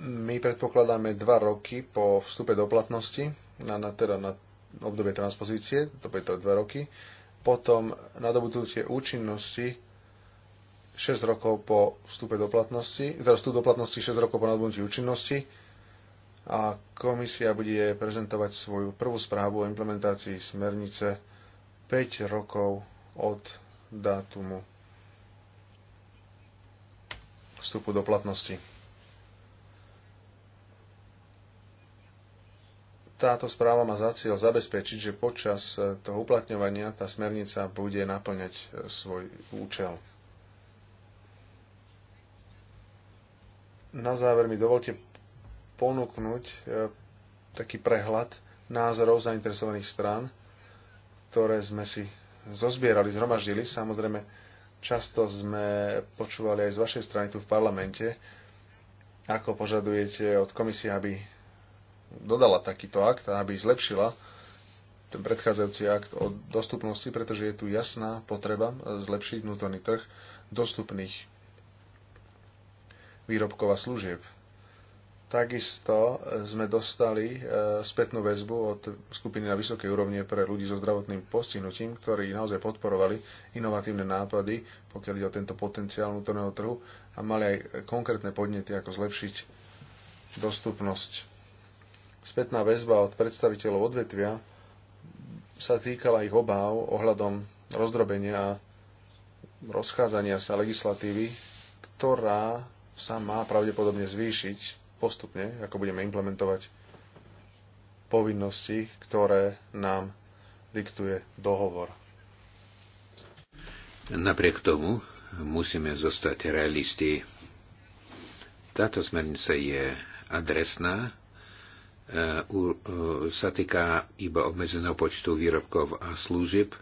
E: my predpokladáme dva roky po vstupe do platnosti, na, na, teda na obdobie transpozície, to bude to dva roky, potom nadobudnutie účinnosti 6 rokov po vstupe do platnosti, teda vstup do platnosti 6 rokov po nadobudnutí účinnosti a komisia bude prezentovať svoju prvú správu o implementácii smernice 5 rokov od dátumu vstupu do platnosti. Táto správa má za cieľ zabezpečiť, že počas toho uplatňovania tá smernica bude naplňať svoj účel. Na záver mi dovolte ponúknuť e, taký prehľad názorov zainteresovaných strán, ktoré sme si zozbierali, zhromaždili. Samozrejme, často sme počúvali aj z vašej strany tu v parlamente, ako požadujete od komisie, aby dodala takýto akt a aby zlepšila ten predchádzajúci akt o dostupnosti, pretože je tu jasná potreba zlepšiť vnútorný trh dostupných výrobkov a služieb. Takisto e, sme dostali e, spätnú väzbu od skupiny na vysokej úrovne pre ľudí so zdravotným postihnutím, ktorí naozaj podporovali inovatívne nápady, pokiaľ ide o tento potenciál vnútorného trhu a mali aj konkrétne podnety, ako zlepšiť dostupnosť. Spätná väzba od predstaviteľov odvetvia sa týkala ich obáv ohľadom rozdrobenia a rozchádzania sa legislatívy, ktorá sa má pravdepodobne zvýšiť postupne, ako budeme implementovať povinnosti, ktoré nám
B: diktuje dohovor. Napriek tomu musíme zostať realisti. Táto smernica je adresná, e, e, sa týka iba obmedzeného počtu výrobkov a služieb,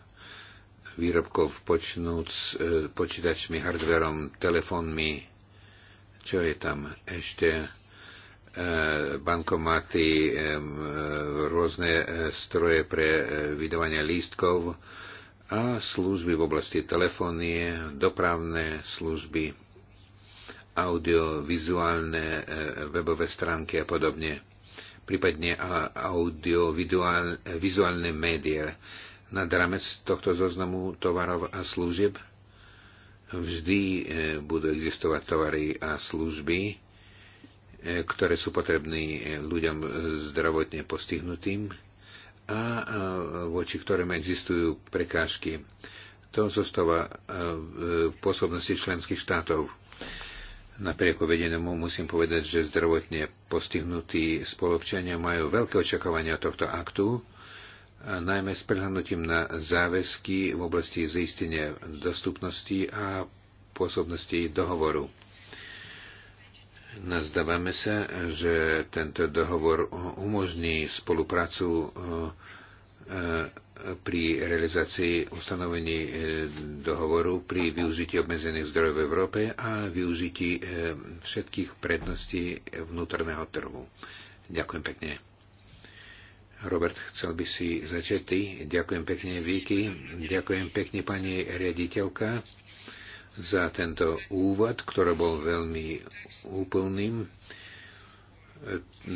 B: výrobkov počnúc e, počítačmi, hardverom, telefónmi, čo je tam ešte? E, bankomaty, e, e, rôzne stroje pre vydávanie lístkov a služby v oblasti telefónie, dopravné služby, audiovizuálne webové stránky a podobne, prípadne audiovizuálne médiá. Nad dramec tohto zoznamu tovarov a služieb Vždy e, budú existovať tovary a služby, e, ktoré sú potrebné e, ľuďom zdravotne postihnutým a voči ktorým existujú prekážky. To zostáva v pôsobnosti členských štátov. Napriek uvedenému musím povedať, že zdravotne postihnutí spolobčania majú veľké očakávania tohto aktu najmä s prehľadnutím na záväzky v oblasti zistenia dostupnosti a pôsobnosti dohovoru. Nazdávame sa, že tento dohovor umožní spoluprácu e, e, pri realizácii ustanovení e, dohovoru pri využití obmedzených zdrojov v Európe a využití všetkých predností vnútorného trhu. Ďakujem pekne. Robert, chcel by si začať ty. Ďakujem pekne, Viki. Ďakujem pekne, pani riaditeľka, za tento úvod, ktorý bol veľmi úplným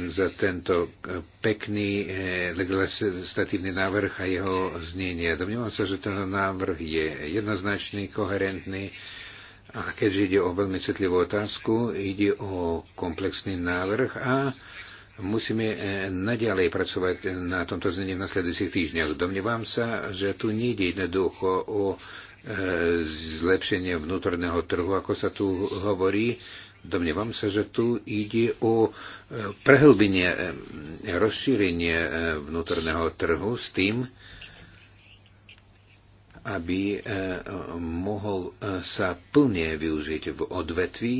B: za tento pekný eh, legislatívny návrh a jeho znenie. Domnívam sa, že ten návrh je jednoznačný, koherentný a keďže ide o veľmi citlivú otázku, ide o komplexný návrh a Musíme e, naďalej pracovať na tomto znení v nasledujúcich týždňoch. Domnievam sa, že tu nejde jednoducho o e, zlepšenie vnútorného trhu, ako sa tu hovorí. Domnievam sa, že tu ide o e, prehlbenie, rozšírenie vnútorného trhu s tým, aby mohol sa plne využiť v odvetví,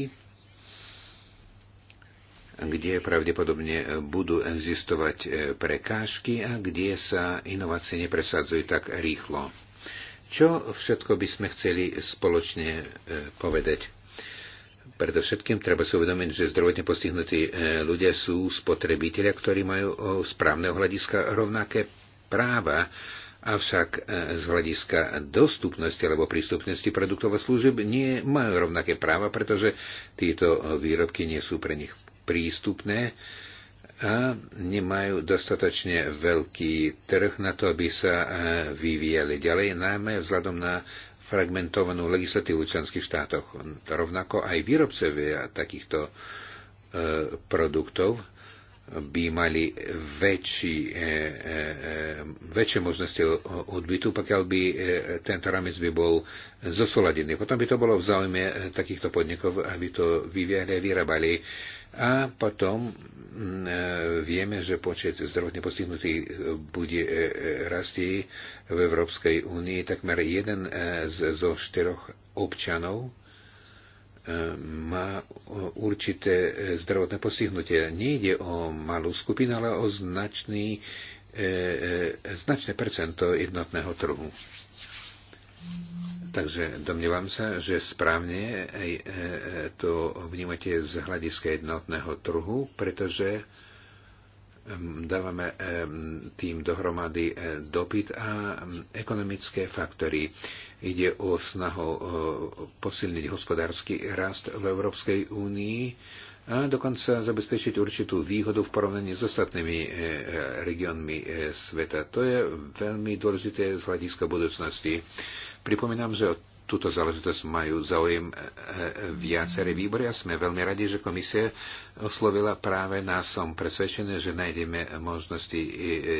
B: kde pravdepodobne budú existovať e, prekážky a kde sa inovácie nepresadzujú tak rýchlo. Čo všetko by sme chceli spoločne e, povedať? Predovšetkým treba si uvedomiť, že zdravotne postihnutí e, ľudia sú spotrebitelia, ktorí majú správne hľadiska rovnaké práva, avšak z hľadiska dostupnosti alebo prístupnosti produktov a služieb nie majú rovnaké práva, pretože títo výrobky nie sú pre nich prístupné a nemajú dostatočne veľký trh na to, aby sa e, vyvíjali ďalej, najmä vzhľadom na fragmentovanú legislatívu v členských štátoch. Rovnako aj výrobcovia takýchto e, produktov by mali väčší, e, väčšie možnosti odbytu, pokiaľ by tento rámec by bol zosoladený. Potom by to bolo v záujme takýchto podnikov, aby to vyvíjali a vyrábali a potom mm, e, vieme, že počet zdravotne postihnutých e, bude e, rastie v Európskej únii. Takmer jeden zo štyroch občanov má určité zdravotné postihnutie. Nejde o malú skupinu, ale o značný, značné percento jednotného trhu. Takže domnievam sa, že správne e, e, to vnímate z hľadiska jednotného trhu, pretože dávame tým dohromady e, dopyt a ekonomické faktory. Ide o snahu posilniť hospodársky rast v Európskej únii a dokonca zabezpečiť určitú výhodu v porovnaní s ostatnými regiónmi sveta. To je veľmi dôležité z hľadiska budúcnosti. Pripomínam, že o túto záležitosť majú záujem e, e, viaceré výbory a sme veľmi radi, že komisia oslovila práve nás. Som presvedčený, že nájdeme možnosti e,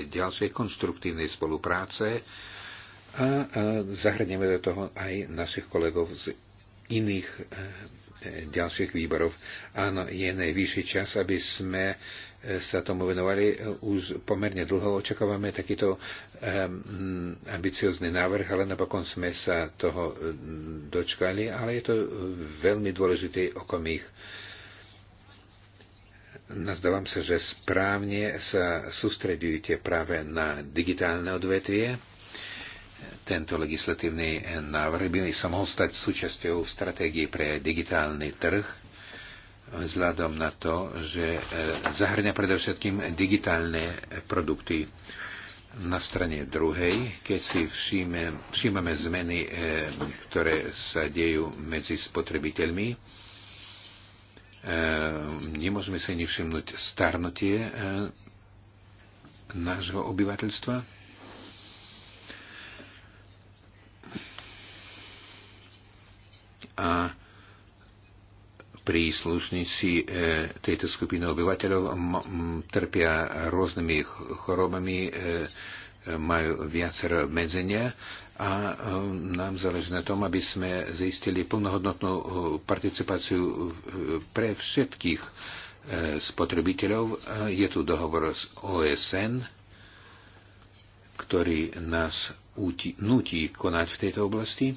B: ďalšej konstruktívnej spolupráce a zahrnieme do toho aj našich kolegov z iných ďalších výborov. Áno, je najvyšší čas, aby sme e, sa tomu venovali. E, už pomerne dlho očakávame takýto um, ambiciózny návrh, ale napokon sme sa toho dočkali, ale je to veľmi dôležitý okomých. Nazdávam sa, že správne sa sústredujete práve na digitálne odvetvie tento legislatívny eh, návrh by sa mohol stať súčasťou stratégie pre digitálny trh vzhľadom na to, že eh, zahrňa predovšetkým digitálne eh, produkty. Na strane druhej, keď si všíme, všímame zmeny, ktoré sa dejú medzi spotrebiteľmi, nemôžeme si nevšimnúť starnutie nášho obyvateľstva a príslušníci e, tejto skupiny obyvateľov trpia rôznymi chorobami, e, majú viacero medzenia a e, nám záleží na tom, aby sme zistili plnohodnotnú participáciu pre všetkých spotrebiteľov. Je tu dohovor s OSN ktorý nás nutí konať v tejto oblasti.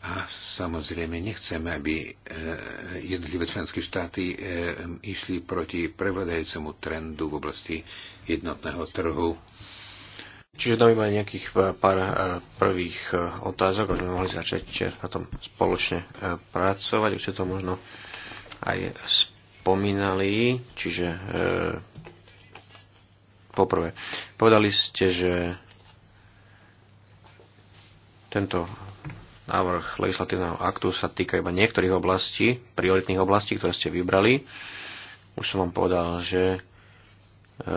B: A samozrejme nechceme, aby e, jednotlivé členské štáty e, išli proti prevladajúcemu trendu v oblasti jednotného trhu. Čiže dáme aj nejakých e, pár
D: prvých otázok, aby sme mohli začať na tom spoločne pracovať. Už je to možno aj spoločne spomínali, čiže e, poprvé, povedali ste, že tento návrh legislatívneho aktu sa týka iba niektorých oblastí, prioritných oblastí, ktoré ste vybrali. Už som vám povedal, že e,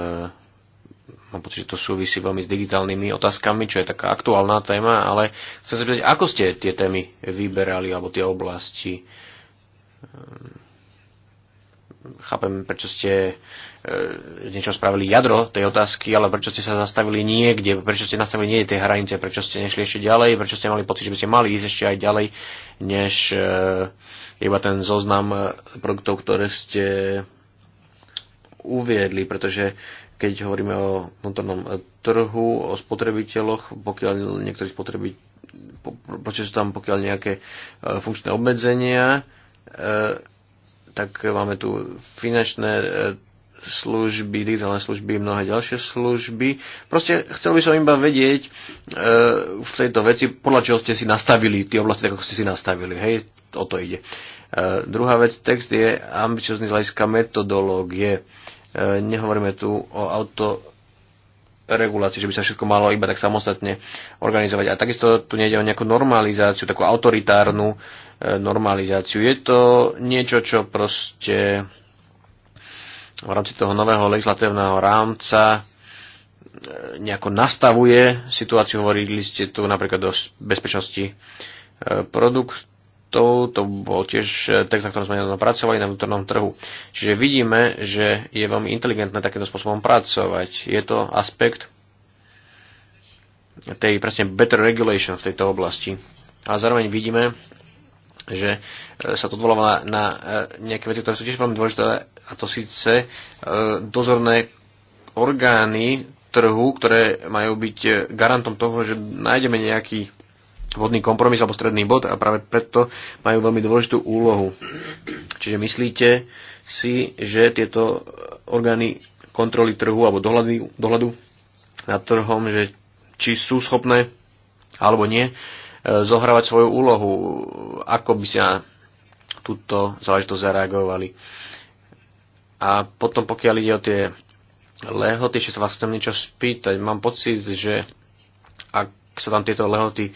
D: mám pocit, že to súvisí veľmi s digitálnymi otázkami, čo je taká aktuálna téma, ale chcem sa pýtať, ako ste tie témy vyberali alebo tie oblasti? E, chápem, prečo ste e, niečo spravili jadro tej otázky, ale prečo ste sa zastavili niekde, prečo ste nastavili nie tie hranice, prečo ste nešli ešte ďalej, prečo ste mali pocit, že by ste mali ísť ešte aj ďalej, než e, iba ten zoznam e, produktov, ktoré ste uviedli, pretože keď hovoríme o vnútornom e, trhu, o spotrebiteľoch, pokiaľ niektorí spotrebi, po, po, po, po, pokiaľ nejaké e, funkčné obmedzenia, e, tak máme tu finančné e, služby, digitálne služby, mnohé ďalšie služby. Proste chcel by som iba vedieť e, v tejto veci, podľa čoho ste si nastavili tie oblasti, tak ako ste si nastavili. Hej, o to ide. E, druhá vec, text je ambiciozný z hľadiska metodológie. E, nehovoríme tu o auto regulácii, že by sa všetko malo iba tak samostatne organizovať. A takisto tu nejde o nejakú normalizáciu, takú autoritárnu e, normalizáciu. Je to niečo, čo proste v rámci toho nového legislatívneho rámca e, nejako nastavuje situáciu. Hovorili ste tu napríklad o bezpečnosti e, produkt, produktov, to bol tiež e, text, na ktorom sme nedávno pracovali na vnútornom trhu. Čiže vidíme, že je veľmi inteligentné takýmto spôsobom pracovať. Je to aspekt tej presne better regulation v tejto oblasti. A zároveň vidíme, že e, sa to odvoláva na e, nejaké veci, ktoré sú tiež veľmi dôležité, a to síce dozorné orgány trhu, ktoré majú byť garantom toho, že nájdeme nejaký vhodný kompromis alebo stredný bod a práve preto majú veľmi dôležitú úlohu. Čiže myslíte si, že tieto orgány kontroly trhu alebo dohľadu, dohľadu nad trhom, že či sú schopné alebo nie e, zohrávať svoju úlohu, ako by sa túto záležitosť zareagovali. A potom pokiaľ ide o tie lehoty, ešte sa vás chcem niečo spýtať. Mám pocit, že ak ak sa tam tieto lehoty e,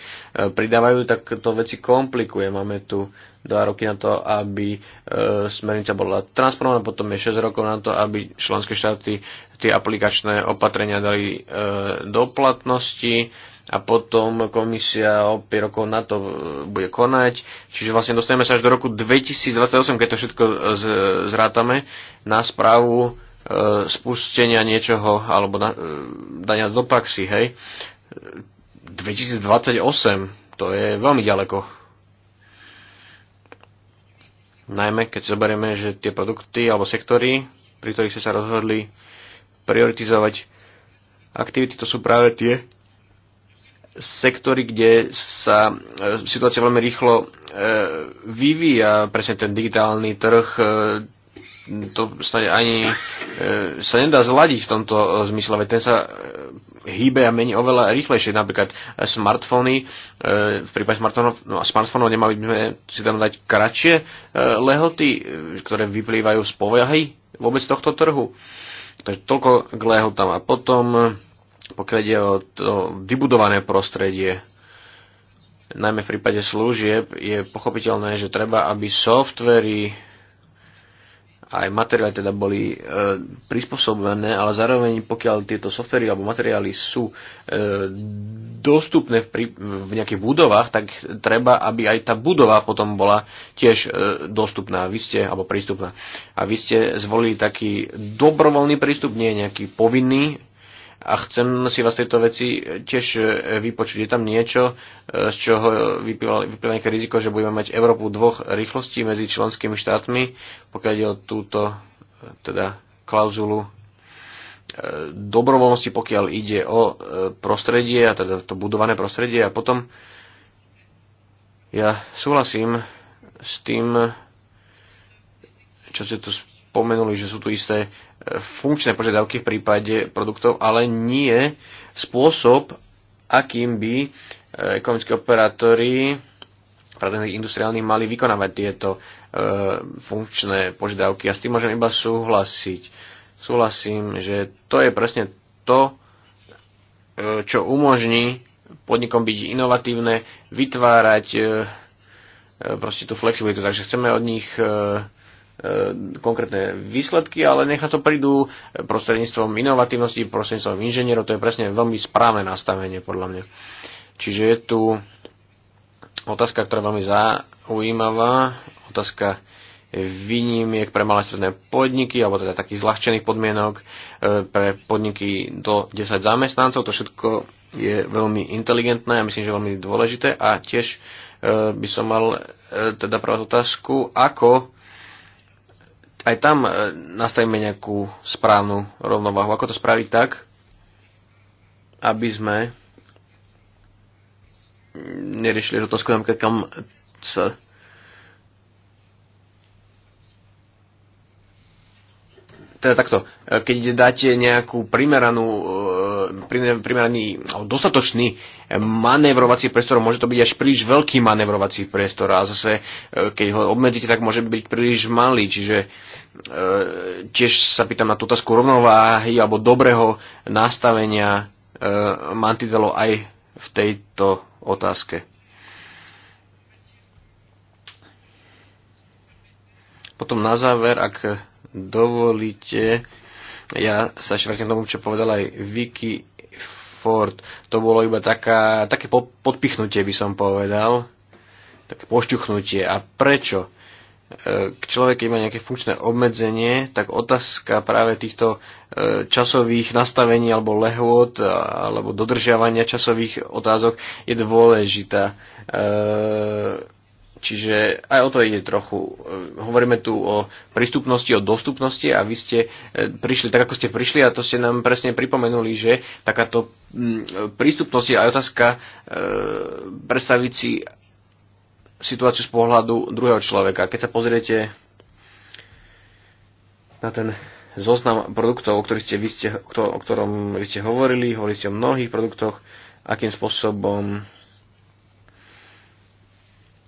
D: pridávajú, tak to veci komplikuje. Máme tu 2 roky na to, aby e, smernica bola transponovaná, potom je 6 rokov na to, aby členské štáty tie aplikačné opatrenia dali e, do platnosti a potom komisia o 5 rokov na to bude konať. Čiže vlastne dostaneme sa až do roku 2028, keď to všetko zrátame, na správu spustenia niečoho alebo na, dania do praxi, hej 2028, to je veľmi ďaleko. Najmä keď si zoberieme, že tie produkty alebo sektory, pri ktorých ste sa rozhodli prioritizovať aktivity, to sú práve tie sektory, kde sa e, situácia veľmi rýchlo e, vyvíja, presne ten digitálny trh, e, to ani ani sa nedá zladiť v tomto zmysle, veď ten sa hýbe a mení oveľa rýchlejšie. Napríklad smartfóny, e, v prípade smartfónov, no, smartfónov nemali by sme si tam dať kratšie e, lehoty, e, ktoré vyplývajú z povahy vôbec tohto trhu. Takže toľko k lehotám. A potom, pokiaľ ide o to vybudované prostredie, najmä v prípade služieb, je pochopiteľné, že treba, aby softvery aj materiály teda boli e, prispôsobené, ale zároveň pokiaľ tieto softvery alebo materiály sú e, dostupné v, pri, v nejakých budovách, tak treba, aby aj tá budova potom bola tiež e, dostupná, vy ste, alebo prístupná. A vy ste zvolili taký dobrovoľný prístup, nie nejaký povinný, a chcem si vás tejto veci tiež e, vypočuť. Je tam niečo, e, z čoho vyplýva nejaké riziko, že budeme mať Európu dvoch rýchlostí medzi členskými štátmi, pokiaľ ide o túto e, teda klauzulu dobrovoľnosti, pokiaľ ide o prostredie a teda to budované prostredie a potom ja súhlasím s tým, čo ste tu spomenuli, že sú tu isté funkčné požiadavky v prípade produktov, ale nie spôsob, akým by e, ekonomickí operátori pradlených industriálnych mali vykonávať tieto e, funkčné požiadavky. A s tým môžem iba súhlasiť. Súhlasím, že to je presne to, e, čo umožní podnikom byť inovatívne, vytvárať e, e proste tú flexibilitu. Takže chceme od nich e, E, konkrétne výsledky, ale nech na to prídu prostredníctvom inovatívnosti, prostredníctvom inžinierov, to je presne veľmi správne nastavenie podľa mňa. Čiže je tu otázka, ktorá je veľmi zaujímavá, otázka výnimiek pre malé stredné podniky, alebo teda takých zľahčených podmienok e, pre podniky do 10 zamestnancov. To všetko je veľmi inteligentné a myslím, že veľmi dôležité. A tiež e, by som mal teda prvú otázku, ako aj tam e, nastavíme nejakú správnu rovnováhu. Ako to spraviť tak, aby sme neriešili otázku napríklad kam sa teda takto, e, keď dáte nejakú primeranú e, primeraný dostatočný manévrovací priestor, môže to byť až príliš veľký manévrovací priestor a zase e, keď ho obmedzíte, tak môže byť príliš malý, čiže e, tiež sa pýtam na tú otázku rovnováhy alebo dobrého nastavenia e, mantidelo aj v tejto otázke. Potom na záver, ak dovolíte, ja sa ešte vrátim tomu, čo povedal aj Vicky Ford. To bolo iba taká, také podpichnutie, by som povedal. Také pošťuchnutie. A prečo? E, človek, keď má nejaké funkčné obmedzenie, tak otázka práve týchto e, časových nastavení alebo lehôd alebo dodržiavania časových otázok je dôležitá. E, Čiže aj o to ide trochu. E, hovoríme tu o prístupnosti, o dostupnosti a vy ste e, prišli tak, ako ste prišli a to ste nám presne pripomenuli, že takáto mm, prístupnosť je aj otázka e, predstaviť si situáciu z pohľadu druhého človeka. Keď sa pozriete na ten zoznam produktov, o, ktorých ste, vy ste, o ktorom vy ste hovorili, hovorili ste o mnohých produktoch, akým spôsobom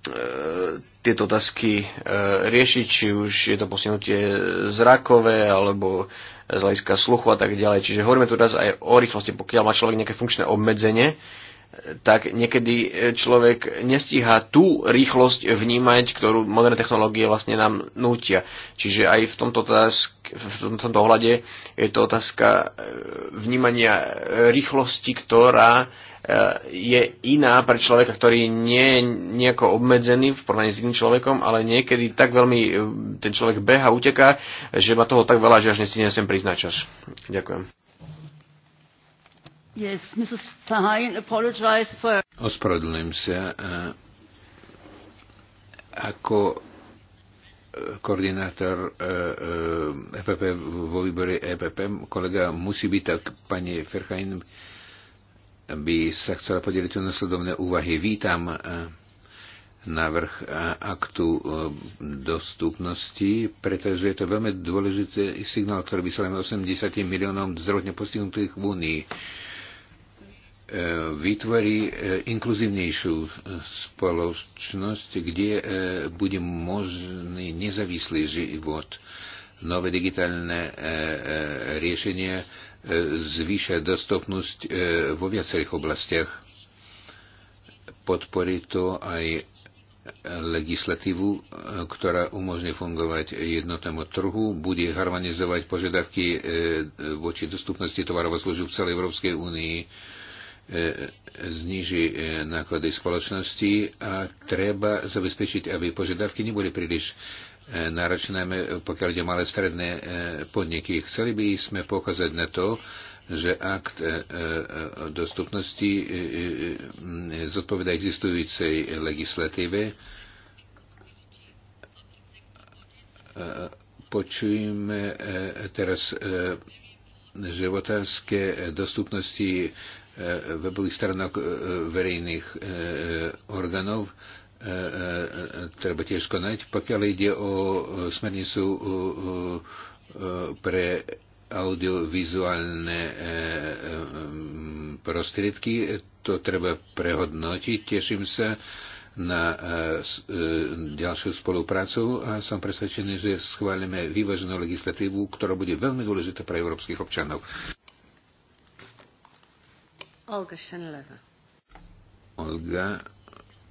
D: E, tieto otázky e, riešiť, či už je to posunutie zrakové alebo z hľadiska sluchu a tak ďalej. Čiže hovoríme tu teraz aj o rýchlosti. Pokiaľ má človek nejaké funkčné obmedzenie, tak niekedy e, človek nestíha tú rýchlosť vnímať, ktorú moderné technológie vlastne nám nútia. Čiže aj v tomto, otázk, v tomto ohľade je to otázka vnímania rýchlosti, ktorá je iná pre človeka, ktorý nie je nejako obmedzený v porovnaní s iným človekom, ale niekedy tak veľmi e, ten človek beha, uteká, že má toho tak veľa, že až si nesem priznať čas.
B: Ďakujem.
A: Yes, Mrs. Fahain, apologize for...
B: Ospravedlňujem sa. E, ako e, koordinátor EPP vo výbore EPP, kolega musí byť tak, pani Ferhajn, by sa chcela podeliť o nasledovné úvahy. Vítam eh, návrh eh, aktu eh, dostupnosti, pretože je to veľmi dôležitý signál, ktorý vysielame 80 miliónom zdravotne postihnutých v Únii. Vytvorí inkluzívnejšiu spoločnosť, kde bude možný nezávislý život. Nové digitálne riešenia zvýšia dostupnosť e, vo viacerých oblastiach. Podporí to aj legislatívu, e, ktorá umožní fungovať jednotnému trhu, bude harmonizovať požiadavky e, voči dostupnosti tovarov a služieb v celej Európskej únii, zniží náklady spoločnosti a treba zabezpečiť, aby požiadavky neboli príliš náročné, eh, pokiaľ ide malé stredné eh, podniky. Chceli by sme pokazať na to, že akt eh, dostupnosti mm, zodpoveda existujúcej legislatíve. Počujeme teraz, že v otázke dostupnosti webových stránok verejných orgánov E, e, e, treba tiež konať. Pokiaľ ide o smernicu pre audiovizuálne prostriedky, to treba prehodnotiť. Teším sa na ďalšiu spoluprácu a som presvedčený, že schválime vyvaženú legislatívu, ktorá bude veľmi dôležitá pre európskych občanov.
A: Olga Šenleva.
B: Olga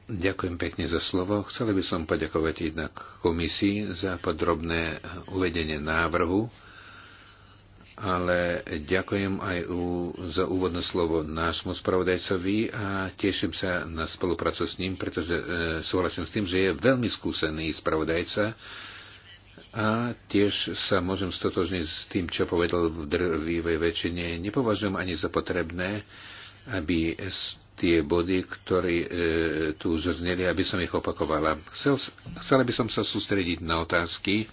B: Ďakujem pekne za slovo. Chcel by som poďakovať jednak komisii za podrobné uvedenie návrhu, ale ďakujem aj u, za úvodné slovo nášmu spravodajcovi a teším sa na spoluprácu s ním, pretože e, súhlasím s tým, že je veľmi skúsený spravodajca a tiež sa môžem stotožniť s tým, čo povedal v drvivej väčšine. Nepovažujem ani za potrebné, aby tie body, ktoré e, tu už zneli, aby som ich opakovala. Chcel, chcela by som sa sústrediť na otázky,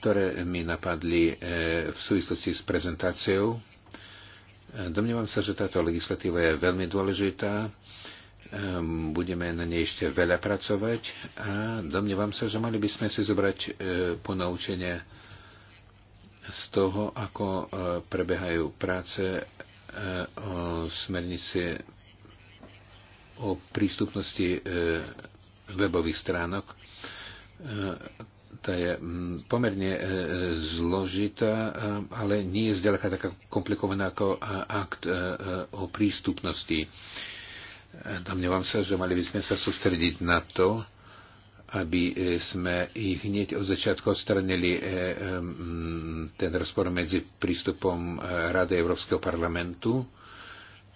B: ktoré mi napadli e, v súvislosti s prezentáciou. E, domnievam sa, že táto legislatíva je veľmi dôležitá. E, budeme na nej ešte veľa pracovať a domnievam sa, že mali by sme si zobrať e, ponaučenie z toho, ako e, prebehajú práce e, o smernici o prístupnosti e, webových stránok. E, tá je pomerne e, zložitá, ale nie je zďaleka taká komplikovaná ako akt o prístupnosti. Domnievam sa, že mali by sme sa sústrediť na to, aby sme i hneď od začiatku odstranili ten rozpor medzi prístupom Rady Európskeho parlamentu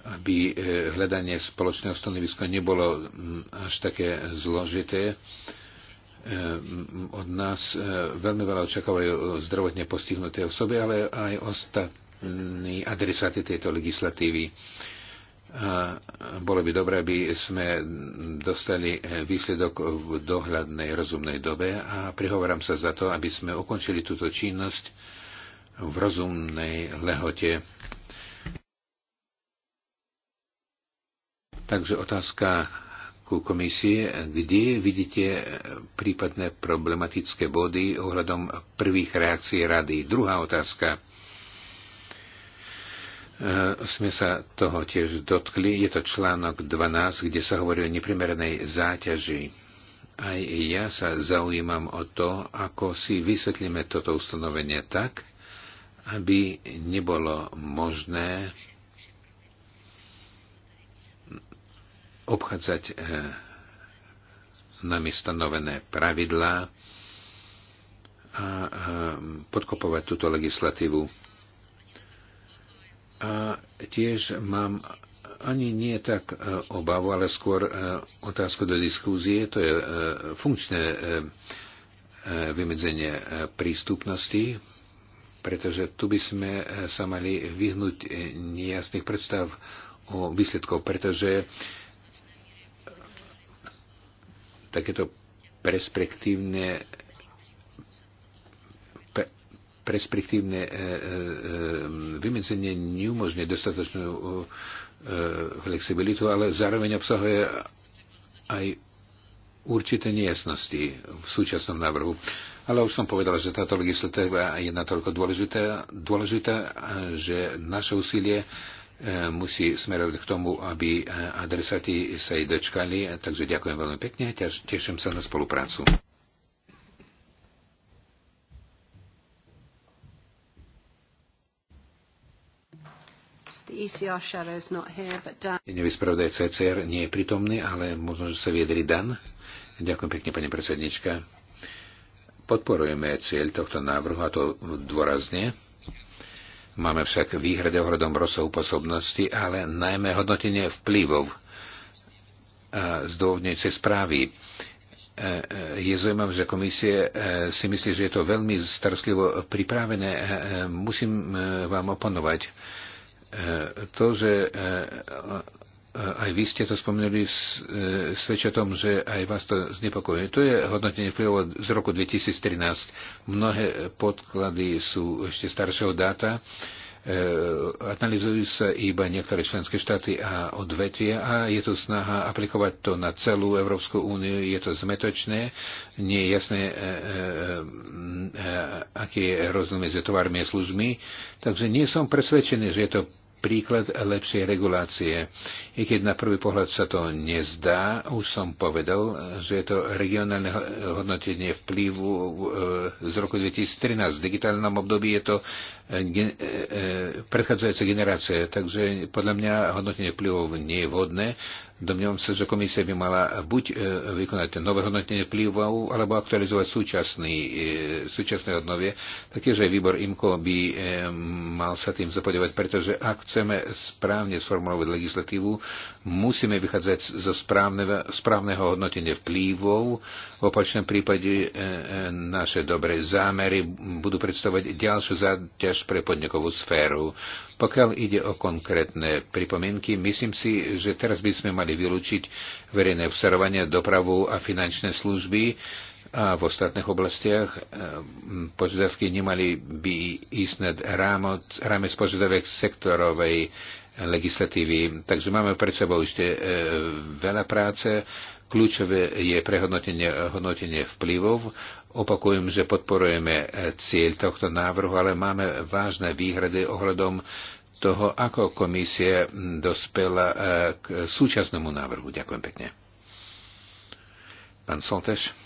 B: aby e, hľadanie spoločného stanoviska nebolo až také zložité. E, od nás e, veľmi veľa očakávajú zdravotne postihnuté osoby, ale aj ostatní adresáty tejto legislatívy. A bolo by dobré, aby sme dostali výsledok v dohľadnej rozumnej dobe a prihovorám sa za to, aby sme ukončili túto činnosť v rozumnej lehote Takže otázka ku komisie, kde vidíte prípadné problematické body ohľadom prvých reakcií rady. Druhá otázka. E, sme sa toho tiež dotkli. Je to článok 12, kde sa hovorí o neprimeranej záťaži. Aj ja sa zaujímam o to, ako si vysvetlíme toto ustanovenie tak, aby nebolo možné obchádzať eh, nami stanovené pravidlá a eh, podkopovať túto legislatívu. A tiež mám ani nie tak eh, obavu, ale skôr otázku do diskúzie, to je funkčné vymedzenie prístupnosti, pretože tu by sme sa mali vyhnúť nejasných predstav o výsledkov, pretože takéto perspektívne perspektívne e, e, e, vymedzenie neumožňuje dostatočnú flexibilitu, ale zároveň obsahuje aj určité nejasnosti v súčasnom návrhu. Ale už som povedal, že táto legislatíva je natoľko dôležitá, dôležitá že naše úsilie musí smerovať k tomu, aby adresáti sa jej dočkali. Takže ďakujem veľmi pekne a teším sa na spoluprácu. E Nevyspravodajca CCR, nie je pritomný, ale možno, že sa viedri Dan. Ďakujem pekne, pani predsednička. Podporujeme cieľ tohto návrhu, a to dôrazne. Máme však výhrady ohľadom rozsahu posobnosti, ale najmä hodnotenie vplyvov e, z dôvodňujúcej správy. E, e, je zaujímavé, že komisie si myslí, že je to veľmi starostlivo pripravené. Musím vám oponovať. To, že aj vy ste to spomenuli, e, svedčia o tom, že aj vás to znepokojuje. To je hodnotenie vplyvov z roku 2013. Mnohé podklady sú ešte staršieho dáta. E, Analizujú sa iba niektoré členské štáty a odvetvia a je to snaha aplikovať to na celú Európsku úniu. Je to zmetočné, nie je jasné, e, aký je rozdiel medzi tovarmi a službami, Takže nie som presvedčený, že je to príklad lepšej regulácie. I keď na prvý pohľad sa to nezdá, už som povedal, že je to regionálne hodnotenie vplyvu e, z roku 2013. V digitálnom období je to e, e, predchádzajúca generácia, takže podľa mňa hodnotenie vplyvov nie je vhodné Domnievam sa, že komisia by mala buď e, vykonať nové hodnotenie vplyvov, alebo aktualizovať súčasný, e, súčasné odnovie. Taktiež aj výbor IMCO by e, mal sa tým zapodovať, pretože ak chceme správne sformulovať legislatívu, musíme vychádzať zo správneho, správneho hodnotenia vplyvov. V opačnom prípade naše dobré zámery budú predstavovať ďalšiu záťaž pre podnikovú sféru. Pokiaľ ide o konkrétne pripomienky, myslím si, že teraz by sme mali vylúčiť verejné obserovanie, dopravu a finančné služby a v ostatných oblastiach e, požiadavky nemali by ísť nad rámec, rámec požiadavek sektorovej legislatívy. Takže máme pred sebou ešte e, veľa práce. Kľúčové je prehodnotenie hodnotenie vplyvov Opakujem, že podporujeme e, cieľ tohto návrhu, ale máme vážne výhrady ohľadom toho, ako komisie dospela e, k súčasnému návrhu. Ďakujem pekne. Pán Soltež.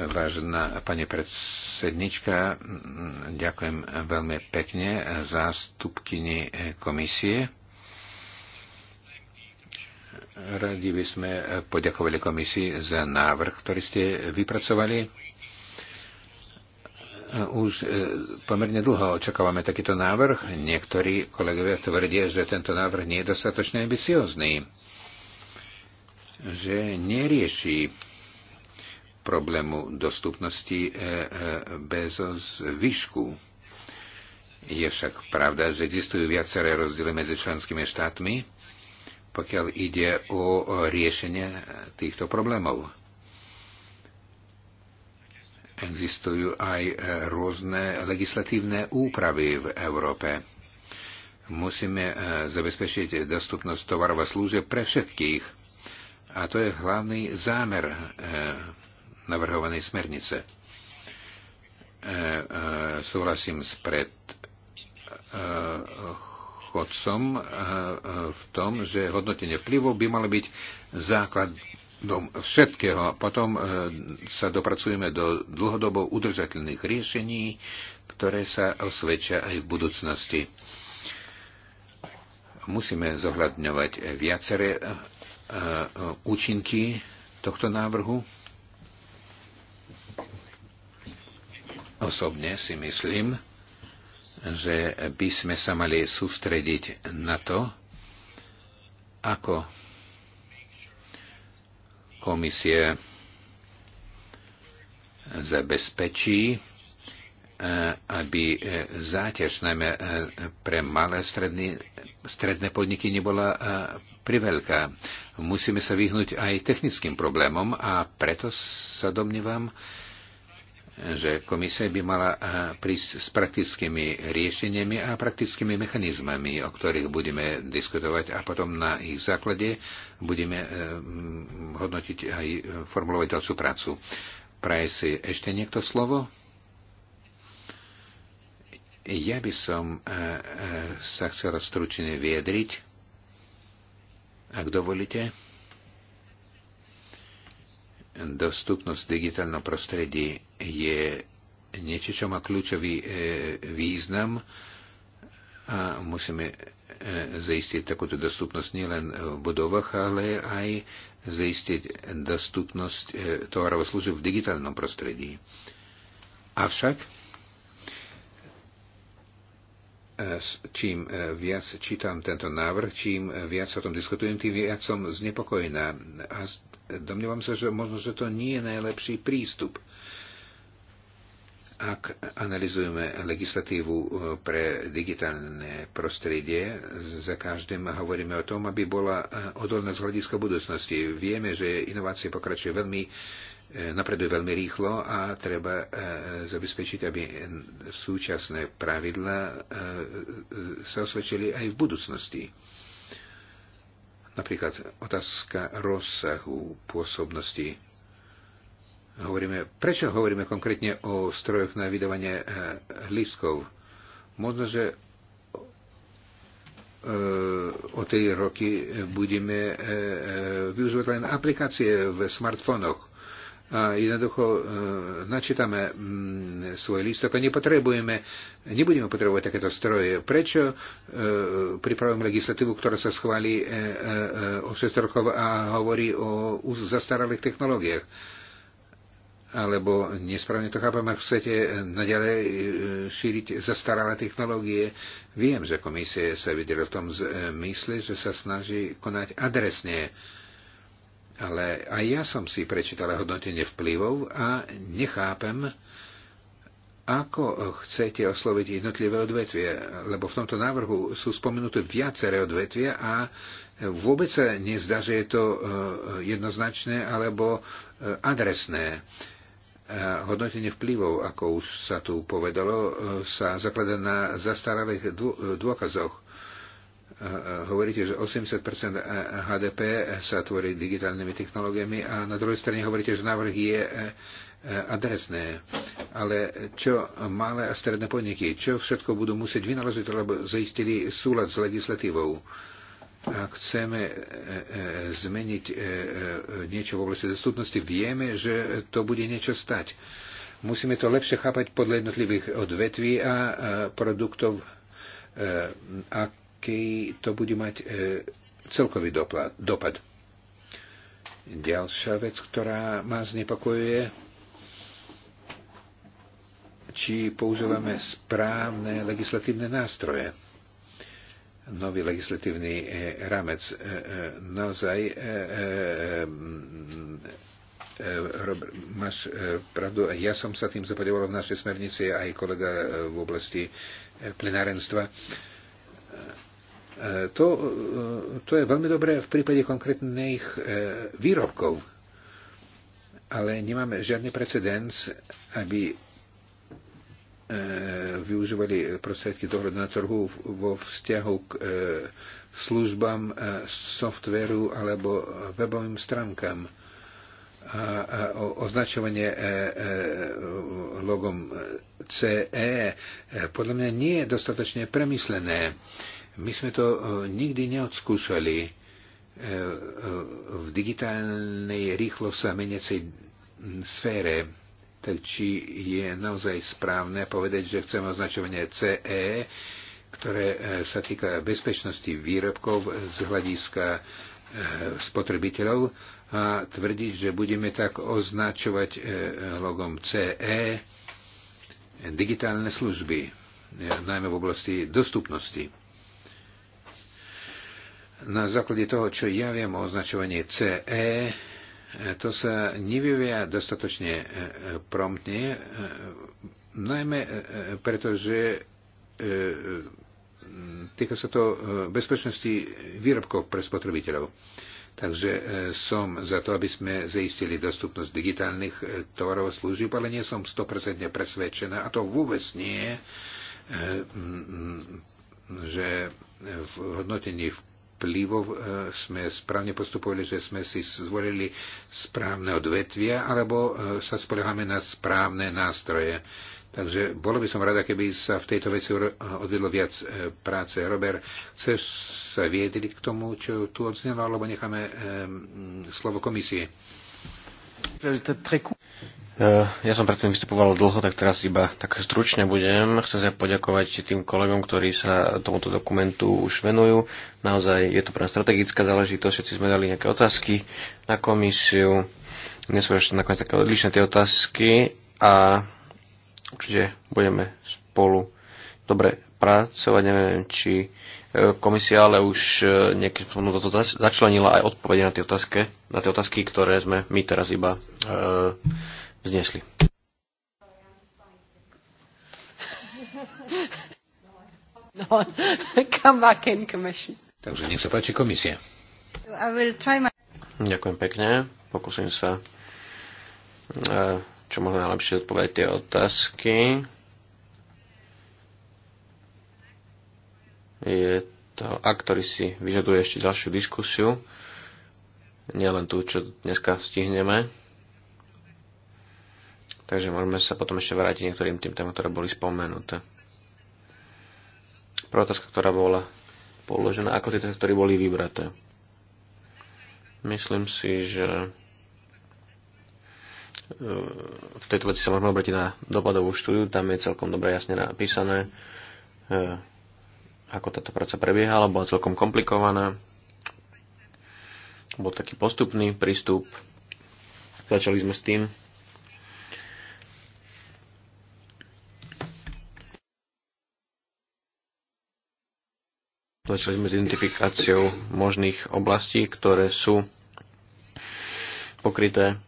B: Vážená pani predsednička, ďakujem veľmi pekne zástupkyni e, komisie. Radi by sme poďakovali komisii za návrh, ktorý ste vypracovali. Už e, pomerne dlho očakávame takýto návrh. Niektorí kolegovia tvrdia, že tento návrh nie je dostatočne ambiciózny, že nerieši problému dostupnosti e, e, bez výšku. Je však pravda, že existujú viaceré rozdiely medzi členskými štátmi pokiaľ ide o riešenie týchto problémov. Existujú aj rôzne legislatívne úpravy v Európe. Musíme e, zabezpečiť dostupnosť tovarov a služieb pre všetkých. A to je hlavný zámer e, navrhovanej smernice. E, súhlasím s pred chodcom eh, eh, v tom, že hodnotenie vplyvov by malo byť základom všetkého. Potom eh, sa dopracujeme do dlhodobo udržateľných riešení, ktoré sa osvedčia aj v budúcnosti. Musíme zohľadňovať viaceré účinky tohto návrhu. Osobne si myslím, že by sme sa mali sústrediť na to, ako komisie zabezpečí, eh, aby eh, záťaž najmä eh, pre malé stredný, stredné podniky nebola priveľká. Musíme sa vyhnúť aj technickým problémom a preto sa domnievam, že komisia by mala eh, prísť s praktickými riešeniami a praktickými mechanizmami, o ktorých budeme diskutovať a potom na ich základe budeme eh, hodnotiť aj formulovať ďalšiu prácu. Praje si ešte niekto slovo? Ja by som eh, sa chcela stručne viedriť, ak dovolíte dostupnosť v digitálnom prostredí je niečo, čo má kľúčový e, význam a musíme e, zaistiť takúto dostupnosť nielen v budovách, ale aj zaistiť dostupnosť e, tovarov a služieb v digitálnom prostredí. Avšak čím viac čítam tento návrh, čím viac o tom diskutujem, tým viac som znepokojená. A domnievam sa, že možno, že to nie je najlepší prístup. Ak analizujeme legislatívu e, pre digitálne prostredie, za každým hovoríme o tom, aby bola e, odolná z hľadiska budúcnosti. Vieme, že inovácie pokračujú veľmi e, napreduje veľmi rýchlo a treba zabezpečiť, aby súčasné pravidla sa osvedčili aj v budúcnosti. Napríklad otázka rozsahu pôsobnosti hovoríme, prečo hovoríme konkrétne o strojoch na vydávanie eh, lístkov? Možno, že eh, o tej roky eh, budeme využívať len aplikácie v smartfónoch. A jednoducho načítame mm, svoj lístok a nepotrebujeme, nebudeme potrebovať takéto stroje. Prečo pripravujeme legislatívu, ktorá sa schváli o 6 rokov a hovorí o už zastaralých technológiách? alebo nesprávne to chápem, ak chcete naďalej e, šíriť zastaralé technológie. Viem, že komisie sa videla v tom e, mysli, že sa snaží konať adresne, ale aj ja som si prečítala hodnotenie vplyvov a nechápem, ako chcete osloviť jednotlivé odvetvie, lebo v tomto návrhu sú spomenuté viaceré odvetvia a vôbec sa nezdá, že je to e, jednoznačné alebo adresné. Hodnotenie vplyvov, ako už sa tu povedalo, e, sa zaklada na zastaralých dôkazoch. E, e, hovoríte, že 80 HDP sa tvorí digitálnymi technológiami a na druhej strane hovoríte, že návrh je adresné. Ale čo malé a stredné podniky, čo všetko budú musieť vynaložiť, lebo zaistili súlad s legislatívou? ak chceme e, e, zmeniť e, niečo v oblasti dostupnosti, vieme, že to bude niečo stať. Musíme to lepšie chápať podľa jednotlivých odvetví a produktov, aký to bude mať celkový dopad. Ďalšia vec, ktorá ma znepokojuje, či používame správne legislatívne nástroje nový legislatívny e, rámec. E, e, naozaj máš pravdu, ja som sa tým zapadoval v našej smernici aj kolega v oblasti plenárenstva. To, to je veľmi dobré v prípade konkrétnych výrobkov, ale nemáme žiadny precedens, aby E, využívali prostriedky dohľadu na trhu vo vzťahu k e, službám, e, softveru alebo webovým stránkam. A označovanie logom CE podľa mňa nie je dostatočne premyslené. My sme to nikdy neodskúšali. V digitálnej rýchlo sa meniacej sfére či je naozaj správne povedať, že chceme označovanie CE, ktoré e, sa týka bezpečnosti výrobkov z hľadiska e, spotrebiteľov a tvrdiť, že budeme tak označovať e, logom CE digitálne služby, najmä v oblasti dostupnosti. Na základe toho, čo ja viem o označovanie CE, E, to sa nevyvia dostatočne e, promptne, e, najmä preto, že týka sa to bezpečnosti výrobkov pre spotrebiteľov. Takže som za to, aby sme zaistili dostupnosť digitálnych tovarov a služieb, ale nie som 100% presvedčená, a to vôbec nie, že v hodnotení v vplyvov e, sme správne postupovali, že sme si zvolili správne odvetvia, alebo e, sa spoliehame na správne nástroje. Takže bolo by som rada, keby sa v tejto veci odvedlo viac e, práce. Robert, chceš sa viedriť k tomu, čo tu odznelo, alebo necháme slovo komisie?
D: Eh, ja som predtým vystupoval dlho, tak teraz iba tak stručne budem. Chcem sa poďakovať tým kolegom, ktorí sa tomuto dokumentu už venujú. Naozaj je to pre nás strategická záležitosť, všetci sme dali nejaké otázky na komisiu. Nie sú ešte nakoniec také odlišné tie otázky a určite budeme spolu dobre pracovať. Neviem, či eh, komisia ale už eh, nejakým spôsobom toto začlenila aj odpovede na tie, otázky, na tie otázky, ktoré sme my teraz iba vznesli. No, Takže nech sa páči komisie. Ďakujem pekne. Pokúsim sa e, čo možno najlepšie odpovedať tie otázky. Je to ak ktorý si vyžaduje ešte ďalšiu diskusiu. Nielen tú, čo dneska stihneme. Takže môžeme sa potom ešte vrátiť niektorým tým témam, ktoré boli spomenuté. Prvá otázka, ktorá bola položená, ako tieto ktoré boli vybraté. Myslím si, že e, v tejto veci sa môžeme obrátiť na dopadovú štúdiu, tam je celkom dobre jasne napísané, e, ako táto práca prebiehala, bola celkom komplikovaná, bol taký postupný prístup, začali sme s tým, Začali sme s identifikáciou možných oblastí, ktoré sú pokryté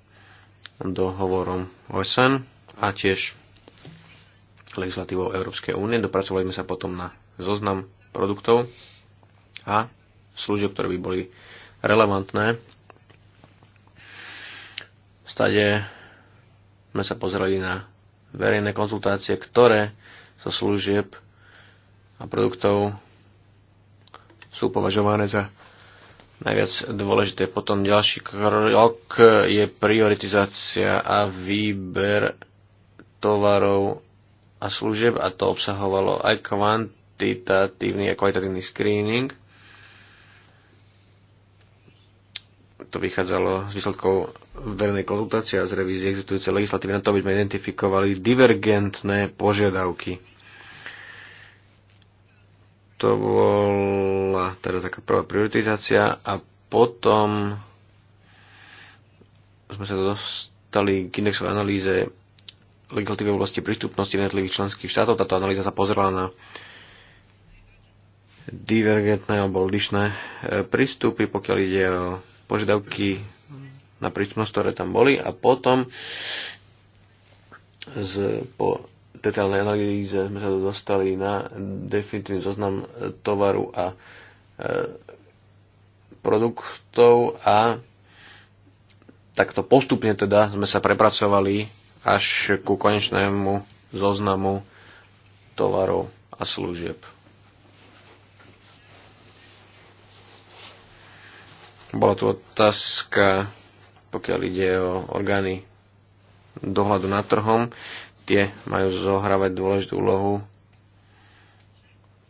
D: dohovorom OSN a tiež legislatívou Európskej únie. Dopracovali sme sa potom na zoznam produktov a služieb, ktoré by boli relevantné. Stade sme sa pozreli na verejné konzultácie, ktoré zo so služieb a produktov sú považované za najviac dôležité. Potom ďalší krok je prioritizácia a výber tovarov a služieb a to obsahovalo aj kvantitatívny a kvalitatívny screening. To vychádzalo z výsledkov verejnej konzultácie a z revízie existujúcej legislatívy na to, aby sme identifikovali divergentné požiadavky. To bol bola teda taká prvá prioritizácia a potom sme sa dostali k indexovej analýze legislatívy v oblasti prístupnosti jednotlivých členských štátov. Táto analýza sa pozerala na divergentné alebo odlišné e, prístupy, pokiaľ ide o požiadavky na prístupnosť, ktoré tam boli a potom z, po detailnej analýze sme sa dostali na definitívny zoznam tovaru a E, produktov a takto postupne teda sme sa prepracovali až ku konečnému zoznamu tovarov a služieb. Bola tu otázka, pokiaľ ide o orgány dohľadu nad trhom. Tie majú zohrávať dôležitú úlohu,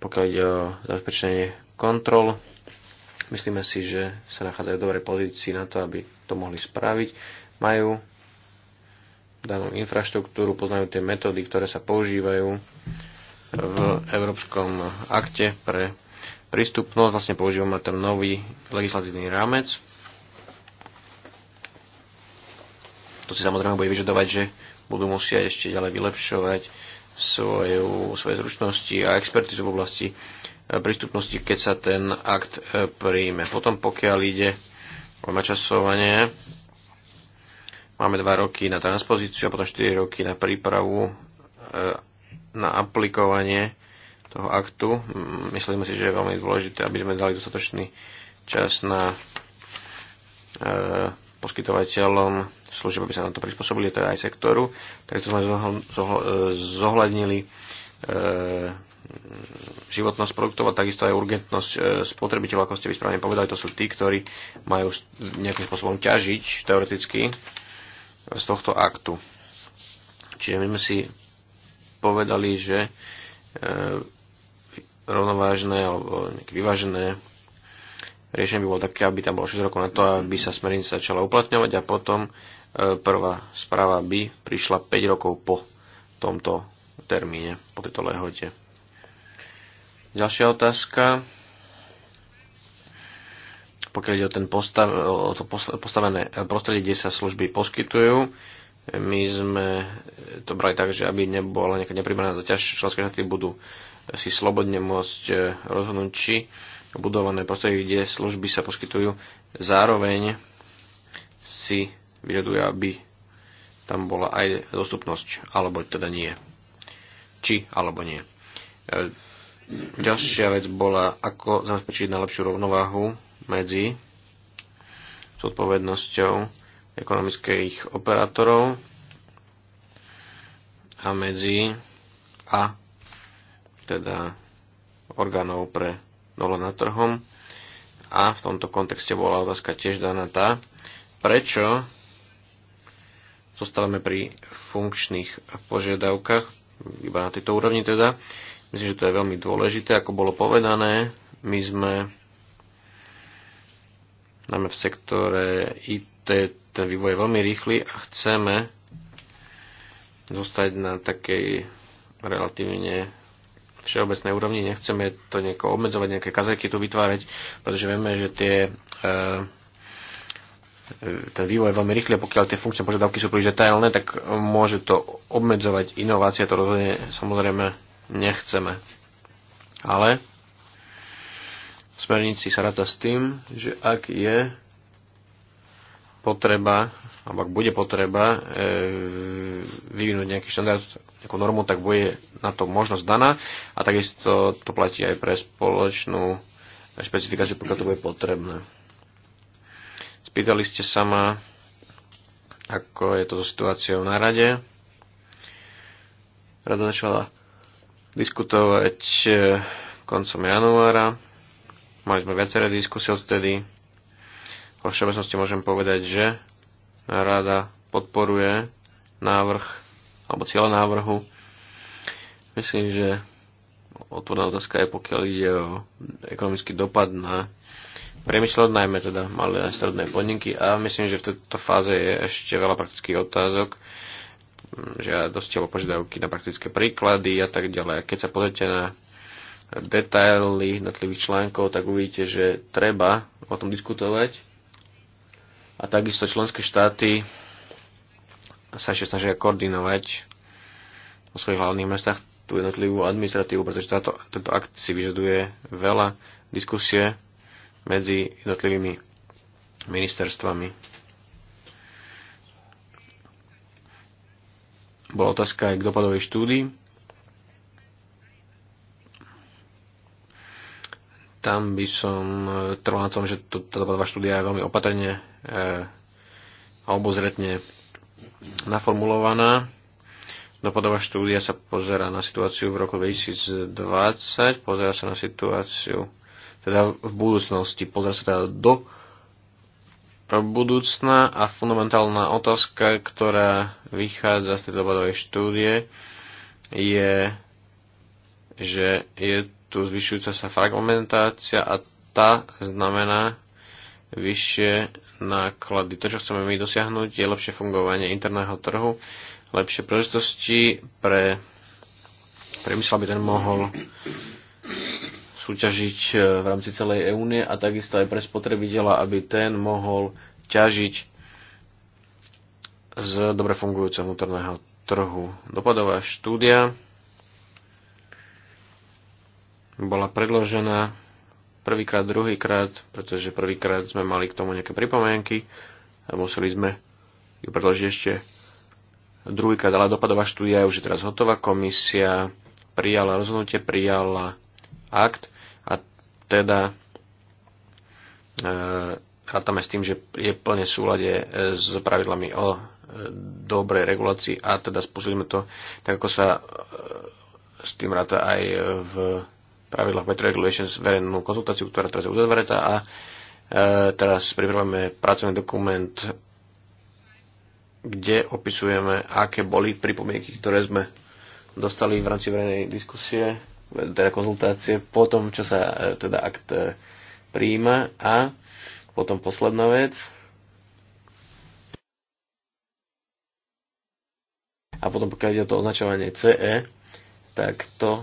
D: pokiaľ ide o zabezpečenie kontrol. Myslíme si, že sa nachádzajú v dobrej pozícii na to, aby to mohli spraviť. Majú danú infraštruktúru, poznajú tie metódy, ktoré sa používajú v Európskom akte pre prístupnosť. Vlastne používame ten nový legislatívny rámec. To si samozrejme bude vyžadovať, že budú musieť ešte ďalej vylepšovať svoju, svoje zručnosti a expertizu v oblasti prístupnosti, keď sa ten akt e, príjme. Potom pokiaľ ide o načasovanie, máme 2 roky na transpozíciu a potom 4 roky na prípravu, e, na aplikovanie toho aktu. Myslíme si, že je veľmi dôležité, aby sme dali dostatočný čas na e, poskytovateľom služieb, aby sa na to prispôsobili, teda aj sektoru. Takto sme zohľadnili životnosť produktov a takisto aj urgentnosť e, spotrebiteľov, ako ste vy správne povedali, to sú tí, ktorí majú nejakým spôsobom ťažiť teoreticky z tohto aktu. Čiže my sme si povedali, že e, rovnovážne alebo nejaké vyvážené riešenie by bolo také, aby tam bolo 6 rokov na to, aby sa smernica začala uplatňovať a potom e, prvá správa by prišla 5 rokov po tomto termíne, po tejto lehote. Ďalšia otázka. Pokiaľ ide o, ten postav, o to postavené prostredie, kde sa služby poskytujú, my sme to brali tak, že aby nebola nejaká neprimeraná zaťaž, členské štáty budú si slobodne môcť e, rozhodnúť, či budované prostredie, kde služby sa poskytujú, zároveň si vyžaduje, aby tam bola aj dostupnosť, alebo teda nie. Či alebo nie. E, Ďalšia vec bola, ako zabezpečiť najlepšiu rovnováhu medzi zodpovednosťou ekonomických operátorov a medzi a teda orgánov pre dole nad trhom. A v tomto kontexte bola otázka tiež daná tá, prečo zostávame pri funkčných požiadavkách, iba na tejto úrovni teda, Myslím, že to je veľmi dôležité, ako bolo povedané. My sme najmä v sektore IT, ten vývoj je veľmi rýchly a chceme zostať na takej relatívne všeobecnej úrovni. Nechceme to nejako obmedzovať, nejaké kazajky tu vytvárať, pretože vieme, že tie, e, ten vývoj je veľmi rýchly a pokiaľ tie funkčné požiadavky sú príliš detailné, tak môže to obmedzovať inovácia, to rozhodne samozrejme nechceme. Ale v smernici sa ráta s tým, že ak je potreba, alebo ak bude potreba e, vyvinúť nejaký štandard, nejakú normu, tak bude na to možnosť daná a takisto to platí aj pre spoločnú špecifikáciu, pokiaľ to bude potrebné. Spýtali ste sa ma, ako je to so situáciou na rade. Rada začala diskutovať e, koncom januára. Mali sme viaceré diskusie odtedy. Vo všeobecnosti môžem povedať, že rada podporuje návrh alebo cieľ návrhu. Myslím, že otvorená otázka je, pokiaľ ide o ekonomický dopad na priemysel, najmä teda malé a stredné podniky a myslím, že v tejto fáze je ešte veľa praktických otázok, žiadosti alebo požiadavky na praktické príklady a tak ďalej. Keď sa pozrite na detaily jednotlivých článkov, tak uvidíte, že treba o tom diskutovať. A takisto členské štáty sa ešte snažia koordinovať vo svojich hlavných mestách tú jednotlivú administratívu, pretože táto, tento akt si vyžaduje veľa diskusie medzi jednotlivými ministerstvami. Bola otázka aj k dopadovej štúdii. Tam by som e, trval na tom, že tá dopadová štúdia je veľmi opatrne a e, obozretne naformulovaná. Dopadová štúdia sa pozera na situáciu v roku 2020, pozera sa na situáciu teda v budúcnosti, pozera sa teda do budúcná a fundamentálna otázka, ktorá vychádza z tejto bodovej štúdie, je, že je tu zvyšujúca sa fragmentácia a tá znamená vyššie náklady. To, čo chceme my dosiahnuť, je lepšie fungovanie interného trhu, lepšie príležitosti pre priemysel, aby ten mohol súťažiť e, v rámci celej únie a takisto aj pre spotrebiteľa, aby ten mohol ťažiť z dobre fungujúceho vnútorného trhu. Dopadová štúdia bola predložená prvýkrát, druhýkrát, pretože prvýkrát sme mali k tomu nejaké pripomienky a museli sme ju predložiť ešte druhýkrát, ale dopadová štúdia je už teraz hotová. Komisia prijala rozhodnutie, prijala akt teda e, rátame s tým, že je plne v súlade e, s pravidlami o e, dobrej regulácii a teda spúsilíme to tak, ako sa s tým ráta aj v pravidlách Metro Regulations verejnú konzultáciu, ktorá teraz je uzavretá a teraz pripravujeme pracovný dokument, kde opisujeme, aké boli pripomienky, ktoré sme dostali v rámci verejnej diskusie teda konzultácie po tom, čo sa e, teda akt e, príjima a potom posledná vec. A potom pokiaľ ide o to označovanie CE, tak to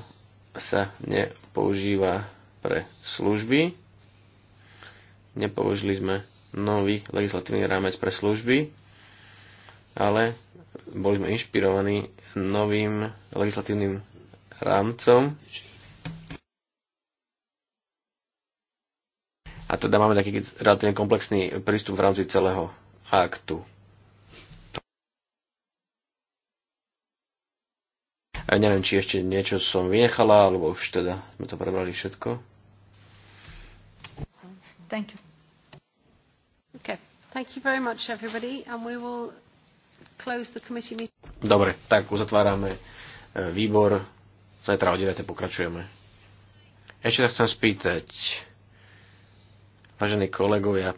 D: sa nepoužíva pre služby. Nepoužili sme nový legislatívny rámec pre služby, ale boli sme inšpirovaní novým legislatívnym rámcom. A teda máme taký relatívne komplexný prístup v rámci celého aktu. A neviem, či ešte niečo som vynechala, alebo už teda sme to prebrali všetko.
C: Thank you. Okay.
A: Thank you very much everybody and we will close the committee meeting.
D: Dobre, tak uzatvárame e, výbor Zajtra o 9. pokračujeme. Ešte sa chcem spýtať, vážení kolegovia,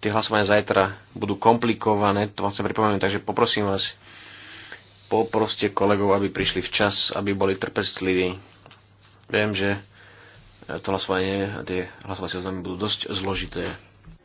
D: tie hlasovania zajtra budú komplikované, to vám chcem pripomenúť, takže poprosím vás, poproste kolegov, aby prišli včas, aby boli trpestliví. Viem, že to hlasovanie, tie hlasovacie oznámy budú dosť zložité.